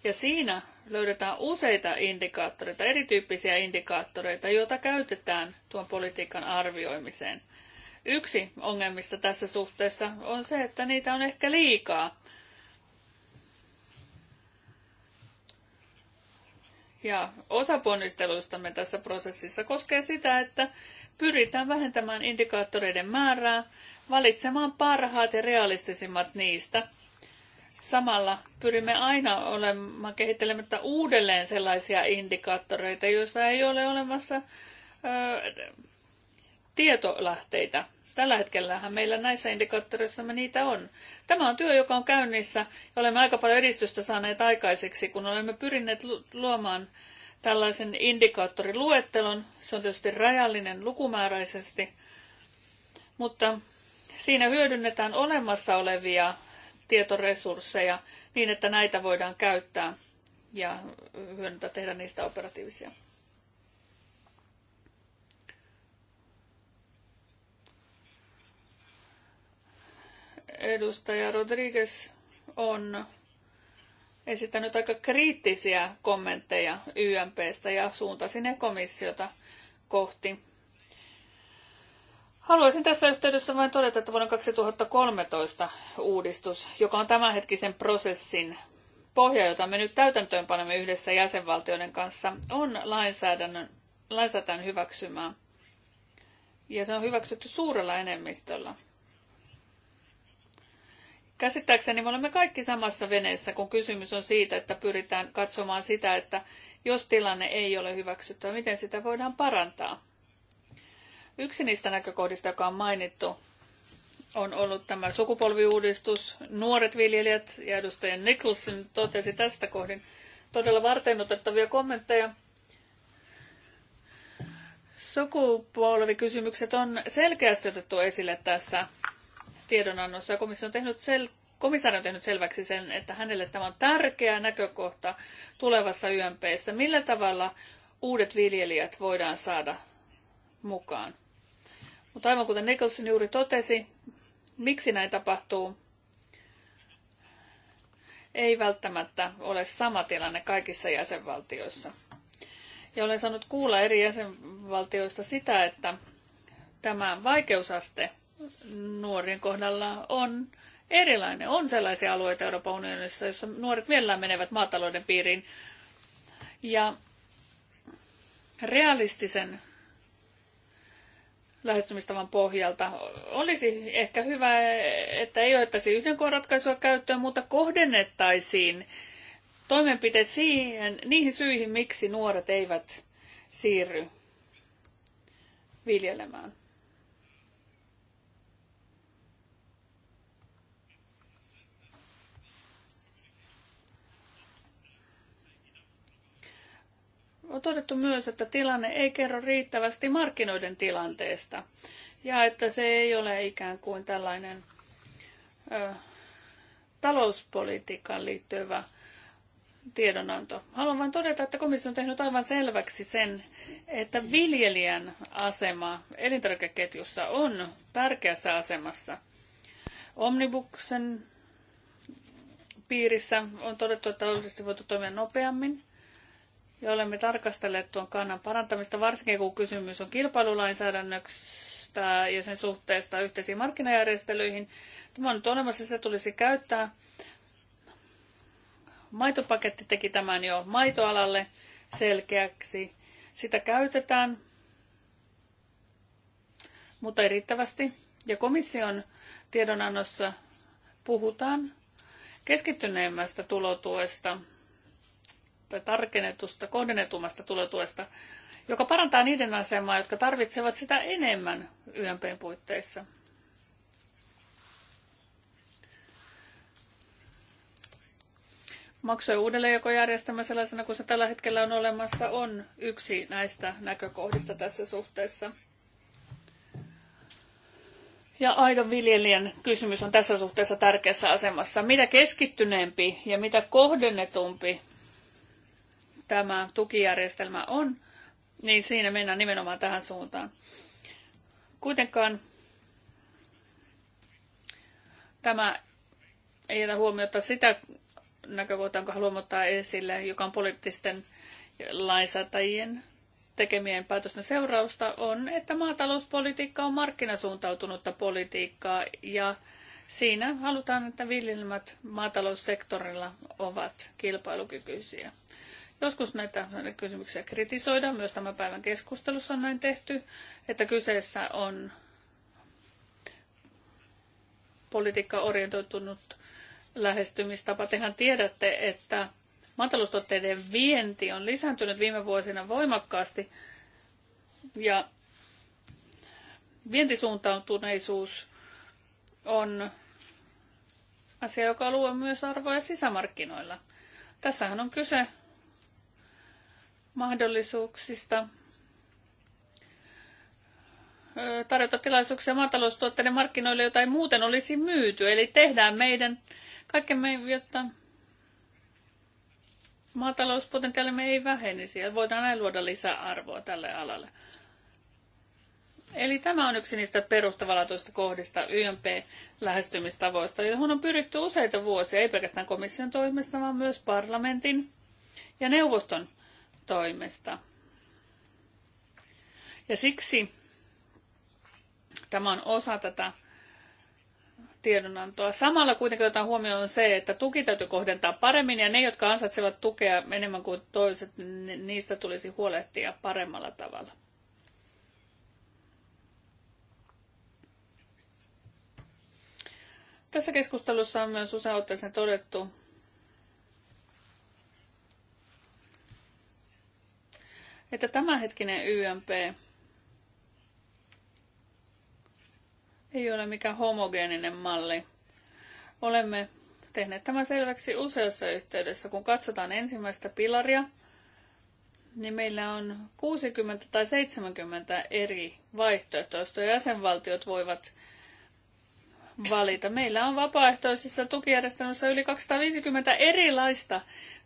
Ja siinä löydetään useita indikaattoreita, erityyppisiä indikaattoreita, joita käytetään tuon politiikan arvioimiseen. Yksi ongelmista tässä suhteessa on se, että niitä on ehkä liikaa ja osa ponnisteluistamme tässä prosessissa koskee sitä, että pyritään vähentämään indikaattoreiden määrää, valitsemaan parhaat ja realistisimmat niistä. Samalla pyrimme aina olemaan kehittelemättä uudelleen sellaisia indikaattoreita, joissa ei ole olemassa ö, tietolähteitä Tällä hetkellähän meillä näissä indikaattoreissa me niitä on. Tämä on työ, joka on käynnissä ja olemme aika paljon edistystä saaneet aikaiseksi, kun olemme pyrinneet luomaan tällaisen indikaattoriluettelon. Se on tietysti rajallinen lukumääräisesti, mutta siinä hyödynnetään olemassa olevia tietoresursseja niin, että näitä voidaan käyttää ja hyödyntää tehdä niistä operatiivisia. edustaja Rodriguez on esittänyt aika kriittisiä kommentteja YMPstä ja suuntasi ne komissiota kohti. Haluaisin tässä yhteydessä vain todeta, että vuonna 2013 uudistus, joka on tämänhetkisen prosessin pohja, jota me nyt täytäntöönpanemme yhdessä jäsenvaltioiden kanssa, on lainsäädännön, lainsäädännön hyväksymää. Ja se on hyväksytty suurella enemmistöllä. Käsittääkseni me olemme kaikki samassa veneessä, kun kysymys on siitä, että pyritään katsomaan sitä, että jos tilanne ei ole hyväksyttävä, miten sitä voidaan parantaa. Yksi niistä näkökohdista, joka on mainittu, on ollut tämä sukupolviuudistus. Nuoret viljelijät ja edustaja Nicholson totesi tästä kohdin todella varteenotettavia kommentteja. Sukupolvikysymykset on selkeästi otettu esille tässä tiedonannossa. Ja komissio on tehnyt sel- komissaari on tehnyt selväksi sen, että hänelle tämä on tärkeä näkökohta tulevassa YMPssä. Millä tavalla uudet viljelijät voidaan saada mukaan? Mutta aivan kuten Nicholson juuri totesi, miksi näin tapahtuu, ei välttämättä ole sama tilanne kaikissa jäsenvaltioissa. Ja olen saanut kuulla eri jäsenvaltioista sitä, että tämä vaikeusaste nuorien kohdalla on erilainen. On sellaisia alueita Euroopan unionissa, joissa nuoret mielellään menevät maatalouden piiriin. Ja realistisen lähestymistavan pohjalta olisi ehkä hyvä, että ei otettaisi yhden ratkaisua käyttöön, mutta kohdennettaisiin toimenpiteet siihen, niihin syihin, miksi nuoret eivät siirry viljelemään. On todettu myös, että tilanne ei kerro riittävästi markkinoiden tilanteesta ja että se ei ole ikään kuin tällainen ö, talouspolitiikkaan liittyvä tiedonanto. Haluan vain todeta, että komissio on tehnyt aivan selväksi sen, että viljelijän asema elintarvikeketjussa on tärkeässä asemassa. Omnibuksen piirissä on todettu, että olisi voitu toimia nopeammin ja olemme tarkastelleet tuon kannan parantamista, varsinkin kun kysymys on kilpailulainsäädännöstä ja sen suhteesta yhteisiin markkinajärjestelyihin. Tämä on nyt olemassa, sitä tulisi käyttää. Maitopaketti teki tämän jo maitoalalle selkeäksi. Sitä käytetään, mutta ei riittävästi. Ja komission tiedonannossa puhutaan keskittyneemmästä tulotuesta tarkennetusta, kohdennetummasta tulotuesta, joka parantaa niiden asemaa, jotka tarvitsevat sitä enemmän YMPn puitteissa. Maksujen uudelleenjakojärjestelmä sellaisena kuin se tällä hetkellä on olemassa on yksi näistä näkökohdista tässä suhteessa. Ja aidon viljelijän kysymys on tässä suhteessa tärkeässä asemassa. Mitä keskittyneempi ja mitä kohdennetumpi tämä tukijärjestelmä on, niin siinä mennään nimenomaan tähän suuntaan. Kuitenkaan tämä ei jätä huomiota sitä näkökohtaa, jonka haluan ottaa esille, joka on poliittisten lainsäätäjien tekemien päätösten seurausta, on, että maatalouspolitiikka on markkinasuuntautunutta politiikkaa ja siinä halutaan, että viljelmät maataloussektorilla ovat kilpailukykyisiä. Joskus näitä kysymyksiä kritisoidaan, myös tämän päivän keskustelussa on näin tehty, että kyseessä on politiikka-orientoitunut lähestymistapa. Tehän tiedätte, että maataloustuotteiden vienti on lisääntynyt viime vuosina voimakkaasti ja vientisuuntautuneisuus on asia, joka luo myös arvoja sisämarkkinoilla. Tässähän on kyse mahdollisuuksista tarjota tilaisuuksia maataloustuotteiden markkinoille, joita ei muuten olisi myyty. Eli tehdään meidän kaikkemme, jotta maatalouspotentiaalimme ei vähenisi ja voidaan näin luoda lisää arvoa tälle alalle. Eli tämä on yksi niistä perustavanlaatuisista kohdista YMP-lähestymistavoista, johon on pyritty useita vuosia, ei pelkästään komission toimesta, vaan myös parlamentin ja neuvoston toimesta. Ja siksi tämä on osa tätä tiedonantoa. Samalla kuitenkin otetaan huomioon on se, että tuki täytyy kohdentaa paremmin ja ne, jotka ansaitsevat tukea enemmän kuin toiset, niistä tulisi huolehtia paremmalla tavalla. Tässä keskustelussa on myös usein todettu, että tämänhetkinen YMP ei ole mikään homogeeninen malli. Olemme tehneet tämän selväksi useassa yhteydessä. Kun katsotaan ensimmäistä pilaria, niin meillä on 60 tai 70 eri vaihtoehtoista. Jäsenvaltiot voivat valita. Meillä on vapaaehtoisissa tukijärjestelmissä yli 250 erilaista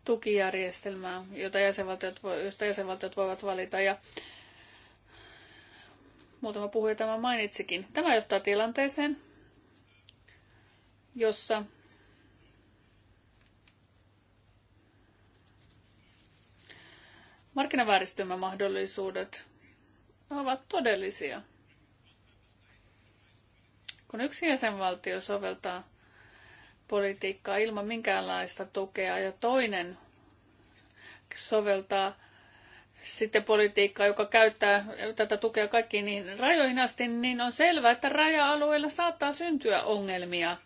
tukijärjestelmää, joita jäsenvaltiot, josta jäsenvaltiot voivat valita. Ja muutama puhuja tämä mainitsikin. Tämä johtaa tilanteeseen, jossa markkinavääristymämahdollisuudet ovat todellisia. Kun yksi jäsenvaltio soveltaa politiikkaa ilman minkäänlaista tukea ja toinen soveltaa sitten politiikkaa, joka käyttää tätä tukea kaikkiin niihin rajoihin asti, niin on selvää, että raja-alueilla saattaa syntyä ongelmia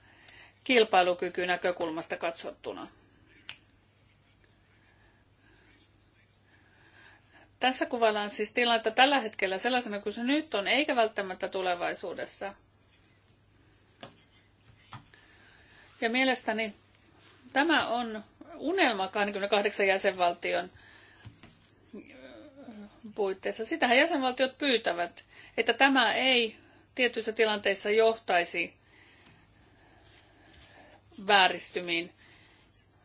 kilpailukykynäkökulmasta katsottuna. Tässä kuvaillaan siis tilannetta tällä hetkellä sellaisena kuin se nyt on, eikä välttämättä tulevaisuudessa – Ja mielestäni tämä on unelma 28 jäsenvaltion äh, puitteissa. Sitähän jäsenvaltiot pyytävät, että tämä ei tietyissä tilanteissa johtaisi vääristymiin.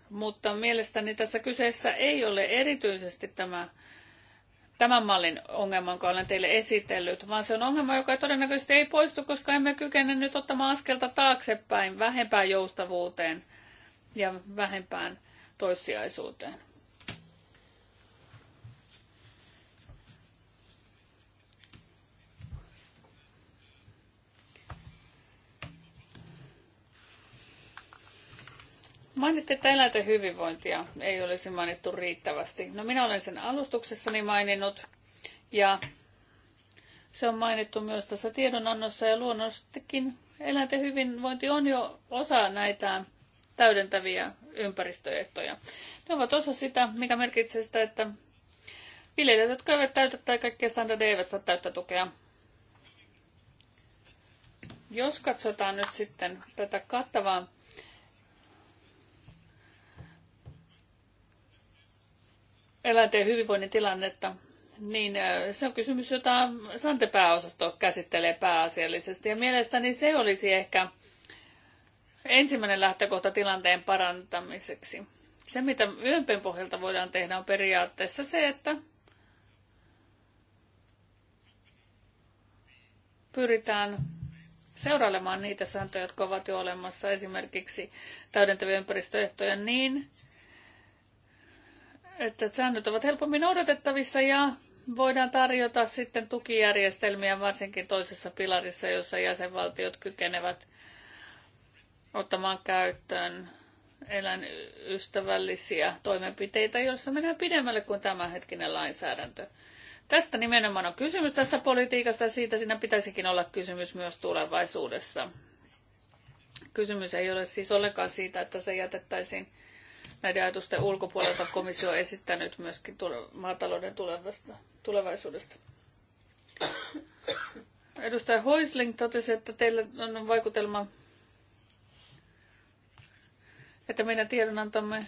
Mutta mielestäni tässä kyseessä ei ole erityisesti tämä tämän mallin ongelman, jonka olen teille esitellyt, vaan se on ongelma, joka todennäköisesti ei poistu, koska emme kykene nyt ottamaan askelta taaksepäin vähempään joustavuuteen ja vähempään toissijaisuuteen. Mainitte, että eläinten hyvinvointia ei olisi mainittu riittävästi. No minä olen sen alustuksessani maininnut ja se on mainittu myös tässä tiedonannossa ja luonnostikin eläinten hyvinvointi on jo osa näitä täydentäviä ympäristöehtoja. Ne ovat osa sitä, mikä merkitsee sitä, että viljelijät, jotka eivät täytä tai kaikkia standardeja, eivät saa täyttä tukea. Jos katsotaan nyt sitten tätä kattavaa eläinten hyvinvoinnin tilannetta, niin äh, se on kysymys, jota Sante pääosasto käsittelee pääasiallisesti. Ja mielestäni se olisi ehkä ensimmäinen lähtökohta tilanteen parantamiseksi. Se, mitä yömpen pohjalta voidaan tehdä, on periaatteessa se, että pyritään seurailemaan niitä sääntöjä, jotka ovat jo olemassa, esimerkiksi täydentäviä ympäristöehtoja niin, että säännöt ovat helpommin noudatettavissa ja voidaan tarjota sitten tukijärjestelmiä varsinkin toisessa pilarissa, jossa jäsenvaltiot kykenevät ottamaan käyttöön eläinystävällisiä toimenpiteitä, joissa mennään pidemmälle kuin tämänhetkinen lainsäädäntö. Tästä nimenomaan on kysymys tässä politiikasta ja siitä siinä pitäisikin olla kysymys myös tulevaisuudessa. Kysymys ei ole siis ollenkaan siitä, että se jätettäisiin näiden ajatusten ulkopuolelta komissio on esittänyt myöskin maatalouden tulevaisuudesta. Edustaja Hoisling totesi, että teillä on vaikutelma, että meidän tiedonantamme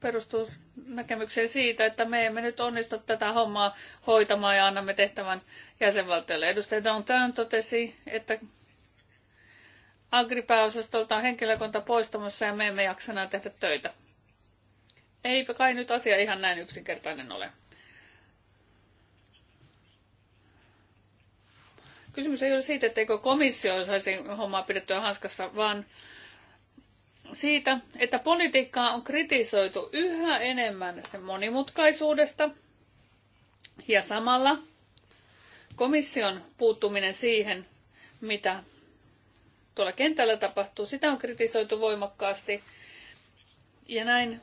perustuu näkemykseen siitä, että me emme nyt onnistu tätä hommaa hoitamaan ja annamme tehtävän jäsenvaltiolle. Edustaja Downtown totesi, että Agripääosastolta on henkilökunta poistumassa ja me emme enää tehdä töitä. Eipä kai nyt asia ihan näin yksinkertainen ole. Kysymys ei ole siitä, etteikö komissio saisi hommaa pidettyä hanskassa, vaan siitä, että politiikkaa on kritisoitu yhä enemmän sen monimutkaisuudesta ja samalla komission puuttuminen siihen, mitä tuolla kentällä tapahtuu, sitä on kritisoitu voimakkaasti. Ja näin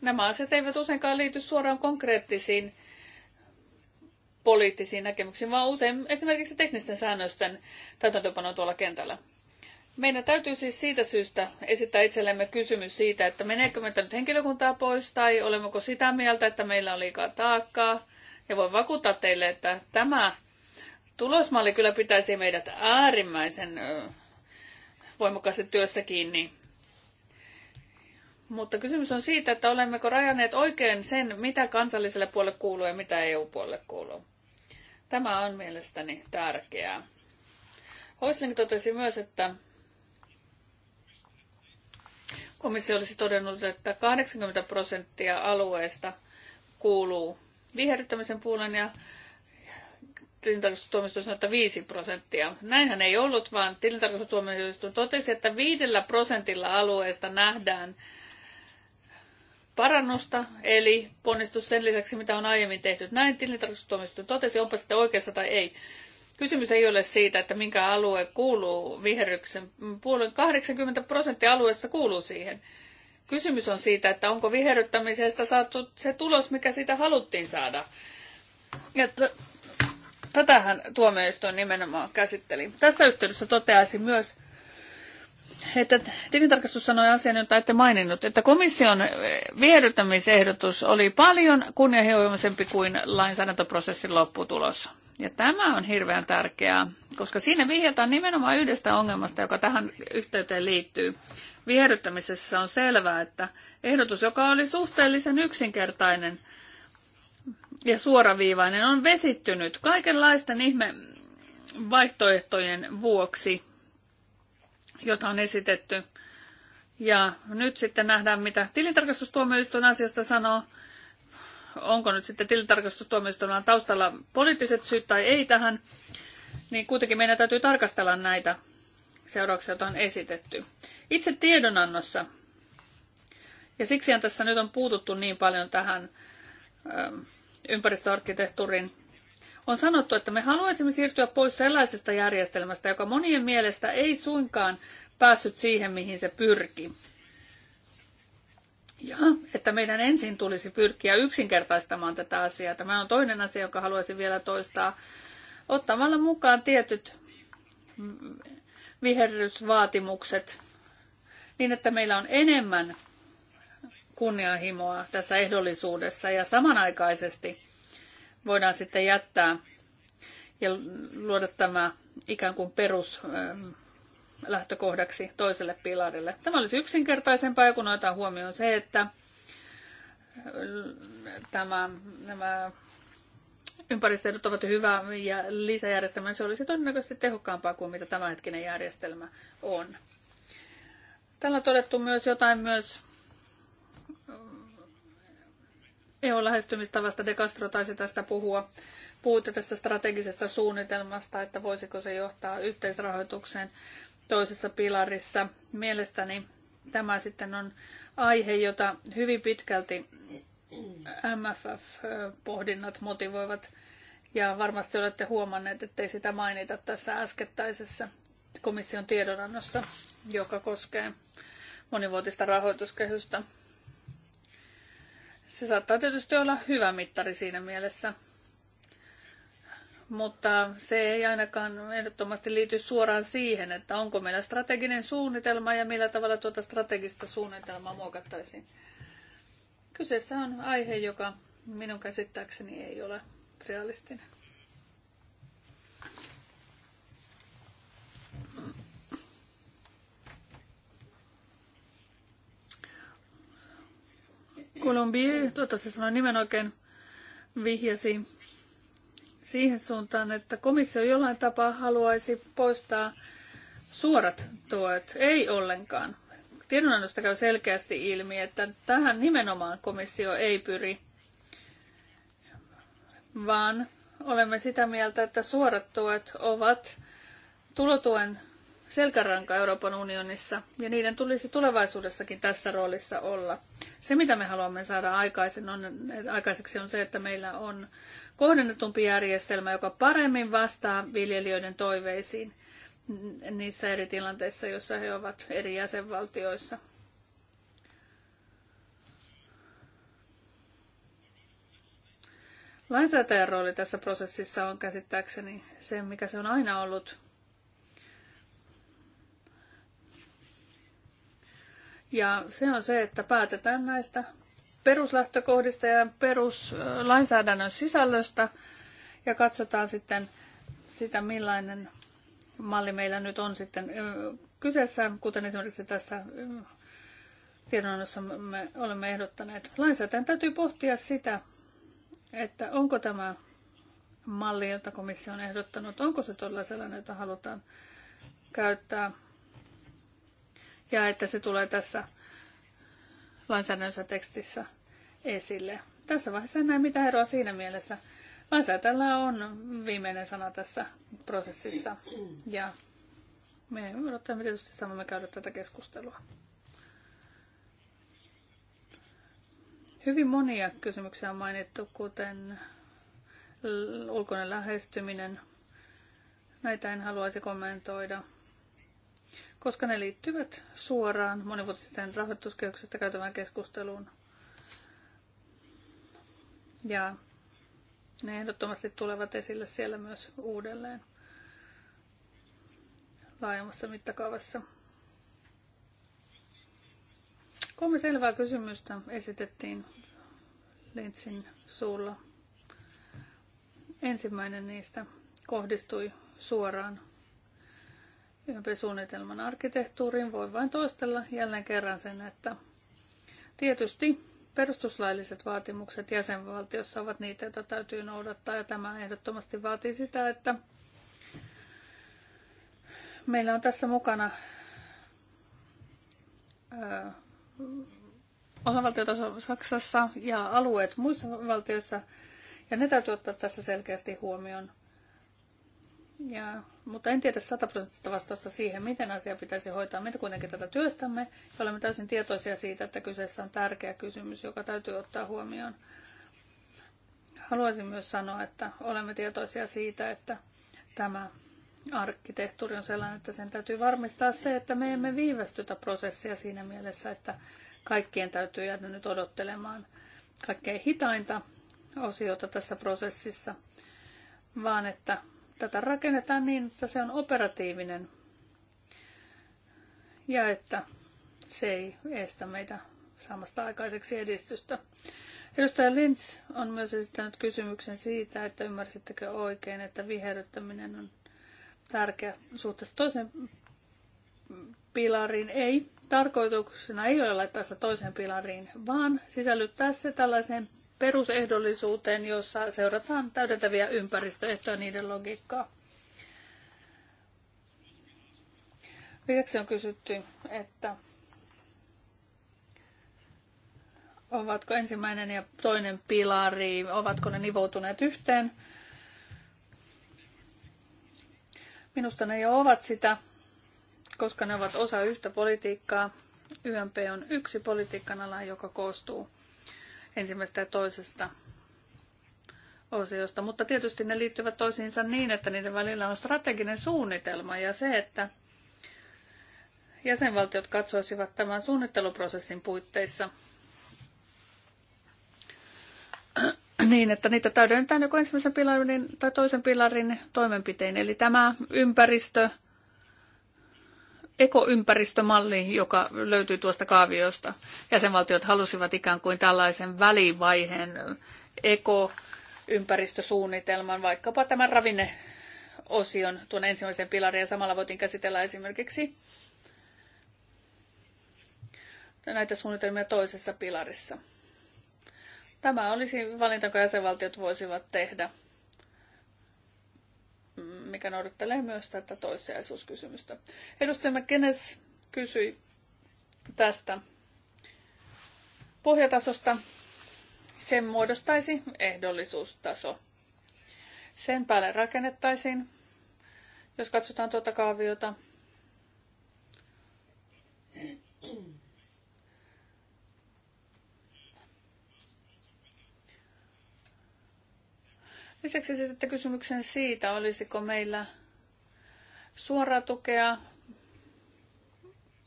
nämä asiat eivät useinkaan liity suoraan konkreettisiin poliittisiin näkemyksiin, vaan usein esimerkiksi teknisten säännösten täytäntöpano tuolla kentällä. Meidän täytyy siis siitä syystä esittää itsellemme kysymys siitä, että meneekö me nyt henkilökuntaa pois tai olemmeko sitä mieltä, että meillä on liikaa taakkaa. Ja voin vakuuttaa teille, että tämä tulosmalli kyllä pitäisi meidät äärimmäisen voimakkaasti työssä kiinni. Mutta kysymys on siitä, että olemmeko rajanneet oikein sen, mitä kansalliselle puolelle kuuluu ja mitä EU-puolelle kuuluu. Tämä on mielestäni tärkeää. Hoisling totesi myös, että komissio olisi todennut, että 80 prosenttia alueesta kuuluu viherryttämisen puolen ja tilintarkastustuomioistuin sanoi, että 5 prosenttia. Näinhän ei ollut, vaan tilintarkastustuomioistuin totesi, että viidellä prosentilla alueesta nähdään parannusta, eli ponnistus sen lisäksi, mitä on aiemmin tehty. Näin tilintarkastustuomioistuin totesi, onpa sitten oikeassa tai ei. Kysymys ei ole siitä, että minkä alue kuuluu viheryksen puolen. 80 prosenttia alueesta kuuluu siihen. Kysymys on siitä, että onko viherryttämisestä saatu se tulos, mikä siitä haluttiin saada. Että Tätähän tuomioistuin nimenomaan käsitteli. Tässä yhteydessä toteaisin myös, että tilintarkastus sanoi asian, jota ette maininnut, että komission viehdyttämisehdotus oli paljon kunnianhimoisempi kuin lainsäädäntöprosessin lopputulos. Ja tämä on hirveän tärkeää, koska siinä vihjataan nimenomaan yhdestä ongelmasta, joka tähän yhteyteen liittyy. Viherryttämisessä on selvää, että ehdotus, joka oli suhteellisen yksinkertainen – ja suoraviivainen on vesittynyt kaikenlaisten ihme vaihtoehtojen vuoksi, jota on esitetty. Ja nyt sitten nähdään, mitä tilintarkastustuomioistuin asiasta sanoo. Onko nyt sitten tilintarkastustuomioistuimella taustalla poliittiset syyt tai ei tähän, niin kuitenkin meidän täytyy tarkastella näitä seurauksia, joita on esitetty. Itse tiedonannossa, ja siksi tässä nyt on puututtu niin paljon tähän Ähm, ympäristöarkkitehtuurin, on sanottu, että me haluaisimme siirtyä pois sellaisesta järjestelmästä, joka monien mielestä ei suinkaan päässyt siihen, mihin se pyrki. Ja että meidän ensin tulisi pyrkiä yksinkertaistamaan tätä asiaa. Tämä on toinen asia, jonka haluaisin vielä toistaa. Ottamalla mukaan tietyt viherrysvaatimukset niin, että meillä on enemmän kunnianhimoa tässä ehdollisuudessa ja samanaikaisesti voidaan sitten jättää ja luoda tämä ikään kuin perus ähm, lähtökohdaksi toiselle pilarille. Tämä olisi yksinkertaisempaa, kun otetaan huomioon se, että äh, tämä, nämä ympäristöedut ovat hyvä ja lisäjärjestelmä, niin se olisi todennäköisesti tehokkaampaa kuin mitä tämänhetkinen järjestelmä on. Tällä on todettu myös jotain myös EU-lähestymistavasta De Castro taisi tästä puhua. Puhuitte tästä strategisesta suunnitelmasta, että voisiko se johtaa yhteisrahoitukseen toisessa pilarissa. Mielestäni tämä sitten on aihe, jota hyvin pitkälti MFF-pohdinnat motivoivat. Ja varmasti olette huomanneet, ettei sitä mainita tässä äskettäisessä komission tiedonannossa, joka koskee monivuotista rahoituskehystä. Se saattaa tietysti olla hyvä mittari siinä mielessä, mutta se ei ainakaan ehdottomasti liity suoraan siihen, että onko meillä strateginen suunnitelma ja millä tavalla tuota strategista suunnitelmaa muokattaisiin. Kyseessä on aihe, joka minun käsittääkseni ei ole realistinen. Colombier, toivottavasti sanoi nimen oikein, vihjasi siihen suuntaan, että komissio jollain tapaa haluaisi poistaa suorat tuet. Ei ollenkaan. Tiedonannosta käy selkeästi ilmi, että tähän nimenomaan komissio ei pyri, vaan olemme sitä mieltä, että suorat tuet ovat tulotuen selkäranka Euroopan unionissa, ja niiden tulisi tulevaisuudessakin tässä roolissa olla. Se, mitä me haluamme saada aikaisen on, aikaiseksi, on se, että meillä on kohdennetumpi järjestelmä, joka paremmin vastaa viljelijöiden toiveisiin niissä eri tilanteissa, joissa he ovat eri jäsenvaltioissa. Lainsäätäjän rooli tässä prosessissa on käsittääkseni se, mikä se on aina ollut Ja se on se, että päätetään näistä peruslähtökohdista ja peruslainsäädännön sisällöstä ja katsotaan sitten sitä, millainen malli meillä nyt on sitten kyseessä, kuten esimerkiksi tässä tiedonannossa me olemme ehdottaneet. Lainsäätäjän täytyy pohtia sitä, että onko tämä malli, jota komissio on ehdottanut, onko se todella sellainen, jota halutaan käyttää – ja että se tulee tässä lainsäädännössä tekstissä esille. Tässä vaiheessa näin mitä eroa siinä mielessä. Lainsäätällä on viimeinen sana tässä prosessissa ja me odottamme tietysti saamme käydä tätä keskustelua. Hyvin monia kysymyksiä on mainittu, kuten ulkoinen lähestyminen. Näitä en haluaisi kommentoida koska ne liittyvät suoraan monivuotisten rahoituskehyksestä käytävään keskusteluun. Ja ne ehdottomasti tulevat esille siellä myös uudelleen laajemmassa mittakaavassa. Kolme selvää kysymystä esitettiin Lintsin suulla. Ensimmäinen niistä kohdistui suoraan YMP-suunnitelman arkkitehtuuriin, voi vain toistella jälleen kerran sen, että tietysti perustuslailliset vaatimukset jäsenvaltiossa ovat niitä, joita täytyy noudattaa, ja tämä ehdottomasti vaatii sitä, että meillä on tässä mukana ö, osavaltiotaso Saksassa ja alueet muissa valtioissa, ja ne täytyy ottaa tässä selkeästi huomioon. Ja, mutta en tiedä 100 vastausta siihen, miten asia pitäisi hoitaa. Me kuitenkin tätä työstämme ja olemme täysin tietoisia siitä, että kyseessä on tärkeä kysymys, joka täytyy ottaa huomioon. Haluaisin myös sanoa, että olemme tietoisia siitä, että tämä arkkitehtuuri on sellainen, että sen täytyy varmistaa se, että me emme viivästytä prosessia siinä mielessä, että kaikkien täytyy jäädä nyt odottelemaan kaikkein hitainta osiota tässä prosessissa, vaan että Tätä rakennetaan niin, että se on operatiivinen ja että se ei estä meitä samasta aikaiseksi edistystä. Edustaja Lynch on myös esittänyt kysymyksen siitä, että ymmärsittekö oikein, että viherryttäminen on tärkeä suhteessa toiseen pilariin. Ei, tarkoituksena ei ole laittaa sitä toiseen pilariin, vaan sisällyttää se tällaiseen perusehdollisuuteen, jossa seurataan täydentäviä ympäristöehtoja niiden logiikkaa. Lisäksi on kysytty, että ovatko ensimmäinen ja toinen pilari, ovatko ne nivoutuneet yhteen. Minusta ne jo ovat sitä, koska ne ovat osa yhtä politiikkaa. YMP on yksi politiikan ala, joka koostuu ensimmäistä ja toisesta osiosta, mutta tietysti ne liittyvät toisiinsa niin, että niiden välillä on strateginen suunnitelma ja se, että jäsenvaltiot katsoisivat tämän suunnitteluprosessin puitteissa niin, että niitä täydennetään joko ensimmäisen pilarin tai toisen pilarin toimenpitein. Eli tämä ympäristö, ekoympäristömalli, joka löytyy tuosta kaaviosta. Jäsenvaltiot halusivat ikään kuin tällaisen välivaiheen ekoympäristösuunnitelman, vaikkapa tämän ravinneosion tuon ensimmäisen pilarin, ja samalla voitiin käsitellä esimerkiksi näitä suunnitelmia toisessa pilarissa. Tämä olisi valinta, jonka jäsenvaltiot voisivat tehdä – mikä noudattelee myös tätä toissijaisuuskysymystä. Edustaja Kenes kysyi tästä pohjatasosta. Sen muodostaisi ehdollisuustaso. Sen päälle rakennettaisiin, jos katsotaan tuota kaaviota, Lisäksi sitten kysymyksen siitä, olisiko meillä suoraa tukea,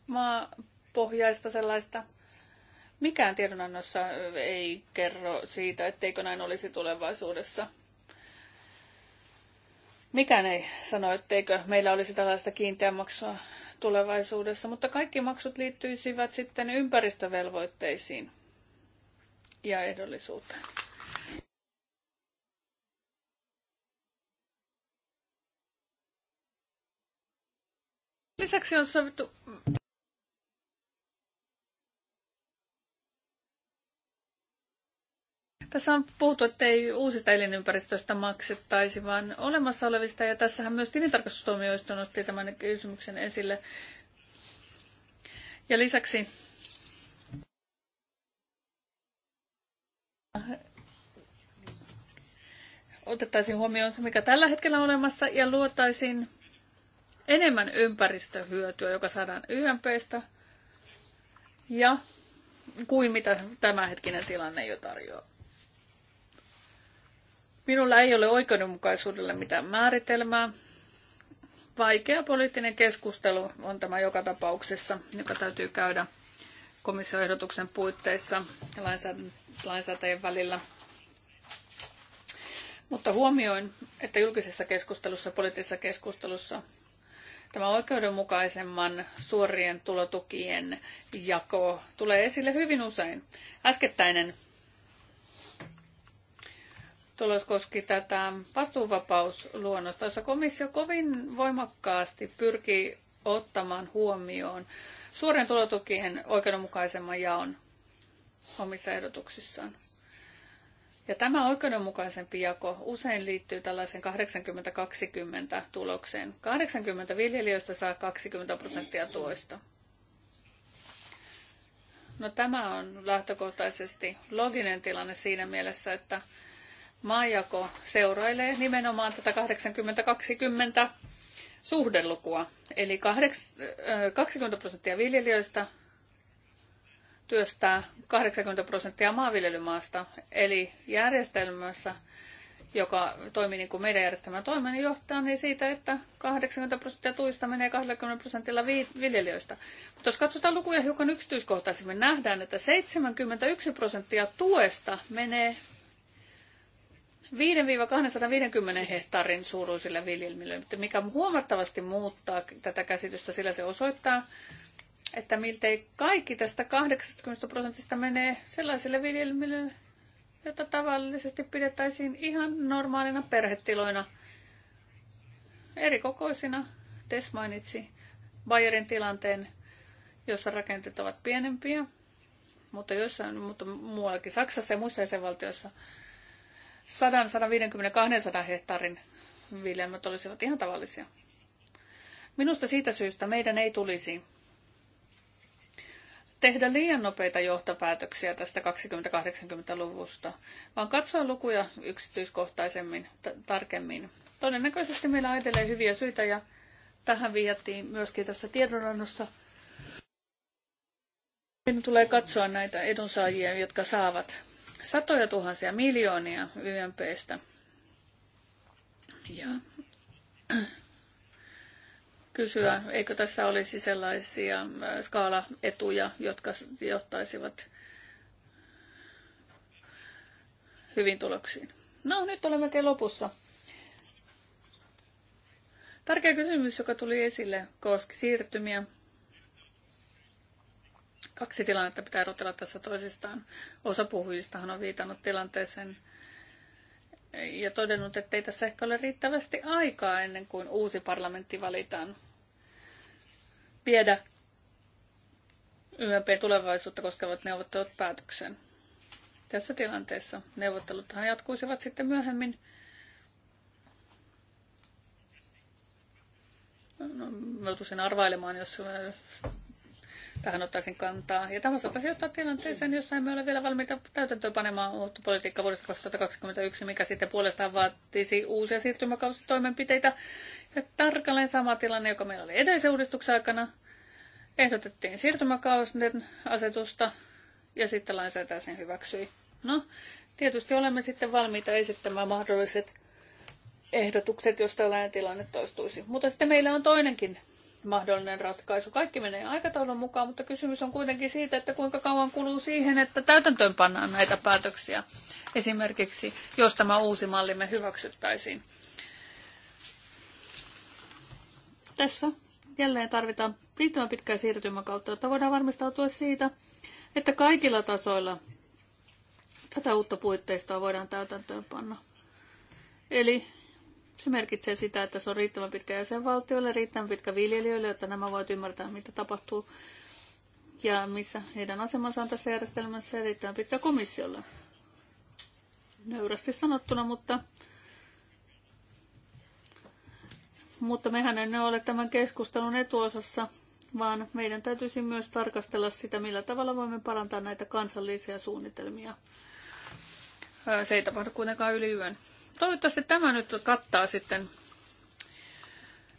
maapohjaista sellaista. Mikään tiedonannossa ei kerro siitä, etteikö näin olisi tulevaisuudessa. Mikään ei sano, etteikö meillä olisi tällaista kiinteää maksua tulevaisuudessa, mutta kaikki maksut liittyisivät sitten ympäristövelvoitteisiin ja ehdollisuuteen. Lisäksi on sovittu Tässä on puhuttu, että ei uusista elinympäristöistä maksettaisi, vaan olemassa olevista. Ja tässähän myös tilintarkastustuomioistuin otti tämän kysymyksen esille. Ja lisäksi otettaisiin huomioon se, mikä tällä hetkellä on olemassa, ja luotaisiin enemmän ympäristöhyötyä, joka saadaan YMPstä, ja kuin mitä tämänhetkinen tilanne jo tarjoaa. Minulla ei ole oikeudenmukaisuudelle mitään määritelmää. Vaikea poliittinen keskustelu on tämä joka tapauksessa, joka täytyy käydä komissioehdotuksen puitteissa ja lainsäätäjien välillä. Mutta huomioin, että julkisessa keskustelussa, poliittisessa keskustelussa tämä oikeudenmukaisemman suorien tulotukien jako tulee esille hyvin usein. Äskettäinen tulos koski tätä vastuuvapausluonnosta, jossa komissio kovin voimakkaasti pyrki ottamaan huomioon suorien tulotukien oikeudenmukaisemman jaon omissa ehdotuksissaan. Ja tämä oikeudenmukaisempi jako usein liittyy tällaisen 80-20 tulokseen. 80 viljelijöistä saa 20 prosenttia tuosta. No tämä on lähtökohtaisesti loginen tilanne siinä mielessä, että maajako seurailee nimenomaan tätä 80-20 suhdelukua. Eli 20 prosenttia viljelijöistä työstää 80 prosenttia maanviljelymaasta. Eli järjestelmässä, joka toimii niin kuin meidän järjestelmä toimii, niin johtaa niin siitä, että 80 prosenttia tuista menee 20 prosentilla viljelijöistä. Mutta jos katsotaan lukuja hiukan yksityiskohtaisemmin, nähdään, että 71 prosenttia tuesta menee 5-250 hehtaarin suuruisille viljelmille, mikä huomattavasti muuttaa tätä käsitystä, sillä se osoittaa, että miltei kaikki tästä 80 prosentista menee sellaisille viljelmille, joita tavallisesti pidettäisiin ihan normaalina perhetiloina, erikokoisina. Tess mainitsi Bayerin tilanteen, jossa rakenteet ovat pienempiä, mutta jossain, mutta muuallakin Saksassa ja muissa jäsenvaltioissa 100, 150, 200 hehtaarin viljelmät olisivat ihan tavallisia. Minusta siitä syystä meidän ei tulisi tehdä liian nopeita johtopäätöksiä tästä 2080-luvusta, vaan katsoa lukuja yksityiskohtaisemmin, tarkemmin. Todennäköisesti meillä on edelleen hyviä syitä ja tähän viitattiin myöskin tässä tiedonannossa. Meidän tulee katsoa näitä edunsaajia, jotka saavat satoja tuhansia miljoonia YMPstä. Ja kysyä, eikö tässä olisi sellaisia äh, skaalaetuja, jotka johtaisivat hyvin tuloksiin. No, nyt olemme melkein lopussa. Tärkeä kysymys, joka tuli esille, koski siirtymiä. Kaksi tilannetta pitää erotella tässä toisistaan. Osa puhujistahan on viitannut tilanteeseen ja todennut, että ei tässä ehkä ole riittävästi aikaa ennen kuin uusi parlamentti valitaan viedä YMP-tulevaisuutta koskevat neuvottelut päätökseen. Tässä tilanteessa neuvotteluthan jatkuisivat sitten myöhemmin no, joutuisin arvailemaan, jos tähän ottaisin kantaa. Ja tämä saattaisi ottaa tilanteeseen, jossa emme ole vielä valmiita täytäntöön panemaan uutta politiikkaa vuodesta 2021, mikä sitten puolestaan vaatisi uusia siirtymäkausitoimenpiteitä, ja tarkalleen sama tilanne, joka meillä oli edellisen uudistuksen aikana. Ehdotettiin siirtymäkausien asetusta ja sitten lainsäätäjä sen hyväksyi. No, tietysti olemme sitten valmiita esittämään mahdolliset ehdotukset, jos tällainen tilanne toistuisi. Mutta sitten meillä on toinenkin mahdollinen ratkaisu. Kaikki menee aikataulun mukaan, mutta kysymys on kuitenkin siitä, että kuinka kauan kuluu siihen, että täytäntöön pannaan näitä päätöksiä. Esimerkiksi, jos tämä uusi mallimme hyväksyttäisiin. Tässä jälleen tarvitaan riittävän pitkää siirtymäkautta, jotta voidaan varmistautua siitä, että kaikilla tasoilla tätä uutta puitteistoa voidaan täytäntöönpanna. Eli se merkitsee sitä, että se on riittävän pitkä jäsenvaltioille, riittävän pitkä viljelijöille, jotta nämä voivat ymmärtää, mitä tapahtuu ja missä heidän asemansa on tässä järjestelmässä, ja riittävän pitkä komissiolle. Nöyrästi sanottuna, mutta mutta mehän emme ole tämän keskustelun etuosassa, vaan meidän täytyisi myös tarkastella sitä, millä tavalla voimme parantaa näitä kansallisia suunnitelmia. Se ei tapahdu kuitenkaan yli yön. Toivottavasti tämä nyt kattaa sitten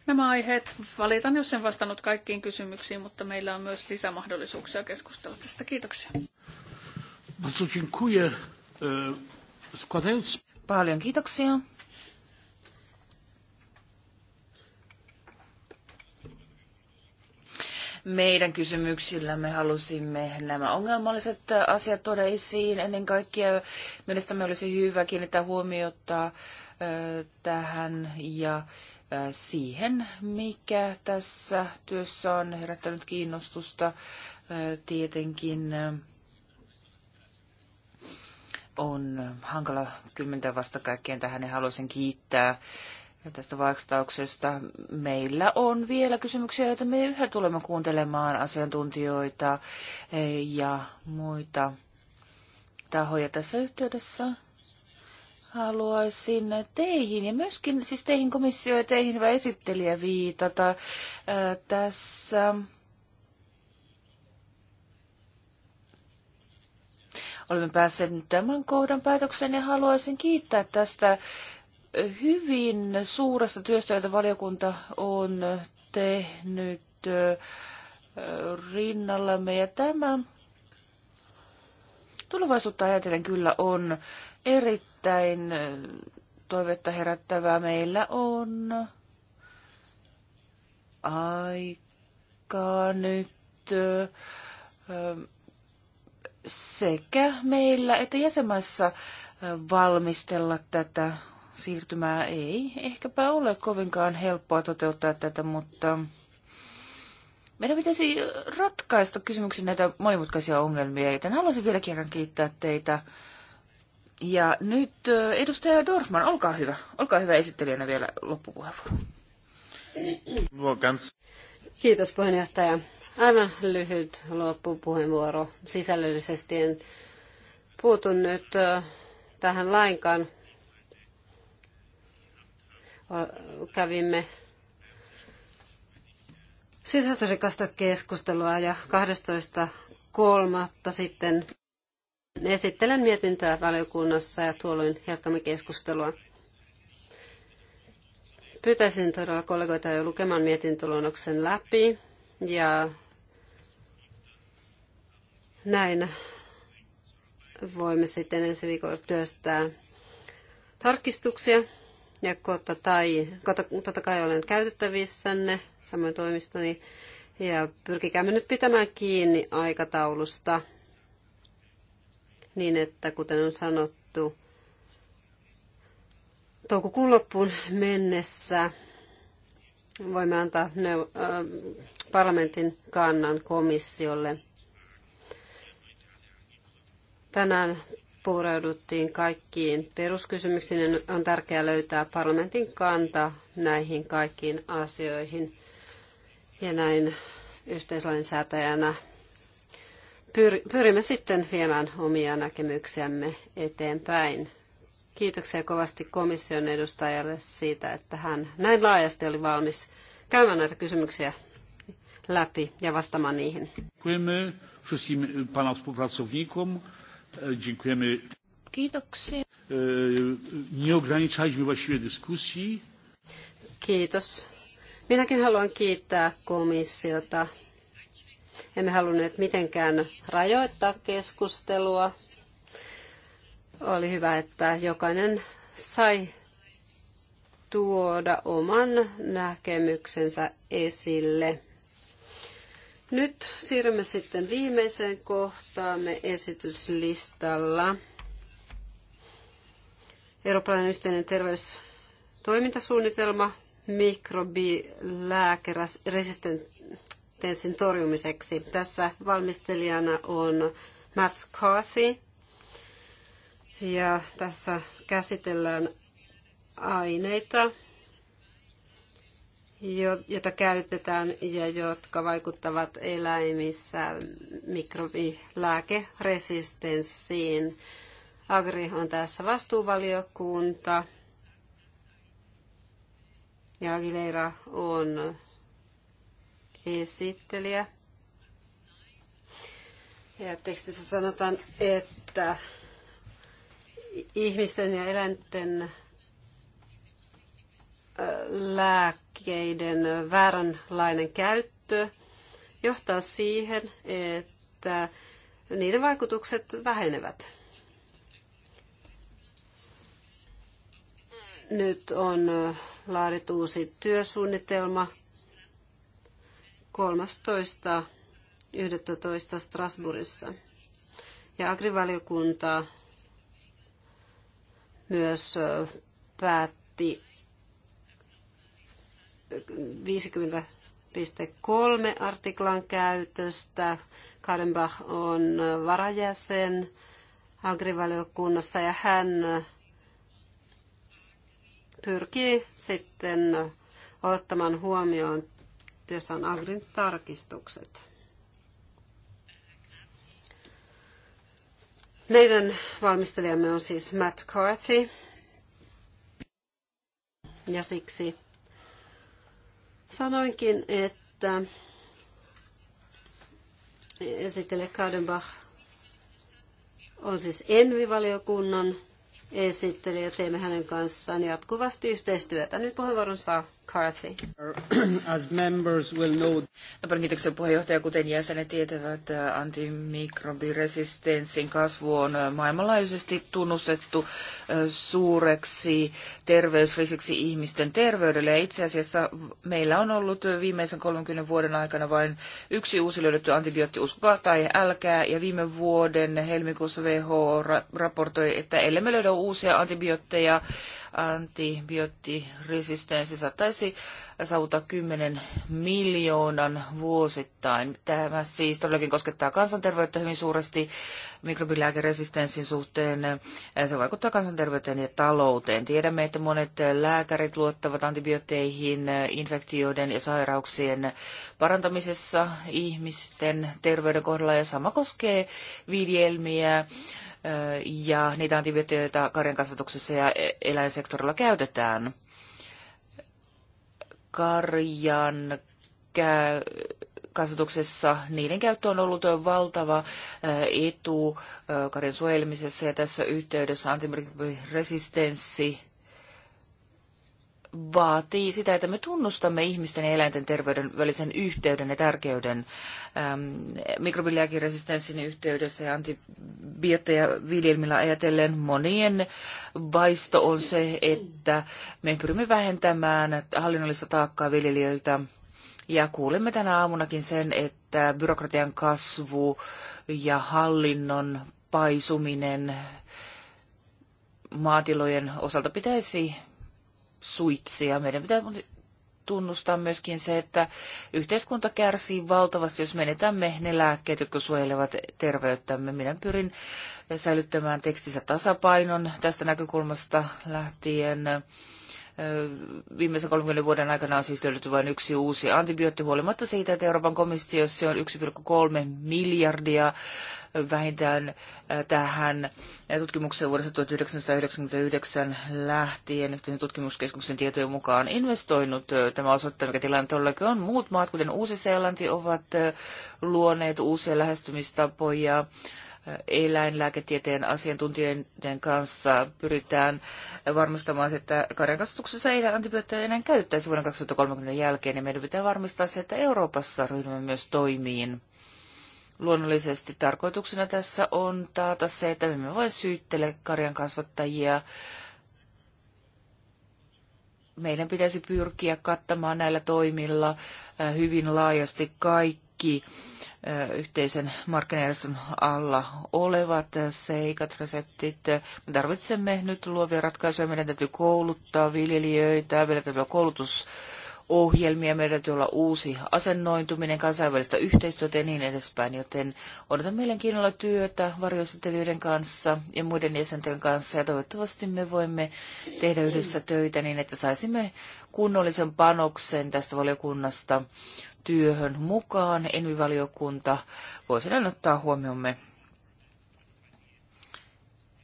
nämä aiheet. Valitan, jos en vastannut kaikkiin kysymyksiin, mutta meillä on myös lisämahdollisuuksia keskustella tästä. Kiitoksia. E, Paljon kiitoksia. meidän kysymyksillämme halusimme nämä ongelmalliset asiat tuoda esiin. Ennen kaikkea mielestämme olisi hyvä kiinnittää huomiota tähän ja siihen, mikä tässä työssä on herättänyt kiinnostusta. Tietenkin on hankala kymmentä vasta kaikkeen tähän ja haluaisin kiittää tästä vastauksesta. Meillä on vielä kysymyksiä, joita me yhä tulemme kuuntelemaan asiantuntijoita eh, ja muita tahoja tässä yhteydessä. Haluaisin teihin ja myöskin siis teihin komissio ja teihin hyvä esittelijä viitata ää, eh, tässä. Olemme päässeet nyt tämän kohdan päätökseen ja haluaisin kiittää tästä hyvin suuresta työstä, jota valiokunta on tehnyt rinnallamme. Ja tämä tulevaisuutta ajatellen kyllä on erittäin toivetta herättävää. Meillä on aikaa nyt sekä meillä että jäsenmaissa valmistella tätä siirtymää ei ehkäpä ole kovinkaan helppoa toteuttaa tätä, mutta meidän pitäisi ratkaista kysymyksiä näitä monimutkaisia ongelmia, joten haluaisin vielä kerran kiittää teitä. Ja nyt edustaja Dorfman, olkaa hyvä. Olkaa hyvä esittelijänä vielä loppupuheenvuoro. Kiitos puheenjohtaja. Aivan lyhyt loppupuheenvuoro. Sisällöllisesti en puutu nyt tähän lainkaan, kävimme sisältörikasta keskustelua ja 12.3. sitten esittelen mietintöä valiokunnassa ja tuolloin jatkamme keskustelua. Pyytäisin todella kollegoita jo lukemaan mietintöluonnoksen läpi ja näin voimme sitten ensi viikolla työstää tarkistuksia ja kotta tai, kotta, totta kai olen käytettävissänne, samoin toimistoni. Ja pyrkikäämme nyt pitämään kiinni aikataulusta niin, että kuten on sanottu, toukokuun loppuun mennessä voimme antaa ne äh, parlamentin kannan komissiolle. Tänään pureuduttiin kaikkiin peruskysymyksiin. Niin on tärkeää löytää parlamentin kanta näihin kaikkiin asioihin. Ja näin yhteislainsäätäjänä pyrimme sitten viemään omia näkemyksiämme eteenpäin. Kiitoksia kovasti komission edustajalle siitä, että hän näin laajasti oli valmis käymään näitä kysymyksiä läpi ja vastaamaan niihin. Kiitos wszystkim pana współpracownikom. E, dziękujemy. Kiitoksia. E, nie ograniczaliśmy właściwie dyskusji. Kiitos. Minäkin haluan kiittää komissiota. Emme halunneet mitenkään rajoittaa keskustelua. Oli hyvä, että jokainen sai tuoda oman näkemyksensä esille. Nyt siirrymme sitten viimeiseen kohtaamme esityslistalla. Eurooppalainen yhteinen terveystoimintasuunnitelma mikrobilääkeresistenssin torjumiseksi. Tässä valmistelijana on Matt Carthy. Ja tässä käsitellään aineita, jota käytetään ja jotka vaikuttavat eläimissä mikrobilääkeresistenssiin. Agri on tässä vastuuvaliokunta ja Aguilera on esittelijä. Ja tekstissä sanotaan, että ihmisten ja eläinten lääkkeiden vääränlainen käyttö johtaa siihen, että niiden vaikutukset vähenevät. Nyt on laadittu uusi työsuunnitelma 13.11. Strasbourgissa. Ja agrivaliokunta myös päätti 50.3 artiklan käytöstä. Kadenbach on varajäsen agrivaliokunnassa ja hän pyrkii sitten ottamaan huomioon työssään agrin tarkistukset. Meidän valmistelijamme on siis Matt Carthy ja siksi Sanoinkin, että esittele Kadenbach on siis Envi-valiokunnan esittelijä. Teemme hänen kanssaan jatkuvasti yhteistyötä. Nyt puheenvuoron saa McCarthy. As members will know... No, kiitoksia puheenjohtaja. Kuten jäsenet tietävät, äh, antimikrobiresistenssin kasvu on äh, maailmanlaajuisesti tunnustettu äh, suureksi terveysriskiksi ihmisten terveydelle. Ja itse asiassa meillä on ollut viimeisen 30 vuoden aikana vain yksi uusi löydetty antibiootti tai älkää. Ja viime vuoden helmikuussa WHO raportoi, että ellei me löydä uusia antibiootteja, antibioottiresistenssissä taisi saavuttaa 10 miljoonan vuosittain. Tämä siis todellakin koskettaa kansanterveyttä hyvin suuresti mikrobilääkeresistenssin suhteen. Se vaikuttaa kansanterveyteen ja talouteen. Tiedämme, että monet lääkärit luottavat antibiootteihin infektioiden ja sairauksien parantamisessa ihmisten terveyden kohdalla ja sama koskee viljelmiä ja niitä antibiootteja, joita karjan kasvatuksessa ja e- eläinsektorilla käytetään. Karjan kasvatuksessa niiden käyttö on ollut valtava etu karjan suojelemisessa ja tässä yhteydessä antibioottiresistenssi vaatii sitä, että me tunnustamme ihmisten ja eläinten terveyden välisen yhteyden ja tärkeyden ähm, mikrobilääkiresistenssin yhteydessä ja antibiootteja viljelmillä ajatellen. Monien vaisto on se, että me pyrimme vähentämään hallinnollista taakkaa viljelijöiltä. Ja kuulemme tänä aamunakin sen, että byrokratian kasvu ja hallinnon paisuminen maatilojen osalta pitäisi suitsia. Meidän pitää tunnustaa myöskin se, että yhteiskunta kärsii valtavasti, jos menetämme ne lääkkeet, jotka suojelevat terveyttämme. Minä pyrin säilyttämään tekstissä tasapainon tästä näkökulmasta lähtien. Viimeisen 30 vuoden aikana on siis löydetty vain yksi uusi antibiootti, huolimatta siitä, että Euroopan komissiossa on 1,3 miljardia vähintään äh, tähän tutkimukseen vuodesta 1999 lähtien yhteen tutkimuskeskuksen tietojen mukaan investoinut. Äh, tämä osoittaa, mikä tilanne todellakin on. Muut maat, kuten Uusi-Seelanti, ovat äh, luoneet uusia lähestymistapoja eläinlääketieteen asiantuntijoiden kanssa pyritään varmistamaan, että karjankasvatuksessa ei antibiootteja enää käyttäisi vuoden 2030 jälkeen, ja meidän pitää varmistaa se, että Euroopassa ryhdymme myös toimiin. Luonnollisesti tarkoituksena tässä on taata se, että me emme vain syyttele karjankasvattajia. kasvattajia. Meidän pitäisi pyrkiä kattamaan näillä toimilla äh, hyvin laajasti kaikki kaikki yhteisen markkinajärjestön alla olevat seikat, reseptit. Me tarvitsemme nyt luovia ratkaisuja. Meidän täytyy kouluttaa viljelijöitä, meidän täytyy olla koulutusohjelmia, meidän täytyy olla uusi asennointuminen, kansainvälistä yhteistyötä ja niin edespäin, joten odotan mielenkiinnolla työtä varjoesittelijöiden kanssa ja muiden jäsenten kanssa ja toivottavasti me voimme tehdä yhdessä töitä niin, että saisimme kunnollisen panoksen tästä valiokunnasta työhön mukaan. Envivaliokunta voisi ottaa huomiomme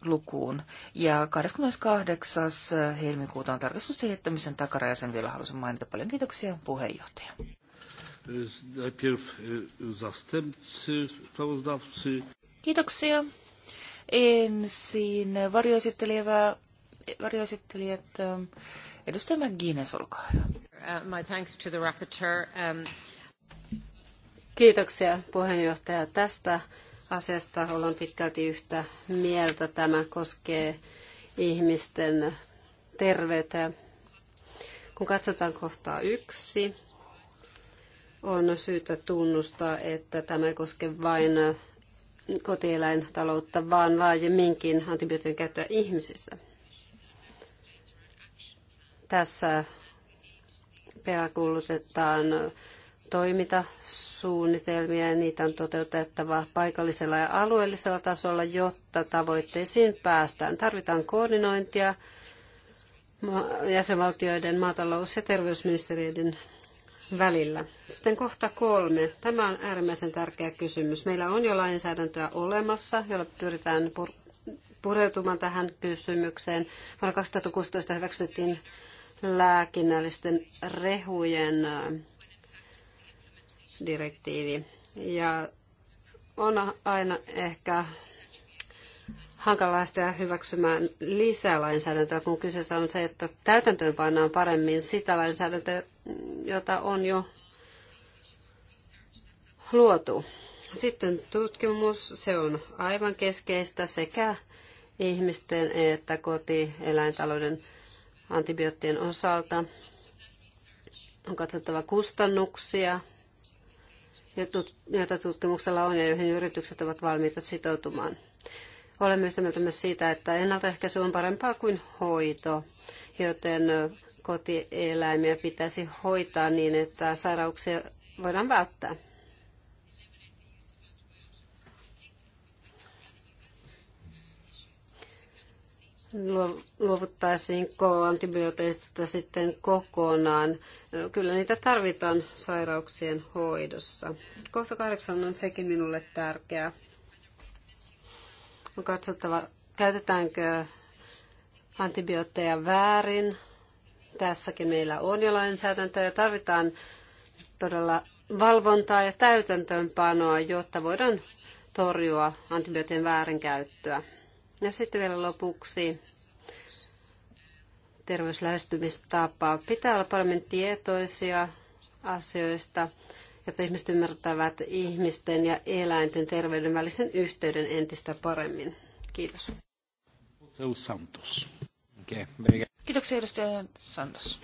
lukuun. Ja 28. helmikuuta on tarkastusten jättämisen takaraja, sen vielä halusin mainita. Paljon kiitoksia puheenjohtaja. Kiitoksia. Ensin varjoesittelijät, edustaja McGuinness, olkaa hyvä. Uh, um, Kiitoksia puheenjohtaja tästä asiasta. Ollaan pitkälti yhtä mieltä. Tämä koskee ihmisten terveyttä. Kun katsotaan kohtaa yksi, on syytä tunnustaa, että tämä ei koske vain kotieläintaloutta, vaan laajemminkin antibiootin käyttöä ihmisissä. Tässä peräkuulutetaan toimintasuunnitelmia ja niitä on toteutettava paikallisella ja alueellisella tasolla, jotta tavoitteisiin päästään. Tarvitaan koordinointia jäsenvaltioiden maatalous- ja terveysministeriöiden välillä. Sitten kohta kolme. Tämä on äärimmäisen tärkeä kysymys. Meillä on jo lainsäädäntöä olemassa, jolla pyritään pureutumaan tähän kysymykseen. Vuonna 2016 hyväksyttiin lääkinnällisten rehujen direktiivi. Ja on aina ehkä hankala lähteä hyväksymään lisää lainsäädäntöä, kun kyseessä on se, että täytäntöön on paremmin sitä lainsäädäntöä, jota on jo luotu. Sitten tutkimus, se on aivan keskeistä sekä ihmisten että kotieläintalouden antibioottien osalta. On katsottava kustannuksia, joita tutkimuksella on ja joihin yritykset ovat valmiita sitoutumaan. Olemme yhtä mieltä myös siitä, että ennaltaehkäisy on parempaa kuin hoito, joten kotieläimiä pitäisi hoitaa niin, että sairauksia voidaan välttää. luovuttaisiinko antibiooteista sitten kokonaan. Kyllä niitä tarvitaan sairauksien hoidossa. Kohta kahdeksan on sekin minulle tärkeä. On katsottava, käytetäänkö antibiootteja väärin. Tässäkin meillä on jo lainsäädäntö ja tarvitaan todella valvontaa ja täytäntöönpanoa, jotta voidaan torjua antibiootien väärinkäyttöä. Ja sitten vielä lopuksi terveyslähestymistapa. Pitää olla paremmin tietoisia asioista, jotta ihmiset ymmärtävät ihmisten ja eläinten terveyden välisen yhteyden entistä paremmin. Kiitos. Santos. Kiitoksia edustaja Santos.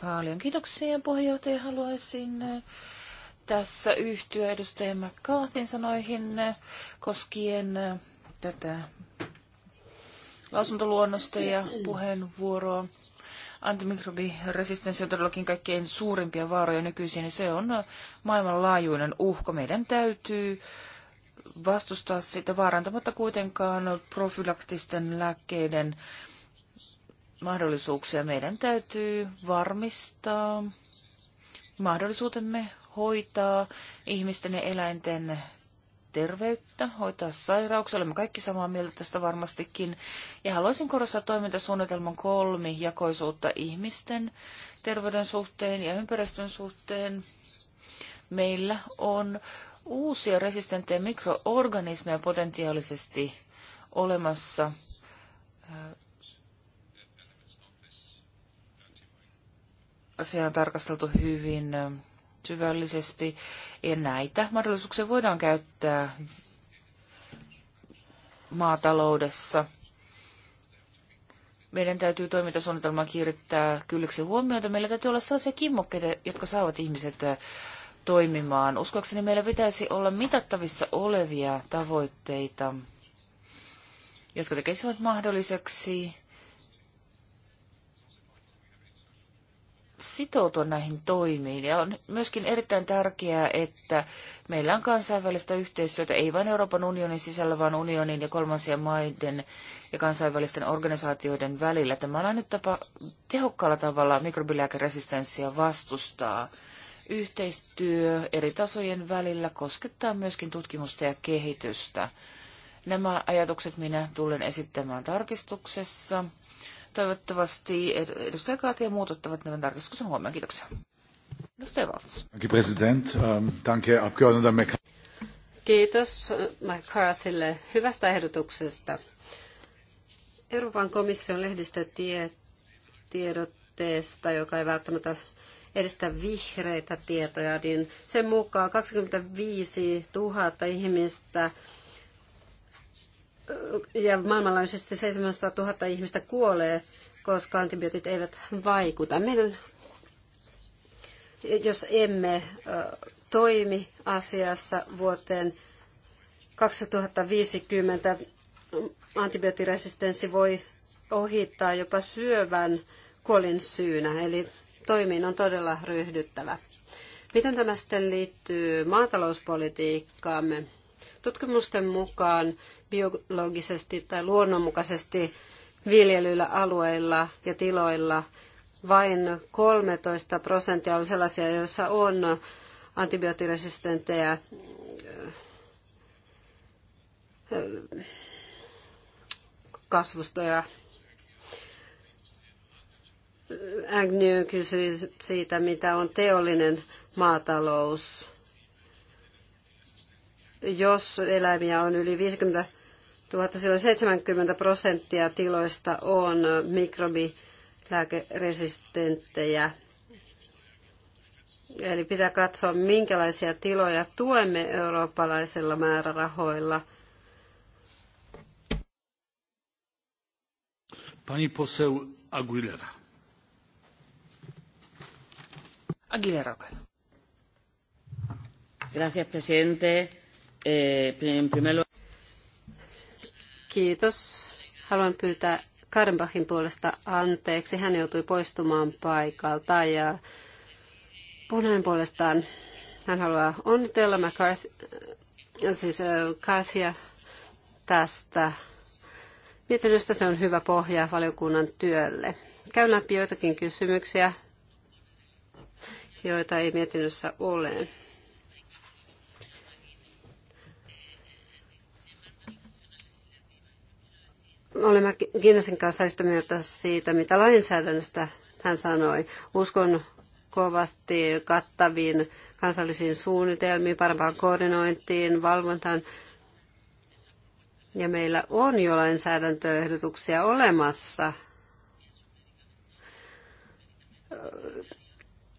Paljon kiitoksia puheenjohtaja. Haluaisin eh, tässä yhtyä edustaja McCarthyin sanoihin eh, koskien eh, tätä lausuntoluonnosta ja puheenvuoroa. Antimikrobiresistenssi on todellakin kaikkein suurimpia vaaroja nykyisin, niin se on maailmanlaajuinen uhka. Meidän täytyy vastustaa sitä vaarantamatta kuitenkaan profylaktisten lääkkeiden mahdollisuuksia. Meidän täytyy varmistaa mahdollisuutemme hoitaa ihmisten ja eläinten terveyttä, hoitaa sairauksia. Olemme kaikki samaa mieltä tästä varmastikin. Ja haluaisin korostaa toimintasuunnitelman kolmi jakoisuutta ihmisten terveyden suhteen ja ympäristön suhteen. Meillä on uusia resistenttejä mikroorganismeja potentiaalisesti olemassa. asia on tarkasteltu hyvin syvällisesti. Ja näitä mahdollisuuksia voidaan käyttää maataloudessa. Meidän täytyy toimintasuunnitelmaa kiirittää kylliksi huomiota. Meillä täytyy olla sellaisia kimmokkeita, jotka saavat ihmiset äh, toimimaan. Uskoakseni meillä pitäisi olla mitattavissa olevia tavoitteita, jotka tekisivät mahdolliseksi sitoutua näihin toimiin. Ja on myöskin erittäin tärkeää, että meillä on kansainvälistä yhteistyötä, ei vain Euroopan unionin sisällä, vaan unionin ja kolmansien maiden ja kansainvälisten organisaatioiden välillä. Tämä on nyt tapa tehokkaalla tavalla mikrobilääkeresistenssiä vastustaa. Yhteistyö eri tasojen välillä koskettaa myöskin tutkimusta ja kehitystä. Nämä ajatukset minä tulen esittämään tarkistuksessa. Toivottavasti edustaja Kaati ja muut ottavat nämä tarkistuksen huomioon. Kiitoksia. Edustaja Valts. Um, Kiitos uh, McCarthylle hyvästä ehdotuksesta. Euroopan komission lehdistötiedotteesta, joka ei välttämättä edistä vihreitä tietoja, niin sen mukaan 25 000 ihmistä – ja maailmanlaajuisesti 700 000 ihmistä kuolee, koska antibiootit eivät vaikuta. Meidän, jos emme toimi asiassa vuoteen 2050, antibioottiresistenssi voi ohittaa jopa syövän kuolin syynä, eli toimiin on todella ryhdyttävä. Miten tämä sitten liittyy maatalouspolitiikkaamme? Tutkimusten mukaan biologisesti tai luonnonmukaisesti viljelyillä alueilla ja tiloilla vain 13 prosenttia on sellaisia, joissa on antibioottiresistenttejä äh, kasvustoja. Agnew kysyi siitä, mitä on teollinen maatalous jos eläimiä on yli 50 000, silloin 70 prosenttia tiloista on mikrobilääkeresistenttejä. Eli pitää katsoa, minkälaisia tiloja tuemme eurooppalaisilla määrärahoilla. Pani poseł Aguilera. Aguilera. Gracias, presidente. Eh, Kiitos. Haluan pyytää Karenbachin puolesta anteeksi. Hän joutui poistumaan paikalta ja punainen puolestaan hän haluaa onnitella McCarthy, äh, siis äh, tästä mietinnöstä. Se on hyvä pohja valiokunnan työlle. Käyn läpi joitakin kysymyksiä, joita ei mietinnössä ole. Olemme Guinnessin kanssa yhtä mieltä siitä, mitä lainsäädännöstä hän sanoi. Uskon kovasti kattaviin kansallisiin suunnitelmiin, parempaan koordinointiin, valvontaan. Ja meillä on jo lainsäädäntöehdotuksia olemassa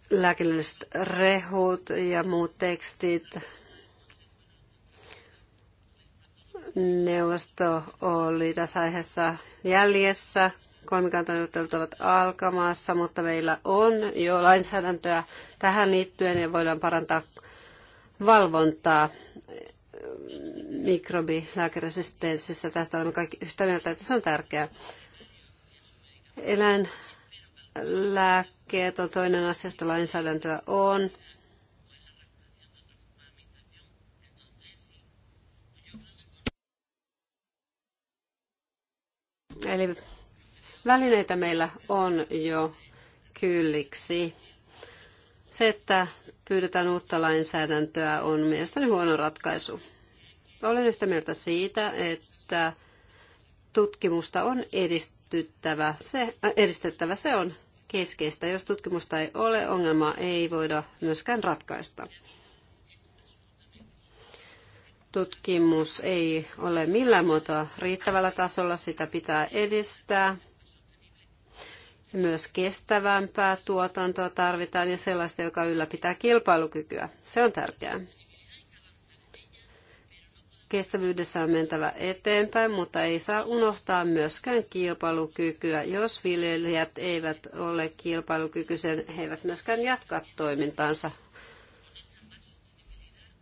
lääkinnälliset rehut ja muut tekstit neuvosto oli tässä aiheessa jäljessä. Kolmikantaneuvottelut ovat alkamassa, mutta meillä on jo lainsäädäntöä tähän liittyen ja voidaan parantaa valvontaa mikrobilääkeresistenssissä. Tästä olemme kaikki yhtä mieltä, että se on tärkeää. Eläinlääkkeet on toinen asia, josta lainsäädäntöä on. Eli välineitä meillä on jo kylliksi. Se, että pyydetään uutta lainsäädäntöä, on mielestäni huono ratkaisu. Olen yhtä mieltä siitä, että tutkimusta on edistyttävä. Se, äh, edistettävä. Se on keskeistä. Jos tutkimusta ei ole, ongelmaa ei voida myöskään ratkaista tutkimus ei ole millään muotoa riittävällä tasolla, sitä pitää edistää. Myös kestävämpää tuotantoa tarvitaan ja sellaista, joka ylläpitää kilpailukykyä. Se on tärkeää. Kestävyydessä on mentävä eteenpäin, mutta ei saa unohtaa myöskään kilpailukykyä. Jos viljelijät eivät ole kilpailukykyisen, he eivät myöskään jatka toimintaansa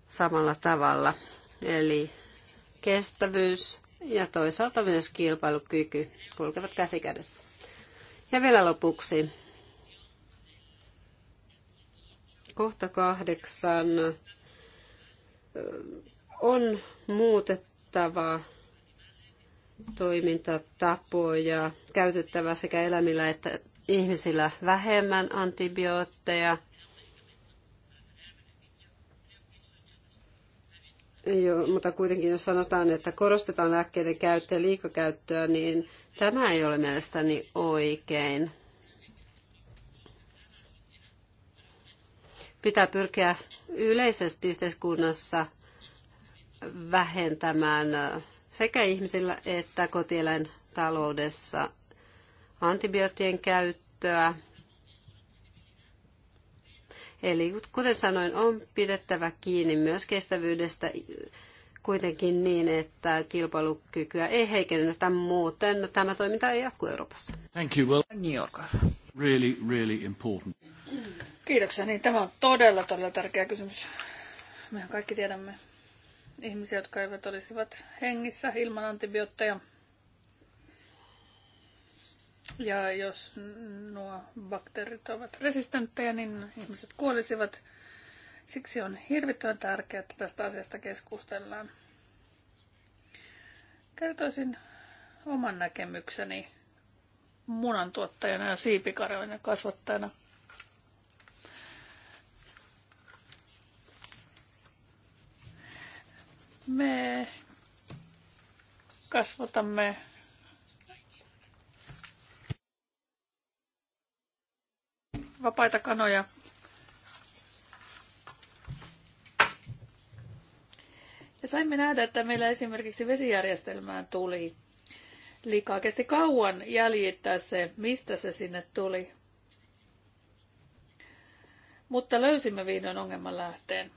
samalla tavalla. Eli kestävyys ja toisaalta myös kilpailukyky kulkevat käsi kädessä Ja vielä lopuksi. Kohta kahdeksan on muutettava toimintatapoja, käytettävä sekä eläimillä että ihmisillä vähemmän antibiootteja – jo, mutta kuitenkin jos sanotaan, että korostetaan lääkkeiden käyttöä ja liikakäyttöä, niin tämä ei ole mielestäni oikein. Pitää pyrkiä yleisesti yhteiskunnassa vähentämään sekä ihmisillä että kotieläintaloudessa antibioottien käyttöä Eli kuten sanoin, on pidettävä kiinni myös kestävyydestä kuitenkin niin, että kilpailukykyä ei heikennetä muuten. Tämä toiminta ei jatku Euroopassa. Thank you. Well, New York. Really, really important. Kiitoksia. Niin, tämä on todella, todella tärkeä kysymys. Mehän kaikki tiedämme ihmisiä, jotka eivät olisivat hengissä ilman antibiootteja. Ja jos nuo bakteerit ovat resistenttejä, niin ihmiset kuolisivat. Siksi on hirvittävän tärkeää, että tästä asiasta keskustellaan. Kertoisin oman näkemykseni munantuottajana ja siipikarjoina kasvattajana. Me kasvatamme vapaita kanoja. Ja saimme nähdä, että meillä esimerkiksi vesijärjestelmään tuli liikaa. Kesti kauan jäljittää se, mistä se sinne tuli. Mutta löysimme vihdoin ongelman lähteen.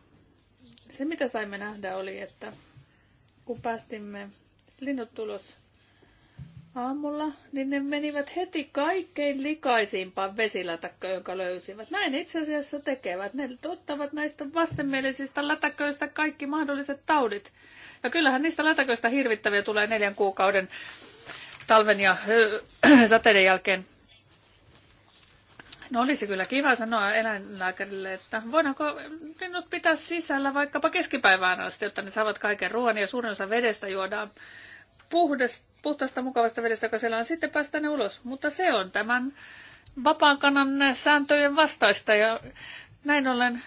Se, mitä saimme nähdä, oli, että kun päästimme linnut tulos aamulla, niin ne menivät heti kaikkein likaisimpaan vesilätäkköön, jonka löysivät. Näin itse asiassa tekevät. Ne ottavat näistä vastenmielisistä lätäköistä kaikki mahdolliset taudit. Ja kyllähän niistä lätäköistä hirvittäviä tulee neljän kuukauden talven ja sateiden jälkeen. No olisi kyllä kiva sanoa eläinlääkärille, että voidaanko linnut pitää sisällä vaikkapa keskipäivään asti, jotta ne saavat kaiken ruoan ja suurin osa vedestä juodaan puhdasta puhtaasta mukavasta vedestä, joka siellä on, sitten päästään ne ulos. Mutta se on tämän vapaan kanan sääntöjen vastaista ja näin ollen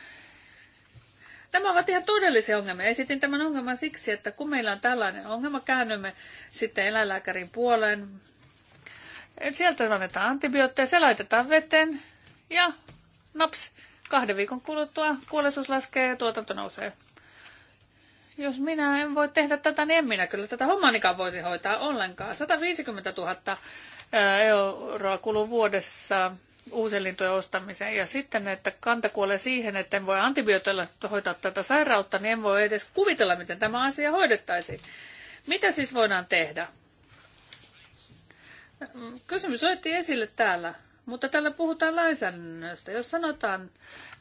Nämä ovat ihan todellisia ongelmia. Esitin tämän ongelman siksi, että kun meillä on tällainen ongelma, käännymme sitten eläinlääkärin puoleen. Sieltä annetaan antibiootteja, se laitetaan veteen ja naps, kahden viikon kuluttua kuolleisuus laskee ja tuotanto nousee jos minä en voi tehdä tätä, niin en minä kyllä tätä hommanikaan voisi hoitaa ollenkaan. 150 000 euroa kuluu vuodessa uusilintojen ostamiseen. Ja sitten, että kanta kuolee siihen, että en voi antibiooteilla hoitaa tätä sairautta, niin en voi edes kuvitella, miten tämä asia hoidettaisiin. Mitä siis voidaan tehdä? Kysymys otettiin esille täällä. Mutta tällä puhutaan lainsäädännöstä. Jos sanotaan,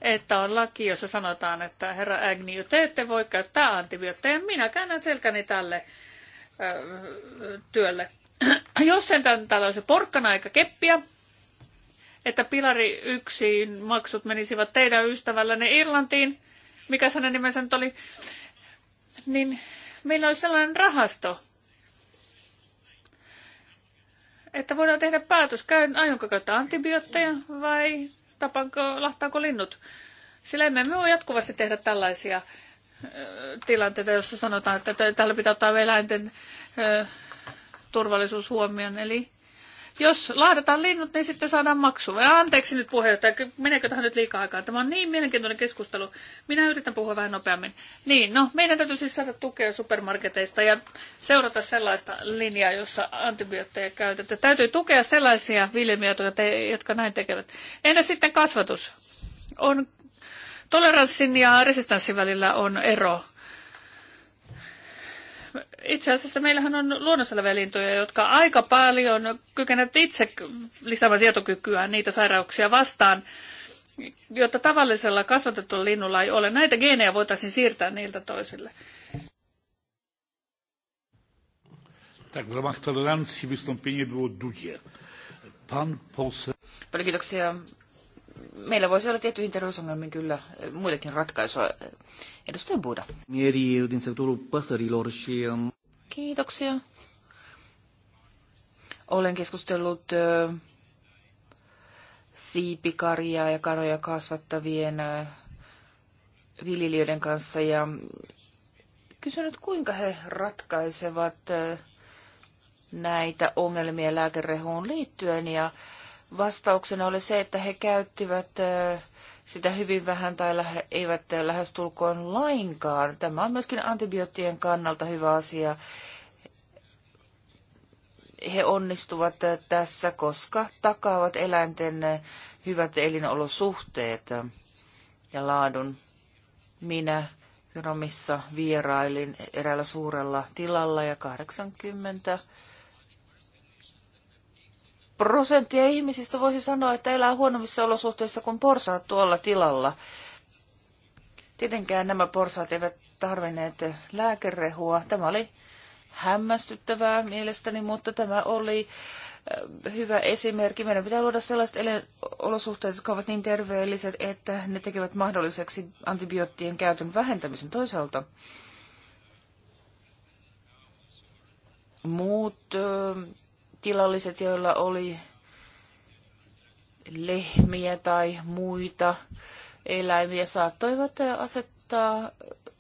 että on laki, jossa sanotaan, että herra Agnew, te ette voi käyttää antibiootteja, minä käännän selkäni tälle ö, työlle. Jos sen täällä olisi porkkana eikä keppiä, että pilari yksin maksut menisivät teidän ystävällänne Irlantiin, mikä hänen nimensä nyt oli, niin meillä olisi sellainen rahasto, että voidaan tehdä päätös, käyn, aionko käyttää antibiootteja vai tapanko, lahtaako linnut. Sillä emme me voi jatkuvasti tehdä tällaisia tilanteita, jossa sanotaan, että täällä pitää ottaa eläinten turvallisuus huomioon. Eli jos laadataan linnut, niin sitten saadaan maksu. Ja anteeksi nyt puheenjohtaja, meneekö tähän nyt liikaa aikaa? Tämä on niin mielenkiintoinen keskustelu. Minä yritän puhua vähän nopeammin. Niin, no, meidän täytyy siis saada tukea supermarketeista ja seurata sellaista linjaa, jossa antibiootteja käytetään. Täytyy tukea sellaisia viljelmiä, jotka näin tekevät. Entä sitten kasvatus? On toleranssin ja resistanssin välillä on ero itse asiassa meillähän on luonnossa olevia lintuja, jotka aika paljon kykenevät itse lisäämään sietokykyä niitä sairauksia vastaan, jotta tavallisella kasvatetulla linnulla ei ole. Näitä geenejä voitaisiin siirtää niiltä toisille. Tak, Pan Paljon kiitoksia meillä voisi olla tiettyihin terveysongelmiin kyllä eh, muitakin ratkaisuja. Eh, edustaja Buda. Um, Kiitoksia. Olen keskustellut eh, siipikarjaa ja kanoja kasvattavien viljelijöiden kanssa ja kysynyt, kuinka he ratkaisevat näitä ongelmia lääkerehuun liittyen ja vastauksena oli se, että he käyttivät sitä hyvin vähän tai lähe, eivät lähestulkoon lainkaan. Tämä on myöskin antibioottien kannalta hyvä asia. He onnistuvat tässä, koska takaavat eläinten hyvät elinolosuhteet ja laadun. Minä Romissa vierailin eräällä suurella tilalla ja 80 prosenttia ihmisistä voisi sanoa, että elää huonommissa olosuhteissa kuin porsaat tuolla tilalla. Tietenkään nämä porsaat eivät tarvinneet lääkerehua. Tämä oli hämmästyttävää mielestäni, mutta tämä oli äh, hyvä esimerkki. Meidän pitää luoda sellaiset olosuhteet, jotka ovat niin terveelliset, että ne tekevät mahdolliseksi antibioottien käytön vähentämisen toisaalta. Muut äh, tilalliset, joilla oli lehmiä tai muita eläimiä, saattoivat asettaa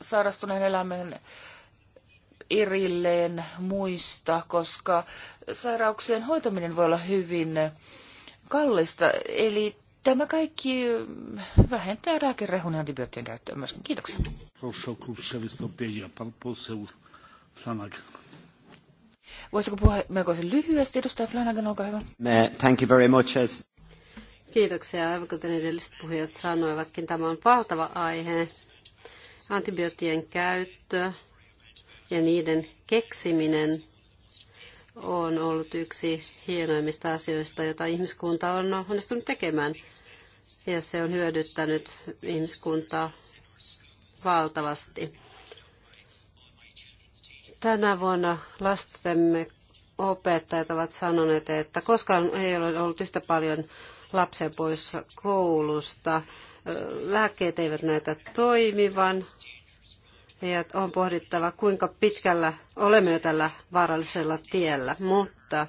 sairastuneen eläimen erilleen muista, koska sairauksien hoitaminen voi olla hyvin kallista. Eli tämä kaikki vähentää lääkerehun ja antibioottien käyttöä myöskin. Kiitoksia. Voisiko puhua melkoisen lyhyesti? Edustaja Flanagan, olkaa hyvä. Thank you very much. As... Kiitoksia. Aivan kuten edelliset puhujat sanoivatkin, tämä on valtava aihe. Antibioottien käyttö ja niiden keksiminen on ollut yksi hienoimmista asioista, jota ihmiskunta on onnistunut tekemään. Ja se on hyödyttänyt ihmiskuntaa valtavasti. Tänä vuonna lastemme opettajat ovat sanoneet, että koskaan ei ole ollut yhtä paljon lapsia pois koulusta. Lääkkeet eivät näytä toimivan. Ja on pohdittava, kuinka pitkällä olemme jo tällä vaarallisella tiellä. Mutta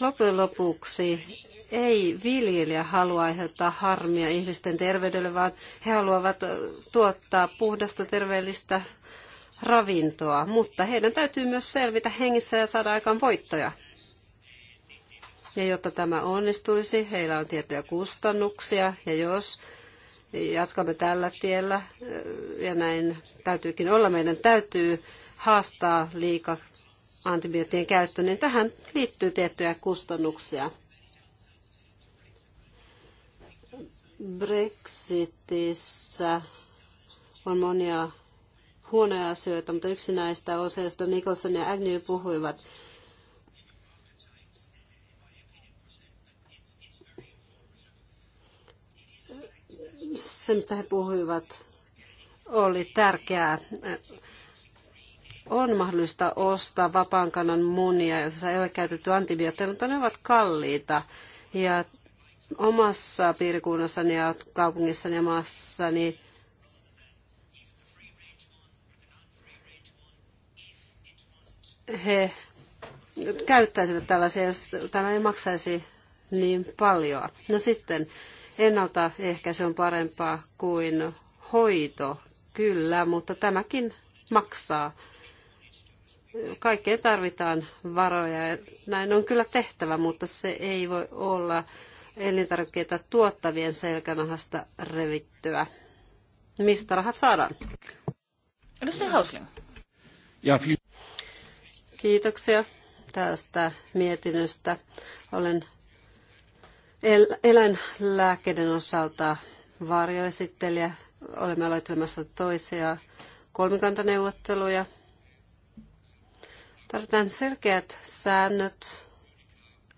loppujen lopuksi ei viljelijä halua aiheuttaa harmia ihmisten terveydelle, vaan he haluavat tuottaa puhdasta terveellistä ravintoa, mutta heidän täytyy myös selvitä hengissä ja saada aikaan voittoja. Ja jotta tämä onnistuisi, heillä on tiettyjä kustannuksia, ja jos jatkamme tällä tiellä, ja näin täytyykin olla, meidän täytyy haastaa liika antibioottien käyttö, niin tähän liittyy tiettyjä kustannuksia. Brexitissä on monia huonoja asioita, mutta yksi näistä osioista Nicholson ja Agnew puhuivat. Se, mistä he puhuivat, oli tärkeää. On mahdollista ostaa vapaankanan munia, joissa ei ole käytetty antibiootteja, mutta ne ovat kalliita. Ja omassa piirikunnassani ja kaupungissani ja maassani niin he käyttäisivät tällaisia, jos tämä ei maksaisi niin paljon. No sitten ennaltaehkäisy on parempaa kuin hoito, kyllä, mutta tämäkin maksaa. Kaikkeen tarvitaan varoja. Näin on kyllä tehtävä, mutta se ei voi olla elintarvikkeita tuottavien selkänahasta revittyä. Mistä rahat saadaan? Edustaja Hausling. Ja, Kiitoksia tästä mietinnöstä. Olen eläinlääkkeiden osalta varjoesittelijä. Olemme aloittelemassa toisia kolmikantaneuvotteluja. Tarvitaan selkeät säännöt.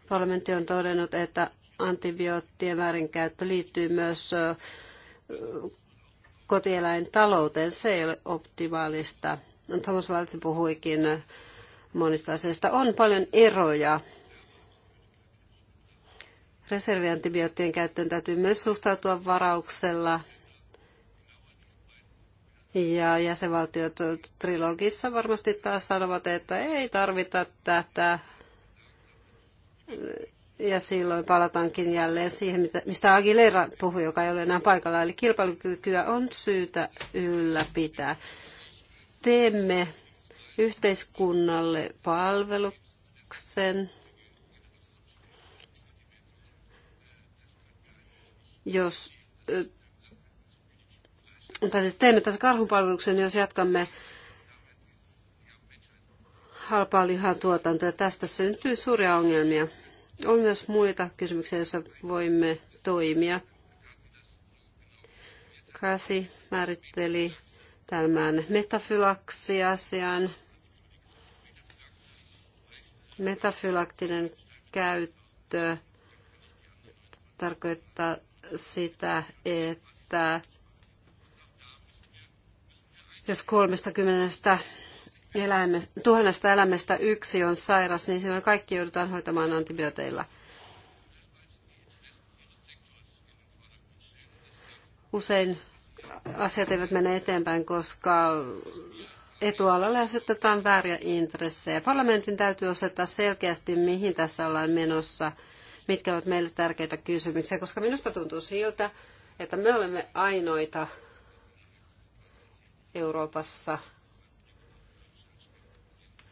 Parlamentti on todennut, että antibioottien väärinkäyttö liittyy myös kotieläintalouteen. Se ei ole optimaalista. Thomas Valtsi puhuikin monista asioista. On paljon eroja. Reserviantibioottien käyttöön täytyy myös suhtautua varauksella. Ja jäsenvaltiot trilogissa varmasti taas sanovat, että ei tarvita tätä. Ja silloin palataankin jälleen siihen, mistä Aguilera puhui, joka ei ole enää paikalla. Eli kilpailukykyä on syytä ylläpitää. Teemme yhteiskunnalle palveluksen, jos, tai siis teemme tässä karhunpalveluksen, jos jatkamme halpaa lihan tuotantoa. Tästä syntyy suuria ongelmia. On myös muita kysymyksiä, joissa voimme toimia. Kathy määritteli tämän metafylaksiasian. asian Metafylaktinen käyttö tarkoittaa sitä, että jos 30 eläime, tuhannesta elämästä yksi on sairas, niin silloin kaikki joudutaan hoitamaan antibiooteilla. Usein asiat eivät mene eteenpäin, koska etualalle asetetaan vääriä intressejä. Parlamentin täytyy osoittaa selkeästi, mihin tässä ollaan menossa, mitkä ovat meille tärkeitä kysymyksiä, koska minusta tuntuu siltä, että me olemme ainoita Euroopassa,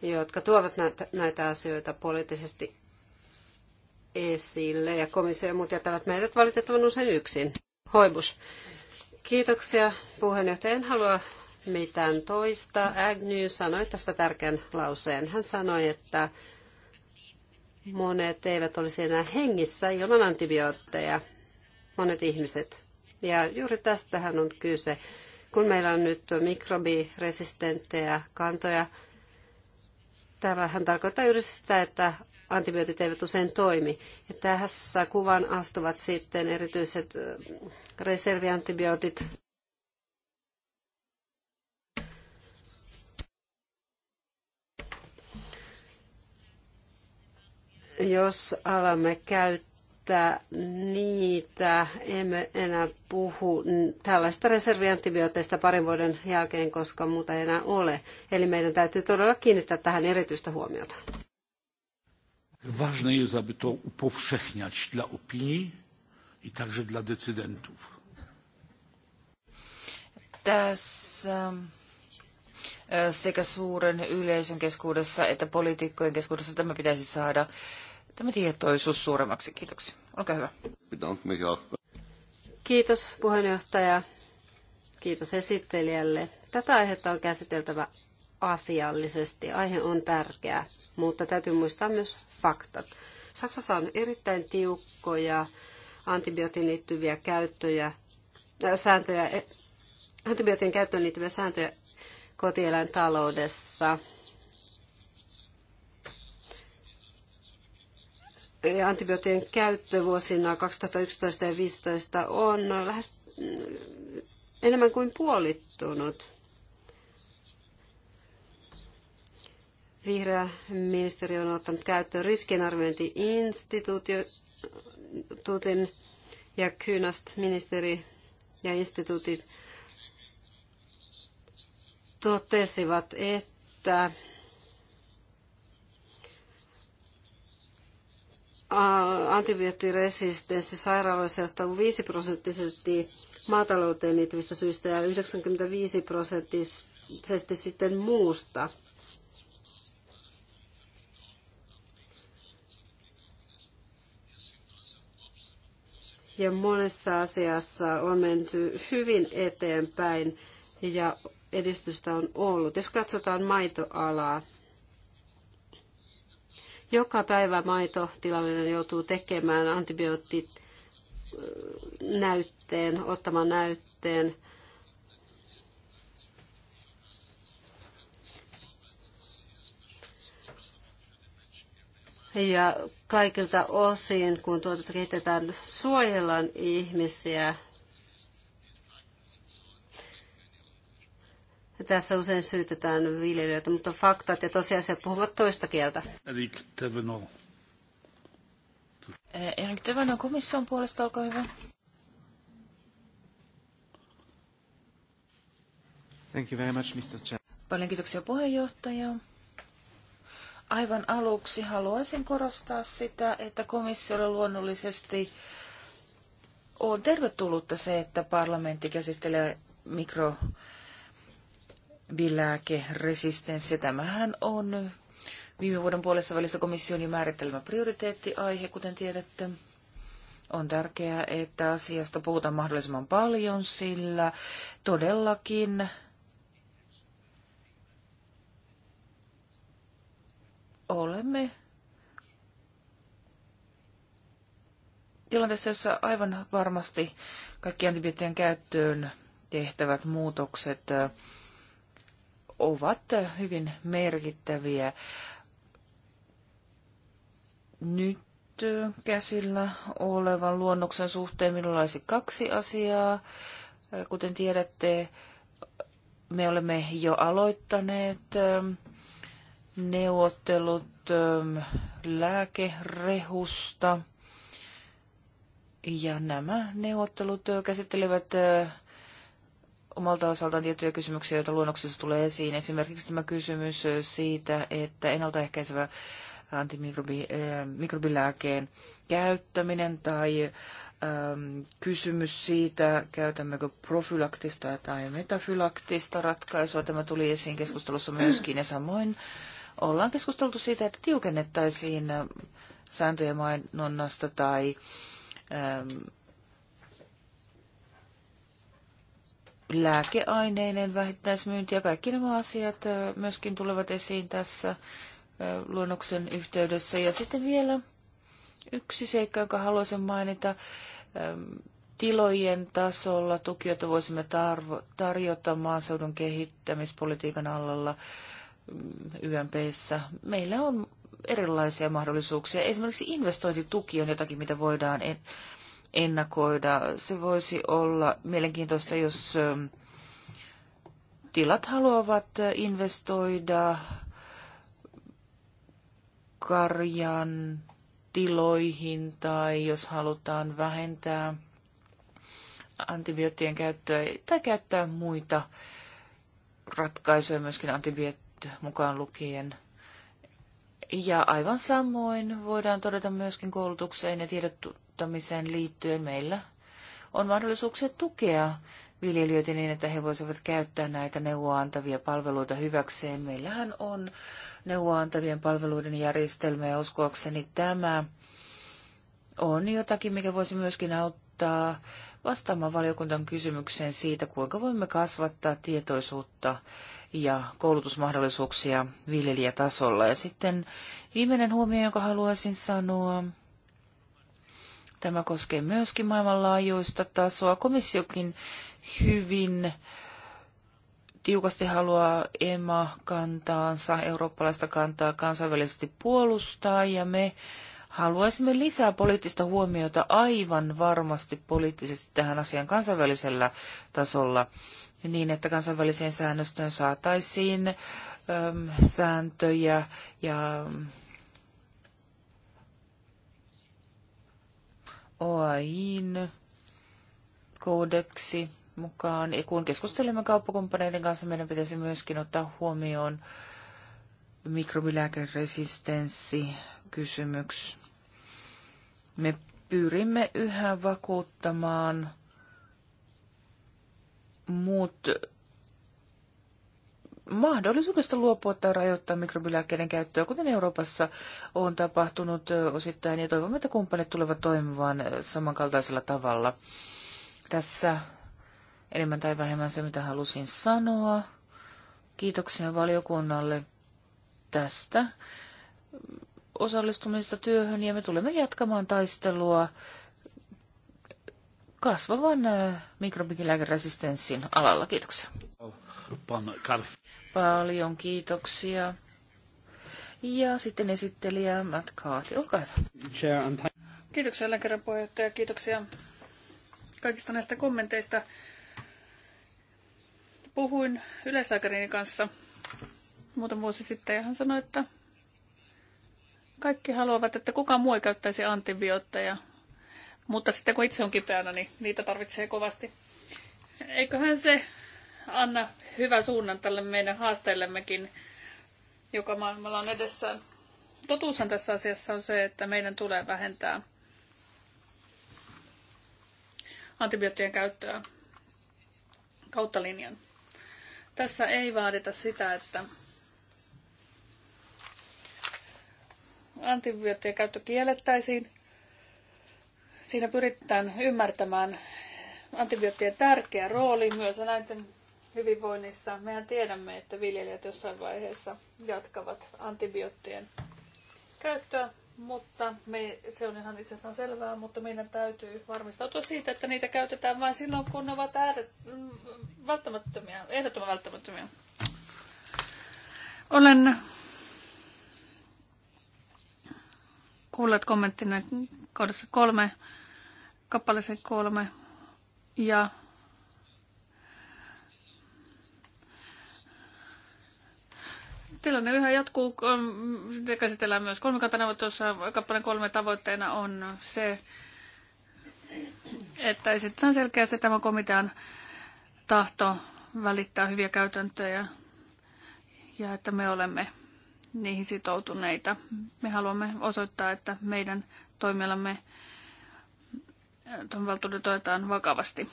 jotka tuovat näitä asioita poliittisesti esille, ja komissio ja muut jättävät meidät valitettavan usein yksin. Hoibus. Kiitoksia puheenjohtaja. En halua mitään toista. Agnew sanoi tästä tärkeän lauseen. Hän sanoi, että monet eivät olisi enää hengissä ilman antibiootteja, monet ihmiset. Ja juuri tästähän on kyse. Kun meillä on nyt mikrobiresistenttejä kantoja, tämähän tarkoittaa juuri sitä, että antibiootit eivät usein toimi. Ja tässä kuvan astuvat sitten erityiset reserviantibiootit, Jos alamme käyttää niitä, emme enää puhu tällaista reserviantibiooteista parin vuoden jälkeen, koska muuta ei enää ole. Eli meidän täytyy todella kiinnittää tähän erityistä huomiota. Ważne jest, aby to upowszechniać dla opinii i także dla decydentów. Tässä e, sekä suuren yleisön keskuudessa että poliitikkojen keskuudessa tämä pitäisi saada tämä tietoisuus suuremmaksi. Kiitoksia. Olkaa hyvä. Kiitos puheenjohtaja. Kiitos esittelijälle. Tätä aihetta on käsiteltävä asiallisesti. Aihe on tärkeä, mutta täytyy muistaa myös faktat. Saksassa on erittäin tiukkoja antibiootin liittyviä käyttöjä, äh, sääntöjä, eh, antibiootin käyttöön liittyviä sääntöjä kotieläintaloudessa. antibioottien käyttö vuosina 2011 ja 2015 on lähes enemmän kuin puolittunut. Vihreä ministeri on ottanut käyttöön riskinarviointiinstituutin ja Kynast ministeri ja instituutit totesivat, että antibioottiresistenssi sairaaloissa johtaa 5 prosenttisesti maatalouteen liittyvistä syistä ja 95 prosenttisesti sitten muusta. Ja monessa asiassa on menty hyvin eteenpäin ja edistystä on ollut. Jos katsotaan maitoalaa, joka päivä maitotilallinen joutuu tekemään antibiootit näytteen, ottamaan näytteen. Ja kaikilta osin, kun tuotetta kehitetään, suojellaan ihmisiä Tässä usein syytetään viljelijöitä, mutta faktat ja tosiasiat puhuvat toista kieltä. Erik Tevenot. Eh, Erik Tevenot komission puolesta, olkaa hyvä. Thank you very much, Mr. Chair. Paljon kiitoksia puheenjohtaja. Aivan aluksi haluaisin korostaa sitä, että komissiolla luonnollisesti on tervetullutta se, että parlamentti käsittelee mikro- bilääkeresistenssi. Tämähän on viime vuoden puolessa välissä komission määritelmä prioriteettiaihe, kuten tiedätte. On tärkeää, että asiasta puhutaan mahdollisimman paljon, sillä todellakin olemme tilanteessa, jossa aivan varmasti kaikki antibioottien käyttöön tehtävät muutokset ovat hyvin merkittäviä. Nyt käsillä olevan luonnoksen suhteen minulla olisi kaksi asiaa. Kuten tiedätte, me olemme jo aloittaneet ähm, neuvottelut ähm, lääkerehusta. Ja nämä neuvottelut käsittelevät äh, omalta osaltaan tiettyjä kysymyksiä, joita luonnoksessa tulee esiin. Esimerkiksi tämä kysymys siitä, että ennaltaehkäisevä antimikrobilääkeen eh, käyttäminen tai äm, ehm, kysymys siitä, käytämmekö profylaktista tai metafylaktista ratkaisua. Tämä tuli esiin keskustelussa myöskin ja samoin ollaan keskusteltu siitä, että tiukennettaisiin sääntöjen mainonnasta tai äm, ehm, lääkeaineinen vähittäismyynti ja kaikki nämä asiat myöskin tulevat esiin tässä luonnoksen yhteydessä. Ja sitten vielä yksi seikka, jonka haluaisin mainita. Tilojen tasolla tukijoita voisimme tarjota maaseudun kehittämispolitiikan alalla mm, YMPssä. Meillä on erilaisia mahdollisuuksia. Esimerkiksi investointituki on jotakin, mitä voidaan ennakoida. Se voisi olla mielenkiintoista, jos ähm, tilat haluavat äh, investoida karjan tiloihin tai jos halutaan vähentää antibioottien käyttöä tai käyttää muita ratkaisuja, myöskin antibiootti mukaan lukien. Ja aivan samoin voidaan todeta myöskin koulutukseen ja tiedot saavuttamiseen liittyen meillä on mahdollisuuksia tukea viljelijöitä niin, että he voisivat käyttää näitä neuvoa antavia palveluita hyväkseen. Meillähän on neuvoa antavien palveluiden järjestelmä ja uskoakseni tämä on jotakin, mikä voisi myöskin auttaa vastaamaan valiokuntan kysymykseen siitä, kuinka voimme kasvattaa tietoisuutta ja koulutusmahdollisuuksia viljelijätasolla. Ja sitten viimeinen huomio, jonka haluaisin sanoa, Tämä koskee myöskin maailmanlaajuista tasoa. Komissiokin hyvin tiukasti haluaa EMA kantaansa, eurooppalaista kantaa kansainvälisesti puolustaa ja me haluaisimme lisää poliittista huomiota aivan varmasti poliittisesti tähän asian kansainvälisellä tasolla niin, että kansainväliseen säännöstöön saataisiin äm, sääntöjä ja OAIin koodeksi mukaan. Ja kun keskustelemme kauppakumppaneiden kanssa, meidän pitäisi myöskin ottaa huomioon mikrobilääkeresistenssi kysymys. Me pyrimme yhä vakuuttamaan muut mahdollisuudesta luopua tai rajoittaa mikrobilääkkeiden käyttöä, kuten Euroopassa on tapahtunut osittain, ja toivomme, että kumppanit tulevat toimimaan samankaltaisella tavalla. Tässä enemmän tai vähemmän se, mitä halusin sanoa. Kiitoksia valiokunnalle tästä osallistumista työhön, ja me tulemme jatkamaan taistelua kasvavan äh, mikrobilääkeresistenssin alalla. Kiitoksia. Paljon kiitoksia. Ja sitten esittelijä Matt Kaati, olkaa hyvä. Chair, Kiitoksia jälleen kerran puheenjohtaja, kiitoksia kaikista näistä kommenteista. Puhuin yleislääkärini kanssa muutama vuosi sitten ja hän sanoi, että kaikki haluavat, että kukaan muu ei käyttäisi antibiootteja, mutta sitten kun itse on kipeänä, niin niitä tarvitsee kovasti. Eiköhän se anna hyvä suunnan tälle meidän haasteellemmekin, joka maailmalla on edessään. Totuushan tässä asiassa on se, että meidän tulee vähentää antibioottien käyttöä kautta linjan. Tässä ei vaadita sitä, että antibioottien käyttö kiellettäisiin. Siinä pyritään ymmärtämään antibioottien tärkeä rooli myös näiden hyvinvoinnissa. Mehän tiedämme, että viljelijät jossain vaiheessa jatkavat antibioottien käyttöä, mutta me, se on ihan itsestään selvää, mutta meidän täytyy varmistautua siitä, että niitä käytetään vain silloin, kun ne ovat ääret, mm, välttämättömiä, ehdottoman välttämättömiä. Olen kuullut kommenttina kohdassa kolme, kappaleeseen kolme ja Tilanne yhä jatkuu, Sitä käsitellään myös kolmikantaneuvottelussa. Kappaleen kolme tavoitteena on se, että esitetään selkeästi tämän komitean tahto välittää hyviä käytäntöjä ja että me olemme niihin sitoutuneita. Me haluamme osoittaa, että meidän toimialamme äh, tuon valtuuden toetaan vakavasti.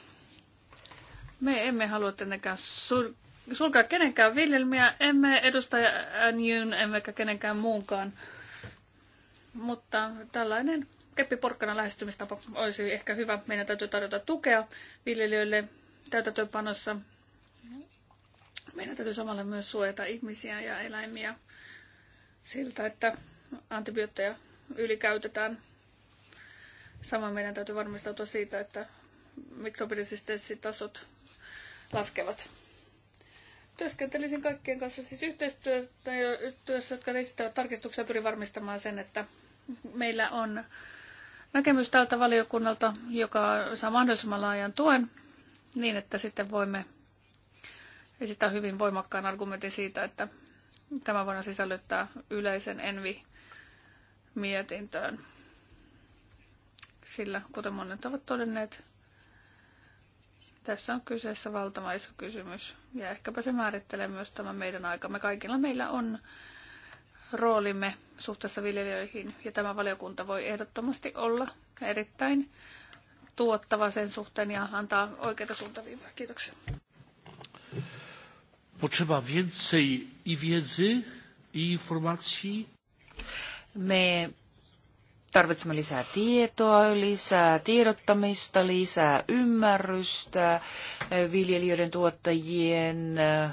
Me emme halua tietenkään sur- sulkea kenenkään viljelmiä, emme edustaja Anjyn, emmekä kenenkään muunkaan. Mutta tällainen keppiporkkana lähestymistapa olisi ehkä hyvä. Meidän täytyy tarjota tukea viljelijöille täytäntöönpanossa. Meidän täytyy samalla myös suojata ihmisiä ja eläimiä siltä, että antibiootteja ylikäytetään. Samoin meidän täytyy varmistautua siitä, että mikrobiresistenssitasot laskevat. Työskentelisin kaikkien kanssa siis yhteistyössä, jotka esittävät tarkistuksia, pyrin varmistamaan sen, että meillä on näkemys tältä valiokunnalta, joka saa mahdollisimman laajan tuen, niin että sitten voimme esittää hyvin voimakkaan argumentin siitä, että tämä voidaan sisällyttää yleisen envi-mietintöön. Sillä, kuten monet ovat todenneet, tässä on kyseessä valtava iso kysymys ja ehkäpä se määrittelee myös tämän meidän aikamme. Kaikilla meillä on roolimme suhteessa viljelijöihin ja tämä valiokunta voi ehdottomasti olla erittäin tuottava sen suhteen ja antaa oikeita suuntaviivoja. Kiitoksia. Potrzeba więcej i wiedzy, i informacji. Me Tarvitsemme lisää tietoa, lisää tiedottamista, lisää ymmärrystä eh, viljelijöiden, tuottajien, eh,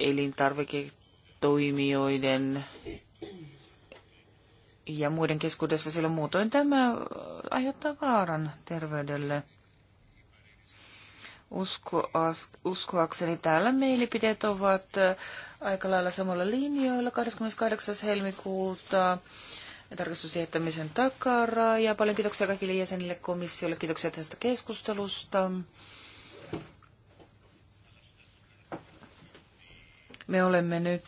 elintarviketoimijoiden ja muiden keskuudessa, sillä muutoin tämä aiheuttaa vaaran terveydelle usko, uskoakseni täällä mielipiteet ovat aika lailla samalla linjoilla 28. helmikuuta tarkastusjättämisen takara. Ja paljon kiitoksia kaikille jäsenille komissiolle. Kiitoksia tästä keskustelusta. Me olemme nyt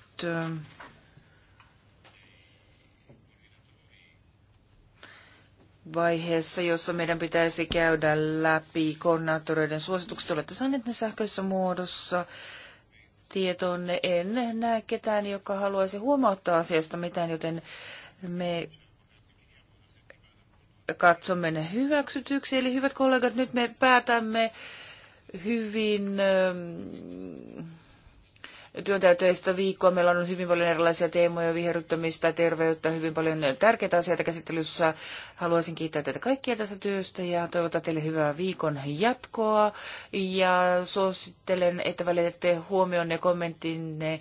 vaiheessa, jossa meidän pitäisi käydä läpi koordinaattoreiden suositukset. Olette saaneet ne sähköisessä muodossa tietoonne. En näe ketään, joka haluaisi huomauttaa asiasta mitään, joten me katsomme ne hyväksytyksi. Eli hyvät kollegat, nyt me päätämme hyvin ähm, työntäyteistä viikkoa. Meillä on ollut hyvin paljon erilaisia teemoja, viherryttämistä, terveyttä, hyvin paljon tärkeitä asioita käsittelyssä. Haluaisin kiittää teitä kaikkia tästä työstä ja toivottaa teille hyvää viikon jatkoa. Ja suosittelen, että välitätte huomionne ja kommenttinne